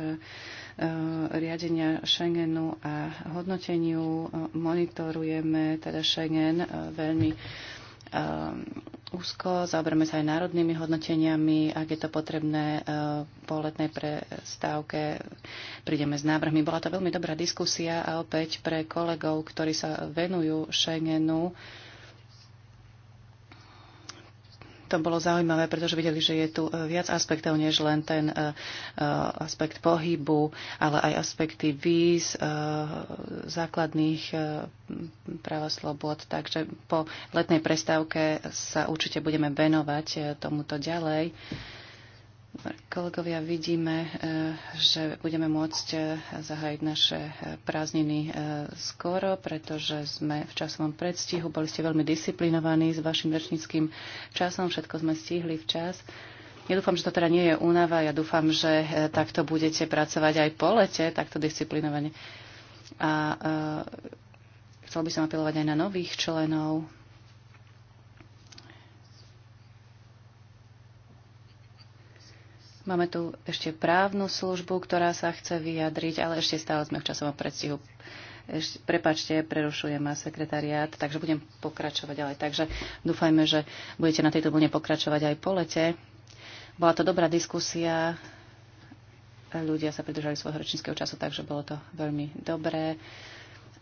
riadenia Schengenu a hodnoteniu. Monitorujeme teda Schengen veľmi úzko, zaoberme sa aj národnými hodnoteniami, ak je to potrebné e, po letnej prestávke, prídeme s návrhmi. Bola to veľmi dobrá diskusia a opäť pre kolegov, ktorí sa venujú Schengenu, to bolo zaujímavé, pretože videli, že je tu e, viac aspektov než len ten e, e, aspekt pohybu, ale aj aspekty víz, základných práva slobod. Takže po letnej prestávke sa určite budeme venovať tomuto ďalej. Kolegovia, vidíme, eh, že budeme môcť eh, zahájiť naše eh, prázdniny skoro, pretože sme v časovom predstihu. Boli ste veľmi disciplinovaní s vašim rečníckým časom. Všetko sme stihli včas. Ja dúfam, že to teda nie je únava. Ja dúfam, že takto budete pracovať aj po lete, takto disciplinovane. A uh, chcel by som apelovať aj na nových členov Máme tu ešte právnu službu, ktorá sa chce vyjadriť, ale ešte stále sme v časovom predstihu. Ešte, prepačte, prerušujem ma sekretariát, takže budem pokračovať ďalej. Takže dúfajme, že budete na tejto vlne pokračovať aj po lete. Bola to dobrá diskusia, ľudia sa pridržali svojho ročníckého času, takže bolo to veľmi dobré.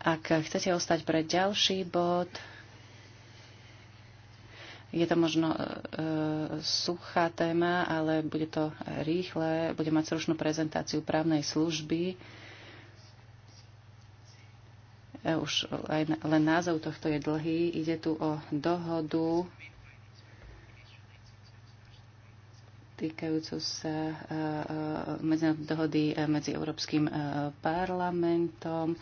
Ak chcete ostať pre ďalší bod, je to možno e, e, suchá téma, ale bude to rýchle. Bude mať stručnú prezentáciu právnej služby. E, už aj, len názov tohto je dlhý. Ide tu o dohodu týkajúcu sa e, e, medzi dohody medzi Európskym parlamentom,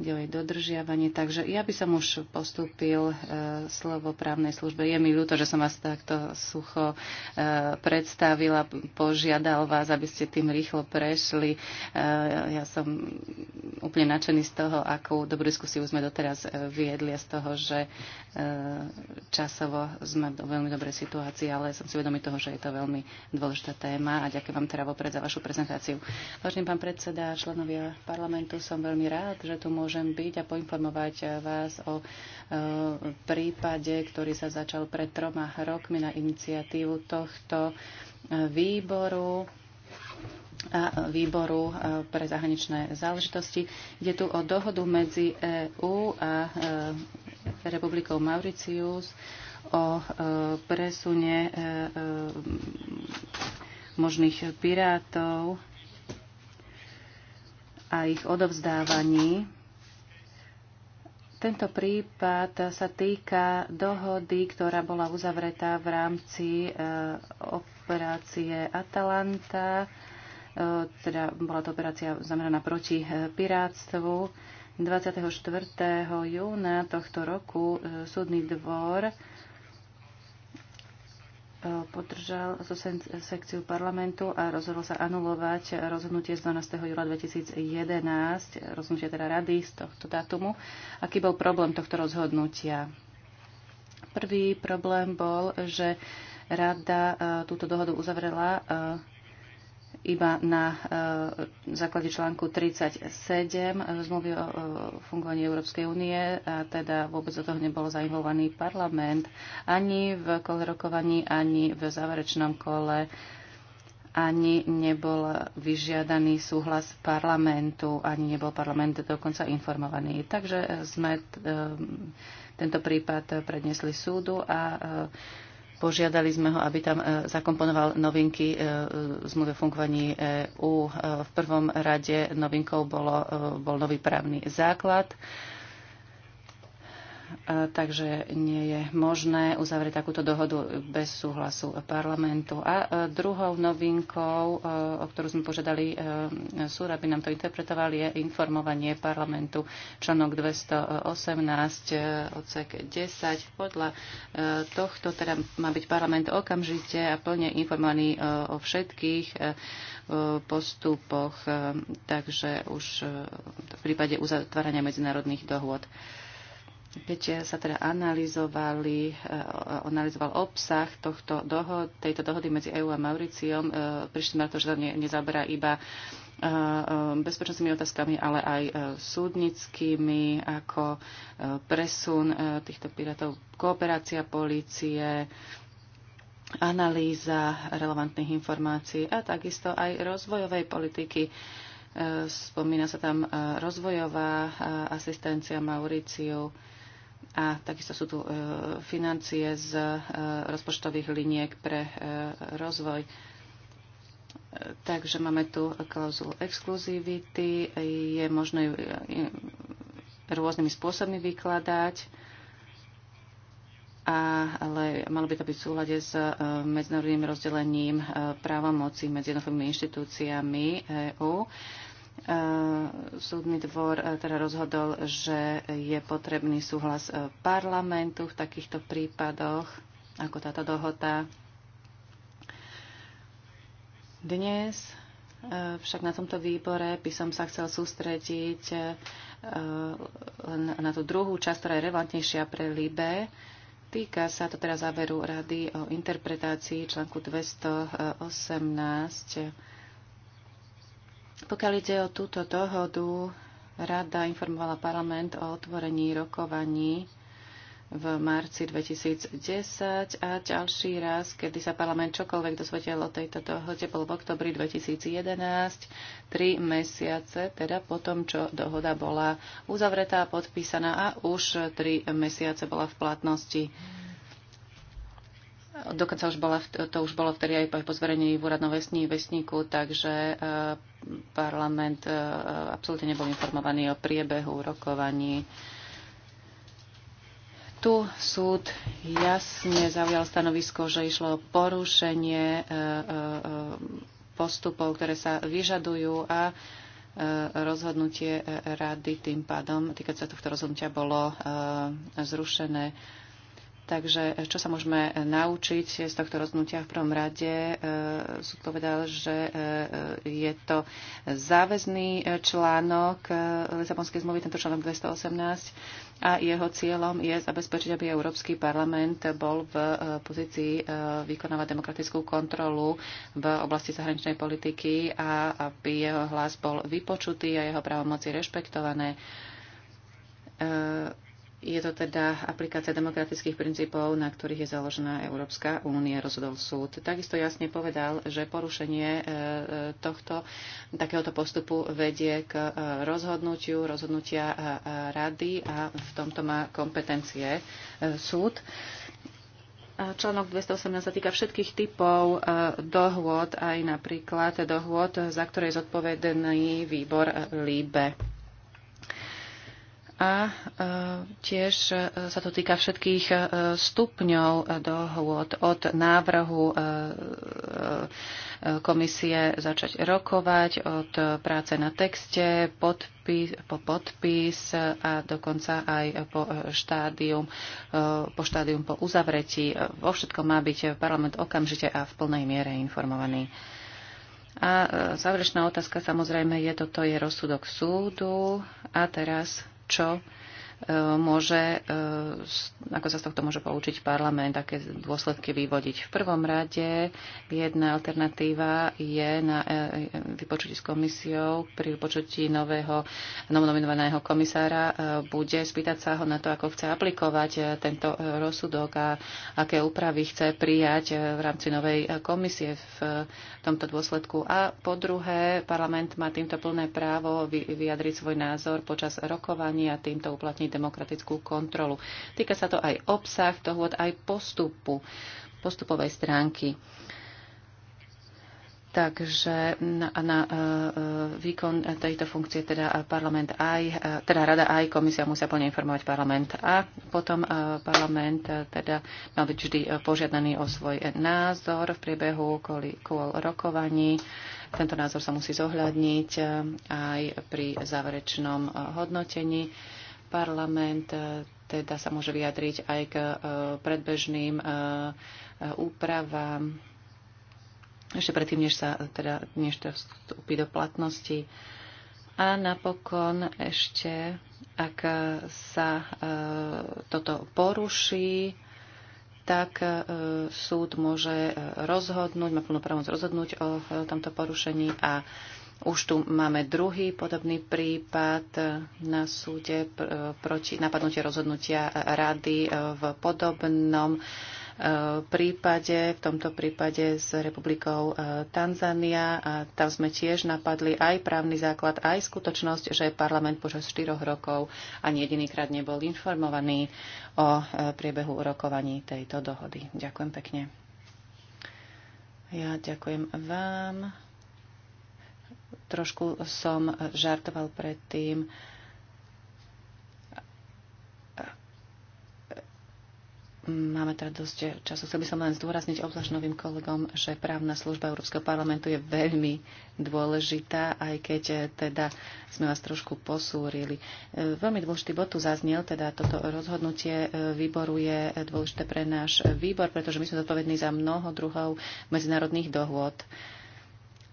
ide o jej dodržiavanie. Takže ja by som už postúpil e, slovo právnej službe. Je mi ľúto, že som vás takto sucho e, predstavila, požiadal vás, aby ste tým rýchlo prešli. E, ja som úplne nadšený z toho, akú dobrú diskusiu sme doteraz e, viedli a z toho, že časovo sme v veľmi dobrej situácii, ale som si vedomý toho, že je to veľmi dôležitá téma a ďakujem vám teda vopred za vašu prezentáciu. Vážený pán predseda, členovia parlamentu, som veľmi rád, že tu môžem môžem byť a poinformovať eh, vás o eh, prípade, ktorý sa začal pred troma rokmi na iniciatívu tohto eh, výboru a výboru pre zahraničné záležitosti. Ide tu o dohodu medzi EÚ a Republikou Mauricius o presune možných pirátov a ich odovzdávaní tento prípad sa týka dohody, ktorá bola uzavretá v rámci eh, operácie Atalanta, eh, teda bola to operácia zameraná proti eh, pirátstvu. 24. júna tohto roku súdny dvor podržal zo sekciu parlamentu a rozhodol sa anulovať rozhodnutie z 12. júla 2011, rozhodnutie teda rady z tohto datumu. Aký bol problém tohto rozhodnutia? Prvý problém bol, že rada e, túto dohodu uzavrela e, iba na e, základe článku 37 e, zmluvy o e, fungovaní Európskej únie, a teda vôbec do toho nebol zainvolovaný parlament ani v kole rokovaní, ani v záverečnom kole ani nebol vyžiadaný súhlas parlamentu, ani nebol parlament dokonca informovaný. Takže sme tento prípad prednesli súdu a Požiadali sme ho, aby tam e, zakomponoval novinky e, e, z mluve fungovaní EÚ. V prvom rade novinkou bolo, bol nový právny základ E, takže nie je možné uzavrieť takúto dohodu bez súhlasu parlamentu. A e, druhou novinkou, e, o ktorú sme požiadali súd, aby nám to interpretoval, je informovanie parlamentu článok 218 odsek 10. Podľa tohto teda má byť parlament okamžite a plne informovaný o všetkých postupoch, takže už v prípade uzatvárania medzinárodných dohôd. Keď sa teda analyzovali, eh, analyzoval obsah tohto dohod, tejto dohody medzi EÚ a Mauriciom, eh, prišli na to, že to ne, nezaberá iba eh, bezpečnostnými otázkami, ale aj súdnickými, ako presun týchto pirátov, kooperácia polície, analýza relevantných informácií a takisto aj rozvojovej politiky. Spomína sa tam rozvojová asistencia Mauriciu a takisto sú tu e, financie z e, rozpočtových liniek pre e, rozvoj. Takže máme tu klauzulu exkluzivity, je možné ju rôznymi spôsobmi vykladať, ale malo by to byť v súlade s medzinárodným rozdelením právomocí medzi jednotlivými inštitúciami EÚ. Eh, súdny dvor eh, teda rozhodol, že je potrebný súhlas eh, parlamentu v takýchto prípadoch, ako táto dohoda. Dnes však na tomto výbore by som sa chcel sústrediť len na tú druhú časť, ktorá je relevantnejšia pre Libe. Týka sa to teda záveru rady o interpretácii článku 218 pokiaľ ide o túto dohodu, Rada informovala parlament o otvorení rokovaní v marci 2010 a ďalší raz, kedy sa parlament čokoľvek dozvedel o tejto dohode, bol v oktobri 2011, tri mesiace, teda po tom, čo dohoda bola uzavretá podpísaná a už tri mesiace bola v platnosti. Mm. Dokonca už bola, to už bolo vtedy aj po zverejnení v úradnom vesní, vesníku, takže eh, parlament eh, absolútne nebol informovaný o priebehu rokovaní. Tu súd jasne zaujal stanovisko, že išlo o porušenie eh, postupov, ktoré sa vyžadujú a rozhodnutie rady tým pádom, týkať sa tohto rozhodnutia, bolo zrušené. Takže e, čo sa môžeme e, naučiť z tohto rozhodnutia v prvom rade? E, súd povedal, že je to záväzný článok Lisabonskej zmluvy, tento článok 218, a jeho cieľom je zabezpečiť, aby Európsky parlament bol v pozícii vykonávať demokratickú kontrolu v oblasti zahraničnej politiky a aby jeho hlas bol vypočutý a jeho právomoci rešpektované je to teda aplikácia demokratických princípov, na ktorých je založená Európska únia, rozhodol súd. Takisto jasne povedal, že porušenie e, e, tohto takéhoto postupu vedie k e, rozhodnutiu, rozhodnutia rady a v tomto má kompetencie súd. Článok 218 sa týka všetkých typov dohôd, aj napríklad dohôd, za ktoré je zodpovedný výbor LIBE a e, tiež e, sa to týka všetkých e, stupňov dohôd od návrhu komisie začať rokovať, od práce na texte, podpis, po podpis a dokonca aj po štádium, po štádium po uzavretí. Vo všetkom má byť parlament okamžite a v plnej miere informovaný. A záverečná otázka samozrejme je, toto je rozsudok súdu a teraz čo môže, e, ako sa z tohto môže poučiť parlament, aké dôsledky vyvodiť. V prvom rade jedna alternatíva je na e, e, vypočutí s komisiou, pri vypočutí nového nominovaného komisára bude spýtať sa ho na to, ako chce aplikovať tento rozsudok a aké úpravy chce prijať v rámci novej komisie v tomto dôsledku. A po druhé, parlament má týmto plné právo vyjadriť svoj názor počas rokovania a týmto uplatniť demokratickú kontrolu. Týka sa to aj obsah dohôd, aj postupu, postupovej stránky. Takže na, na e, e, výkon tejto funkcie teda parlament aj, e, teda rada aj komisia musia plne informovať parlament a potom parlament teda mal byť vždy požiadaný o svoj názor v priebehu kvôli rokovaní. Tento názor sa musí zohľadniť aj pri záverečnom hodnotení Parlament e, teda sa môže vyjadriť aj k e, predbežným e, úpravám ešte predtým, než sa teda, než to vstúpi do platnosti. A napokon ešte, ak sa e, toto poruší, tak e, súd môže rozhodnúť, má plnú právomoc rozhodnúť o e, tomto porušení a e, už tu máme druhý podobný prípad na súde proti napadnutie rozhodnutia rady e, v podobnom e, prípade, v tomto prípade s republikou e, Tanzania. A tam sme tiež napadli aj právny základ, aj skutočnosť, že parlament počas 4 rokov ani jedinýkrát nebol informovaný o priebehu rokovaní tejto dohody. Ďakujem pekne. Ja ďakujem vám. Trošku som žartoval predtým. Máme teda dosť času. Chcel by som len zdôrazniť obzvlášť novým kolegom, že právna služba Európskeho parlamentu je veľmi dôležitá, aj keď eh, teda sme vás trošku posúrili. Eh, veľmi dôležitý bod tu zaznel, teda toto rozhodnutie eh, výboru je dôležité pre náš výbor, pretože my sme zodpovední za mnoho druhov medzinárodných dohôd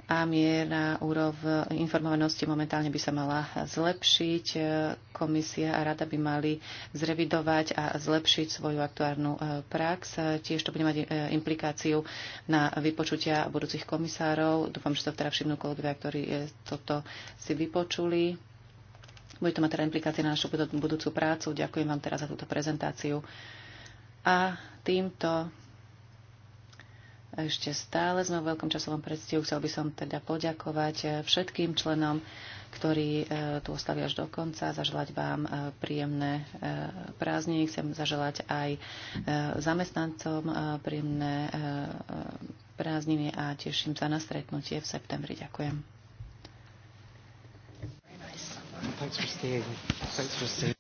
a miera úrov informovanosti momentálne by sa mala zlepšiť. Komisia a rada by mali zrevidovať a zlepšiť svoju aktuárnu e, prax. Tiež to bude mať e, implikáciu na vypočutia budúcich komisárov. Dúfam, že to teda všimnú kolegovia, ktorí e, toto si vypočuli. Bude to mať teda implikácie na našu budúcu prácu. Ďakujem vám teraz za túto prezentáciu. A týmto ešte stále sme v veľkom časovom predstihu. Chcel by som teda poďakovať eh, všetkým členom, ktorí eh, tu ostali až do konca. Zaželať vám eh, príjemné prázdniny. Chcem zaželať aj zamestnancom príjemné prázdniny a teším sa na stretnutie v septembri. Ďakujem. Thanks for staying. Thanks for staying.